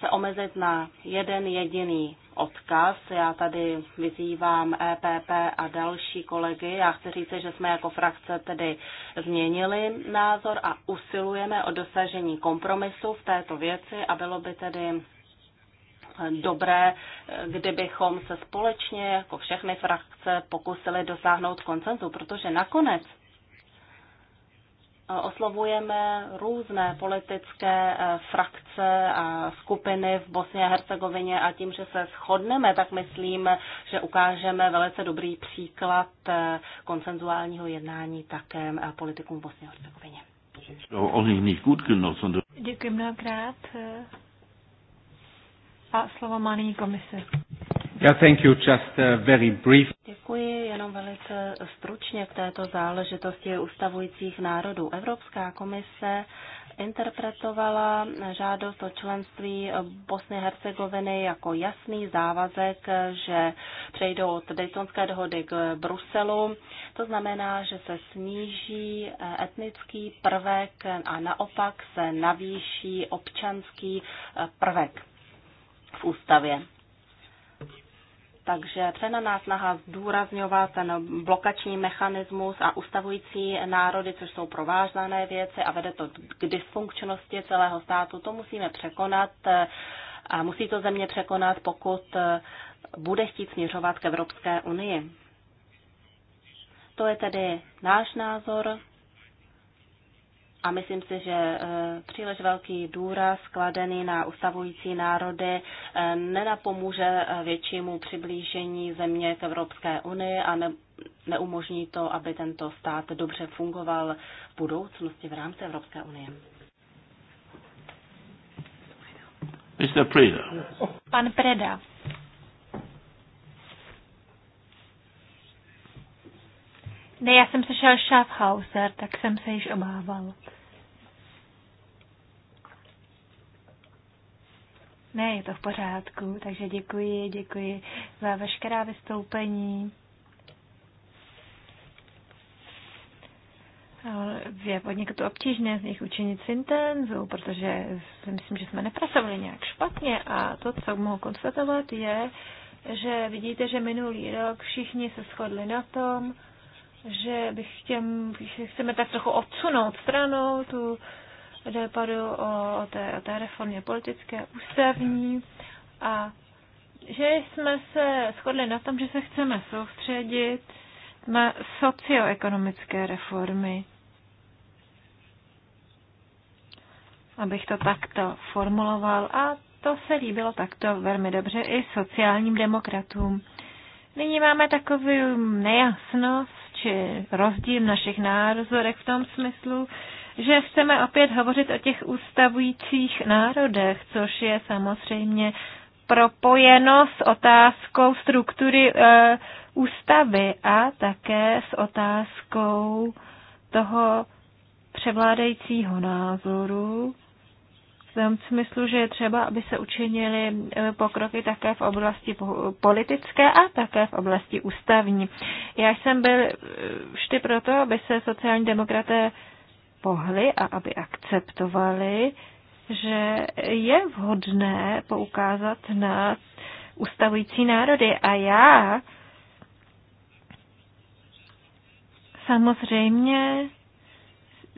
se omezit na jeden jediný odkaz. Já tady vyzývám EPP a další kolegy. Já chci říct, že jsme jako frakce tedy změnili názor a usilujeme o dosažení kompromisu v této věci a bylo by tedy dobré, kdybychom se společně jako všechny frakce pokusili dosáhnout koncenzu, protože nakonec eh, oslovujeme různé politické eh, frakce a skupiny v Bosně a Hercegovině a tím, že se shodneme, tak myslím, že ukážeme velice dobrý příklad eh, konsenzuálního jednání také politikům v Bosně a Hercegovině. Děkuji mnohokrát. A slovo má nyní komise. Yeah, thank you. Just uh, very brief. Děkuji jenom velice stručně k této záležitosti ustavujících národů. Evropská komise interpretovala žádost o členství Bosny a Hercegoviny jako jasný závazek, že přejdou od Daytonské dohody k Bruselu. To znamená, že se sníží eh, etnický prvek a naopak se navýší občanský eh, prvek v ústavě. Takže přenaná snaha zdůrazňovat ten blokační mechanismus a ustavující národy, což jsou provázané věci a vede to k dysfunkčnosti celého státu, to musíme překonat eh, a musí to země překonat, pokud eh, bude chtít směřovat k Evropské unii. To je tedy náš názor, a myslím si, že eh, příliš velký důraz skladený na ustavující národy eh, nenapomůže eh, většímu přiblížení země k Evropské unii a ne, neumožní to, aby tento stát dobře fungoval v budoucnosti v rámci Evropské unie. Mr. Preda. Pan Preda. Ne, já jsem sešel Schaffhauser, tak jsem se již obával. Ne, je to v pořádku, takže děkuji, děkuji za veškerá vystoupení. Je podněkud obtížné z nich učinit syntézu, protože si myslím, že jsme nepracovali nějak špatně a to, co mohu konstatovat, je, že vidíte, že minulý rok všichni se shodli na tom, že bych chtěm, že chceme tak trochu odsunout stranou tu debatu o té, o té reformě politické, ústavní a že jsme se shodli na tom, že se chceme soustředit na socioekonomické reformy. Abych to takto formuloval a to se líbilo takto velmi dobře i sociálním demokratům. Nyní máme takovou nejasnost či rozdíl v našich názorech v tom smyslu, že chceme opět hovořit o těch ústavujících národech, což je samozřejmě propojeno s otázkou struktury e, ústavy a také s otázkou toho převládajícího názoru, v tom smyslu, že je třeba, aby se učinili eh, pokroky také v oblasti politické a také v oblasti ústavní. Já jsem byl eh, vždy proto, aby se sociální demokraté pohli a aby akceptovali, že je vhodné poukázat na ustavující národy. A já samozřejmě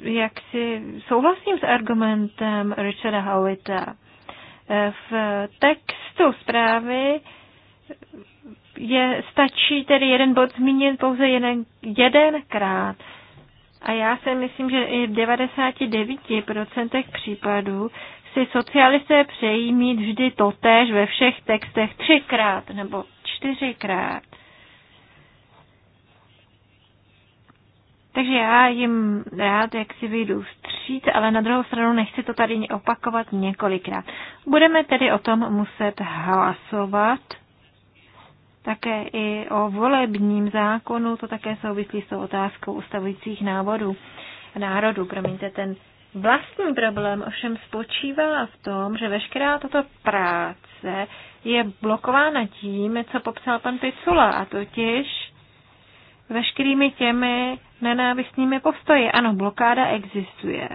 jak si souhlasím s argumentem Richarda Howita. Eh, v textu zprávy je, stačí tedy jeden bod zmínit pouze jeden, jedenkrát. A já si myslím, že i v 99% případů si socialisté přejí mít vždy totéž ve všech textech třikrát nebo čtyřikrát. Takže já jim rád, jak si vyjdu vstříc, ale na druhou stranu nechci to tady opakovat několikrát. Budeme tedy o tom muset hlasovat. Také i o volebním zákonu, to také souvisí s tou otázkou ustavujících návodů národů. Promiňte, ten vlastní problém ovšem spočívá v tom, že veškerá tato práce je blokována tím, co popsal pan Picula, a totiž veškerými těmi nenávistnými postoji. Ano, blokáda existuje.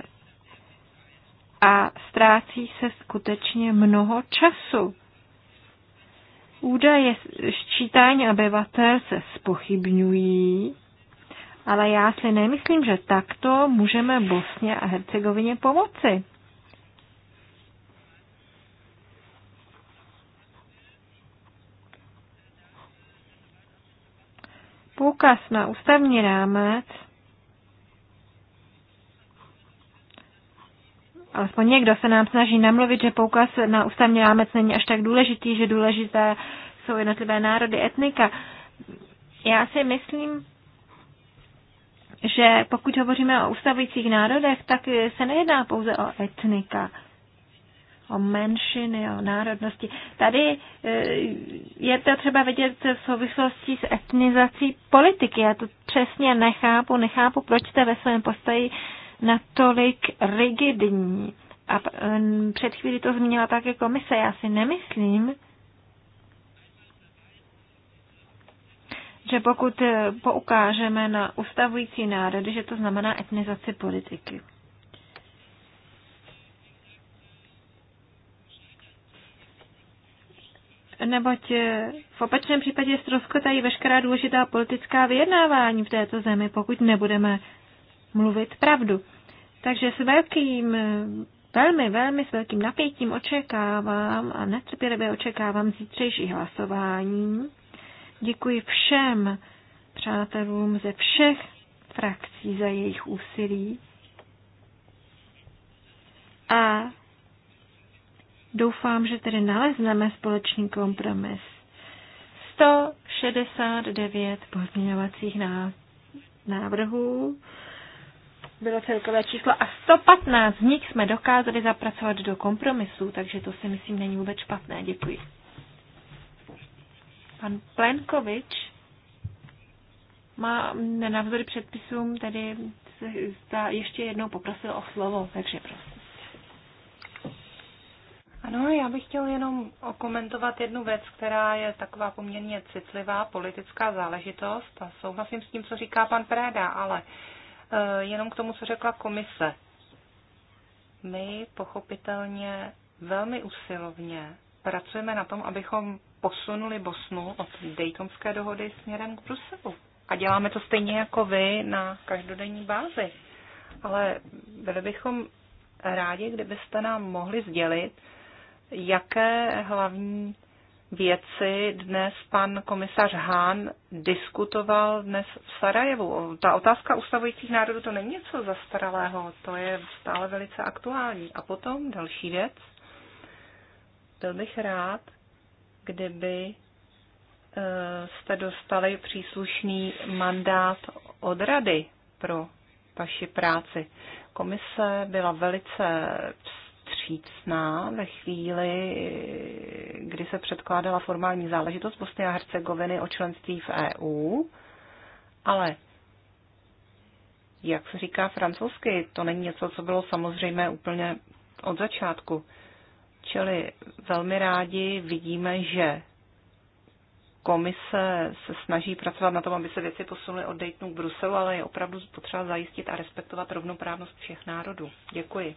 A ztrácí se skutečně mnoho času. Údaje sčítání obyvatel se spochybňují, ale já si nemyslím, že takto můžeme Bosně a Hercegovině pomoci. Poukaz na ústavní rámec, alespoň někdo se nám snaží namluvit, že poukaz na ústavní rámec není až tak důležitý, že důležité jsou jednotlivé národy, etnika. Já si myslím, že pokud hovoříme o ustavujících národech, tak se nejedná pouze o etnika o menšiny, o národnosti. Tady e, je to třeba vidět v souvislosti s etnizací politiky. Já to přesně nechápu, nechápu, proč jste ve svém postoji natolik rigidní. A e, před chvíli to zmínila také komise. Já si nemyslím, že pokud e, poukážeme na ustavující národy, že to znamená etnizaci politiky. neboť eh, v opačném případě ztroskotají veškerá důležitá politická vyjednávání v této zemi, pokud nebudeme mluvit pravdu. Takže s velkým, eh, velmi, velmi s velkým napětím očekávám a netrpělivě očekávám zítřejší hlasování. Děkuji všem přátelům ze všech frakcí za jejich úsilí. A Doufám, že tedy nalezneme společný kompromis. 169 pozměňovacích návrhů bylo celkové číslo a 115 z nich jsme dokázali zapracovat do kompromisu, takže to si myslím není vůbec špatné. Děkuji. Pan Plenkovič má nenavzory předpisům, tedy ještě jednou poprosil o slovo, takže prosím. Ano, já bych chtěl jenom okomentovat jednu věc, která je taková poměrně citlivá politická záležitost a souhlasím s tím, co říká pan Préda, ale eh, jenom k tomu, co řekla komise. My pochopitelně velmi usilovně pracujeme na tom, abychom posunuli Bosnu od Daytonské dohody směrem k Bruselu. A děláme to stejně jako vy na každodenní bázi. Ale byli bychom rádi, kdybyste nám mohli sdělit, jaké hlavní věci dnes pan komisař Hán diskutoval dnes v Sarajevu. Ta otázka ustavujících národů to není něco zastaralého, to je stále velice aktuální. A potom další věc. Byl bych rád, kdyby eh, jste dostali příslušný mandát od rady pro vaši práci. Komise byla velice vstřícná ve chvíli, kdy se předkládala formální záležitost Bosny a Hercegoviny o členství v EU, ale jak se říká francouzsky, to není něco, co bylo samozřejmé úplně od začátku. Čili velmi rádi vidíme, že komise se snaží pracovat na tom, aby se věci posunuly od Daytonu k Bruselu, ale je opravdu potřeba zajistit a respektovat rovnoprávnost všech národů. Děkuji.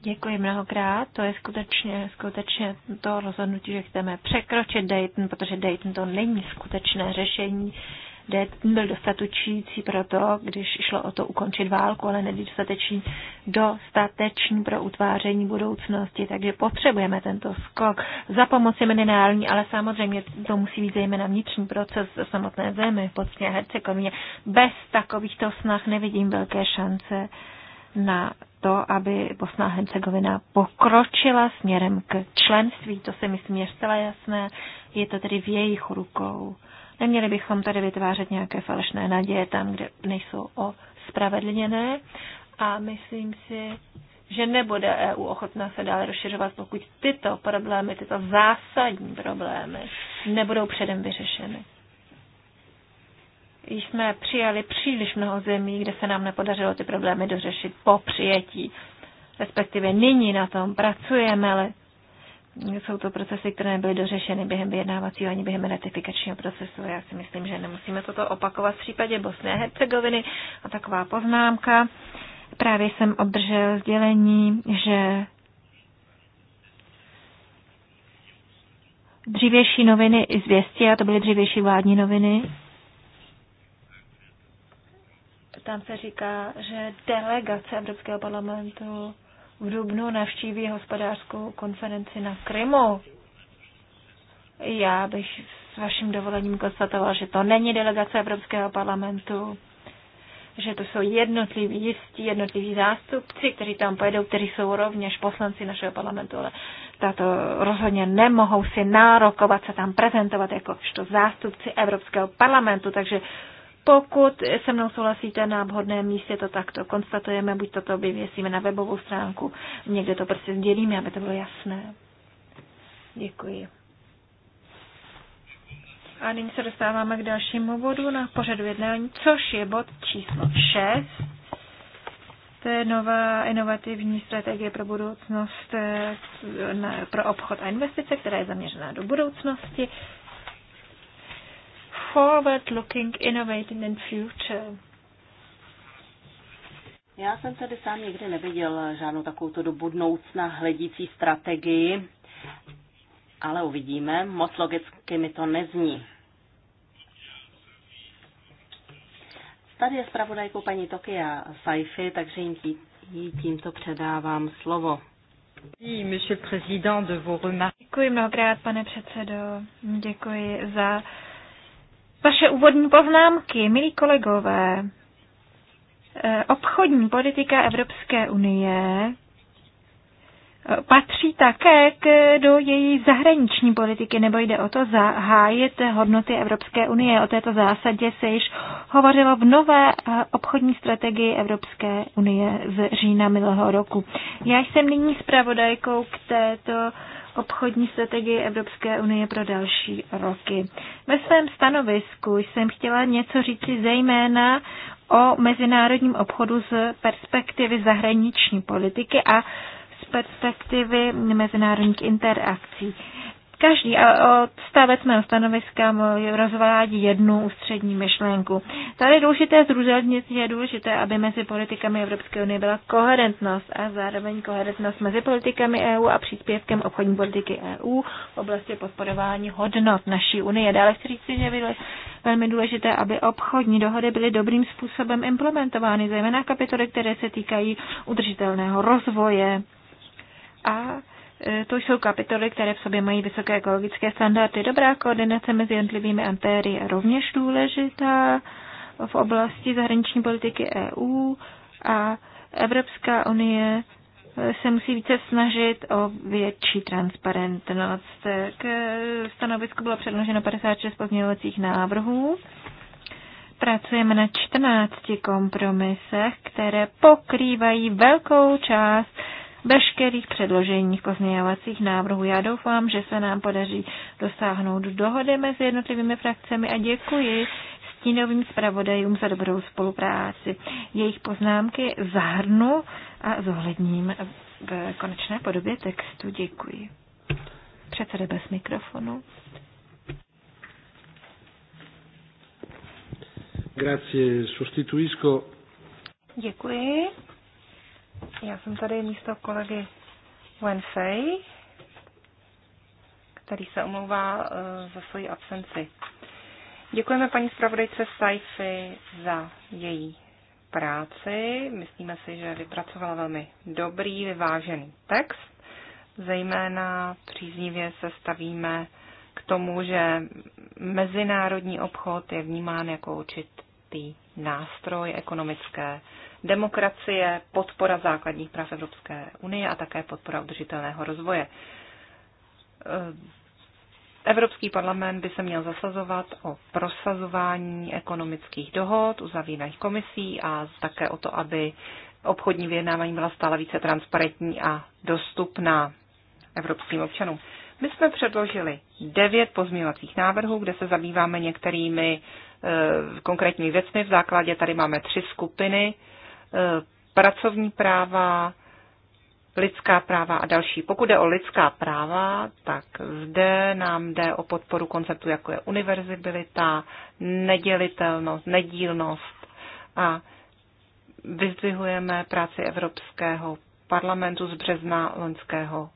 Děkuji mnohokrát. To je skutečně, skutečně to rozhodnutí, že chceme překročit Dayton, protože Dayton to není skutečné řešení byl dostatečný pro to, když šlo o to ukončit válku, ale není dostatečný, dostatečný pro utváření budoucnosti. Takže potřebujeme tento skok za pomoci minerální, ale samozřejmě to musí být zejména vnitřní proces samotné zemi, v Bosně a Hercegovině. Bez takovýchto snah nevidím velké šance na to, aby Bosna a Hercegovina pokročila směrem k členství. To se myslím je zcela jasné. Je to tedy v jejich rukou. Neměli bychom tady vytvářet nějaké falešné naděje tam, kde nejsou ospravedlněné. A myslím si, že nebude EU ochotná se dále rozšiřovat, pokud tyto problémy, tyto zásadní problémy nebudou předem vyřešeny. Jsme přijali příliš mnoho zemí, kde se nám nepodařilo ty problémy dořešit po přijetí. Respektive nyní na tom pracujeme, ale jsou to procesy, které nebyly dořešeny během vyjednávacího ani během ratifikačního procesu. Já si myslím, že nemusíme toto opakovat v případě Bosny a Hercegoviny. A taková poznámka. Právě jsem obdržel sdělení, že dřívější noviny zvěstí, a to byly dřívější vládní noviny, tam se říká, že delegace Evropského parlamentu v Dubnu navštíví hospodářskou konferenci na Krymu. Já bych s vaším dovolením konstatoval, že to není delegace Evropského parlamentu, že to jsou jednotliví, jistí jednotliví zástupci, kteří tam pojedou, kteří jsou rovněž poslanci našeho parlamentu, ale tato rozhodně nemohou si nárokovat se tam prezentovat jako zástupci Evropského parlamentu, takže pokud se mnou souhlasíte na vhodném místě, to takto konstatujeme, buď toto vyvěsíme na webovou stránku, někde to prostě sdělíme, aby to bylo jasné. Děkuji. A nyní se dostáváme k dalšímu bodu na pořadu jednání, což je bod číslo 6. To je nová inovativní strategie pro budoucnost, eh, pro obchod a investice, která je zaměřená do budoucnosti forward-looking, innovating in future. Já jsem tedy sám nikdy neviděl žádnou takovou do budoucna hledící strategii, ale uvidíme. Moc logicky mi to nezní. Tady je zpravodajkou paní Tokia Saifi, takže jí tímto předávám slovo. Děkuji mnohokrát, pane předsedo. Děkuji za vaše úvodní poznámky, milí kolegové. E, obchodní politika Evropské unie e, patří také k, do její zahraniční politiky, nebo jde o to zahájit hodnoty Evropské unie. O této zásadě se již hovořilo v nové e, obchodní strategii Evropské unie z října minulého roku. Já jsem nyní zpravodajkou k této obchodní strategii Evropské unie pro další roky. Ve svém stanovisku jsem chtěla něco říci zejména o mezinárodním obchodu z perspektivy zahraniční politiky a z perspektivy mezinárodních interakcí. Každý odstavec mého stanoviska rozvádí jednu ústřední myšlenku. Tady je důležité zrůzadnit, je důležité, aby mezi politikami Evropské unie byla koherentnost a zároveň koherentnost mezi politikami EU a příspěvkem obchodní politiky EU v oblasti podporování hodnot naší unie. Dále chci říct, že byly velmi důležité, aby obchodní dohody byly dobrým způsobem implementovány, zejména kapitoly, které se týkají udržitelného rozvoje a E, to jsou kapitoly, které v sobě mají vysoké ekologické standardy. Dobrá koordinace mezi jednotlivými antéry je rovněž důležitá v oblasti zahraniční politiky EU a Evropská unie e, se musí více snažit o větší transparentnost. K stanovisku bylo předloženo 56 pozměňovacích návrhů. Pracujeme na 14 kompromisech, které pokrývají velkou část veškerých předloženích pozměňovacích návrhů. Já doufám, že se nám podaří dosáhnout dohody mezi jednotlivými frakcemi a děkuji stínovým zpravodajům za dobrou spolupráci. Jejich poznámky zahrnu a zohledním v konečné podobě textu. Děkuji. Předseda bez mikrofonu. Grazie, sostituisco. Děkuji. Já jsem tady místo kolegy Wenfei, který se omlouvá uh, za svoji absenci. Děkujeme paní zpravodajce Saifi za její práci. Myslíme si, že vypracovala velmi dobrý, vyvážený text. Zejména příznivě se stavíme k tomu, že mezinárodní obchod je vnímán jako určitý nástroj ekonomické demokracie, podpora základních práv Evropské unie a také podpora udržitelného rozvoje. Eh, Evropský parlament by se měl zasazovat o prosazování ekonomických dohod uzavíraných komisí a také o to, aby obchodní vyjednávání byla stále více transparentní a dostupná evropským občanům. My jsme předložili devět pozměňovacích návrhů, kde se zabýváme některými konkrétní věcmi. V základě tady máme tři skupiny. E, pracovní práva, lidská práva a další. Pokud jde o lidská práva, tak zde nám jde o podporu konceptu, jako je univerzibilita, nedělitelnost, nedílnost a vyzdvihujeme práci Evropského parlamentu z března loňského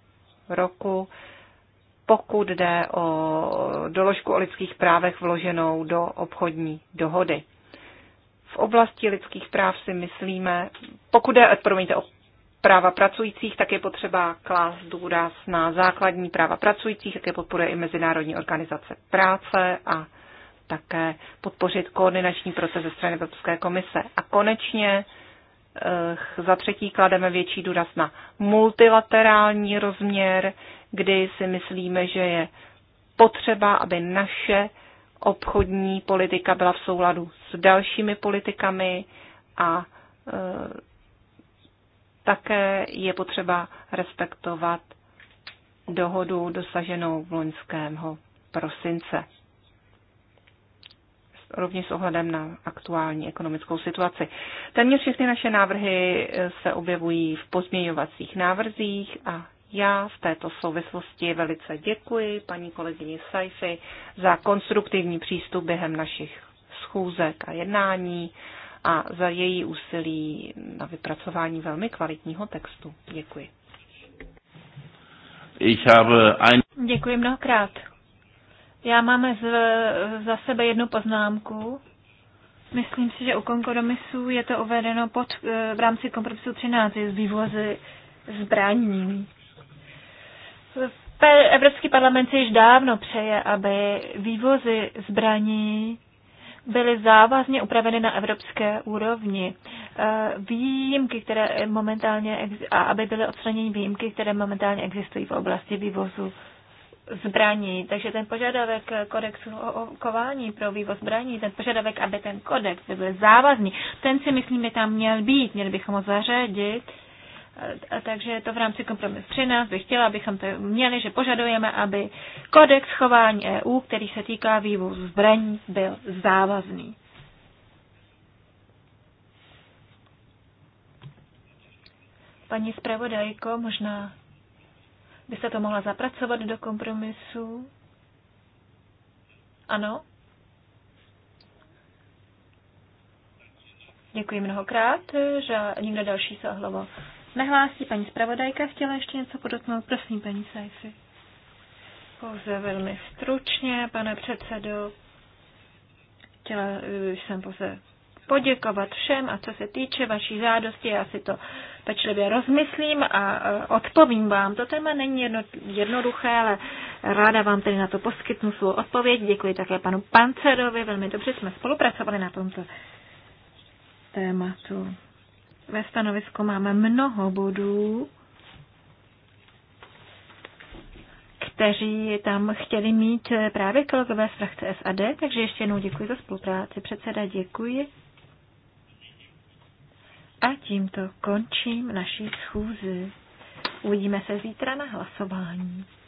roku pokud jde o doložku o lidských právech vloženou do obchodní dohody. V oblasti lidských práv si myslíme, pokud jde, promiňte, o práva pracujících, tak je potřeba klást důraz na základní práva pracujících, také podporuje i Mezinárodní organizace práce a také podpořit koordinační proces ze strany Evropské komise. A konečně eh, za třetí klademe větší důraz na multilaterální rozměr, kdy si myslíme, že je potřeba, aby naše obchodní politika byla v souladu s dalšími politikami a e, také je potřeba respektovat dohodu dosaženou v loňského prosince. Rovněž s ohledem na aktuální ekonomickou situaci. Téměř všechny naše návrhy se objevují v pozměňovacích návrzích a já v této souvislosti velice děkuji paní kolegyni Saifi za konstruktivní přístup během našich schůzek a jednání a za její úsilí na vypracování velmi kvalitního textu. Děkuji. Ich habe ein... Děkuji mnohokrát. Já mám z, za sebe jednu poznámku. Myslím si, že u konkodomisů je to uvedeno pod, eh, v rámci kompromisu 13 z vývozy zbraní. Evropský parlament si již dávno přeje, aby vývozy zbraní byly závazně upraveny na evropské úrovni. E, výjimky, které momentálně, a aby byly odstraněny výjimky, které momentálně existují v oblasti vývozu zbraní. Takže ten požadavek kodexu o kování pro vývoz zbraní, ten požadavek, aby ten kodex byl závazný, ten si myslím že tam měl být, měli bychom ho zařadit a eh, takže je to v rámci kompromis 13 bych chtěla, abychom to měli, že požadujeme, aby kodex chování EU, který se týká vývozu zbraní, byl závazný. Paní zpravodajko, možná byste to mohla zapracovat do kompromisu? Ano? Děkuji mnohokrát, eh, že nikdo další se ohlovo nehlásí. Paní zpravodajka chtěla ještě něco podotknout. Prosím, paní Sajfi. Pouze velmi stručně, pane předsedo. Chtěla eh, jsem pouze poděkovat všem a co se týče vaší žádosti, já si to pečlivě rozmyslím a eh, odpovím vám. To téma není jedno, jednoduché, ale ráda vám tedy na to poskytnu svou odpověď. Děkuji také panu Pancerovi, velmi dobře jsme spolupracovali na tomto tématu ve stanovisku máme mnoho bodů, kteří tam chtěli mít právě kolegové z frakce SAD, takže ještě jednou děkuji za spolupráci. Předseda děkuji. A tímto končím naší schůzi. Uvidíme se zítra na hlasování.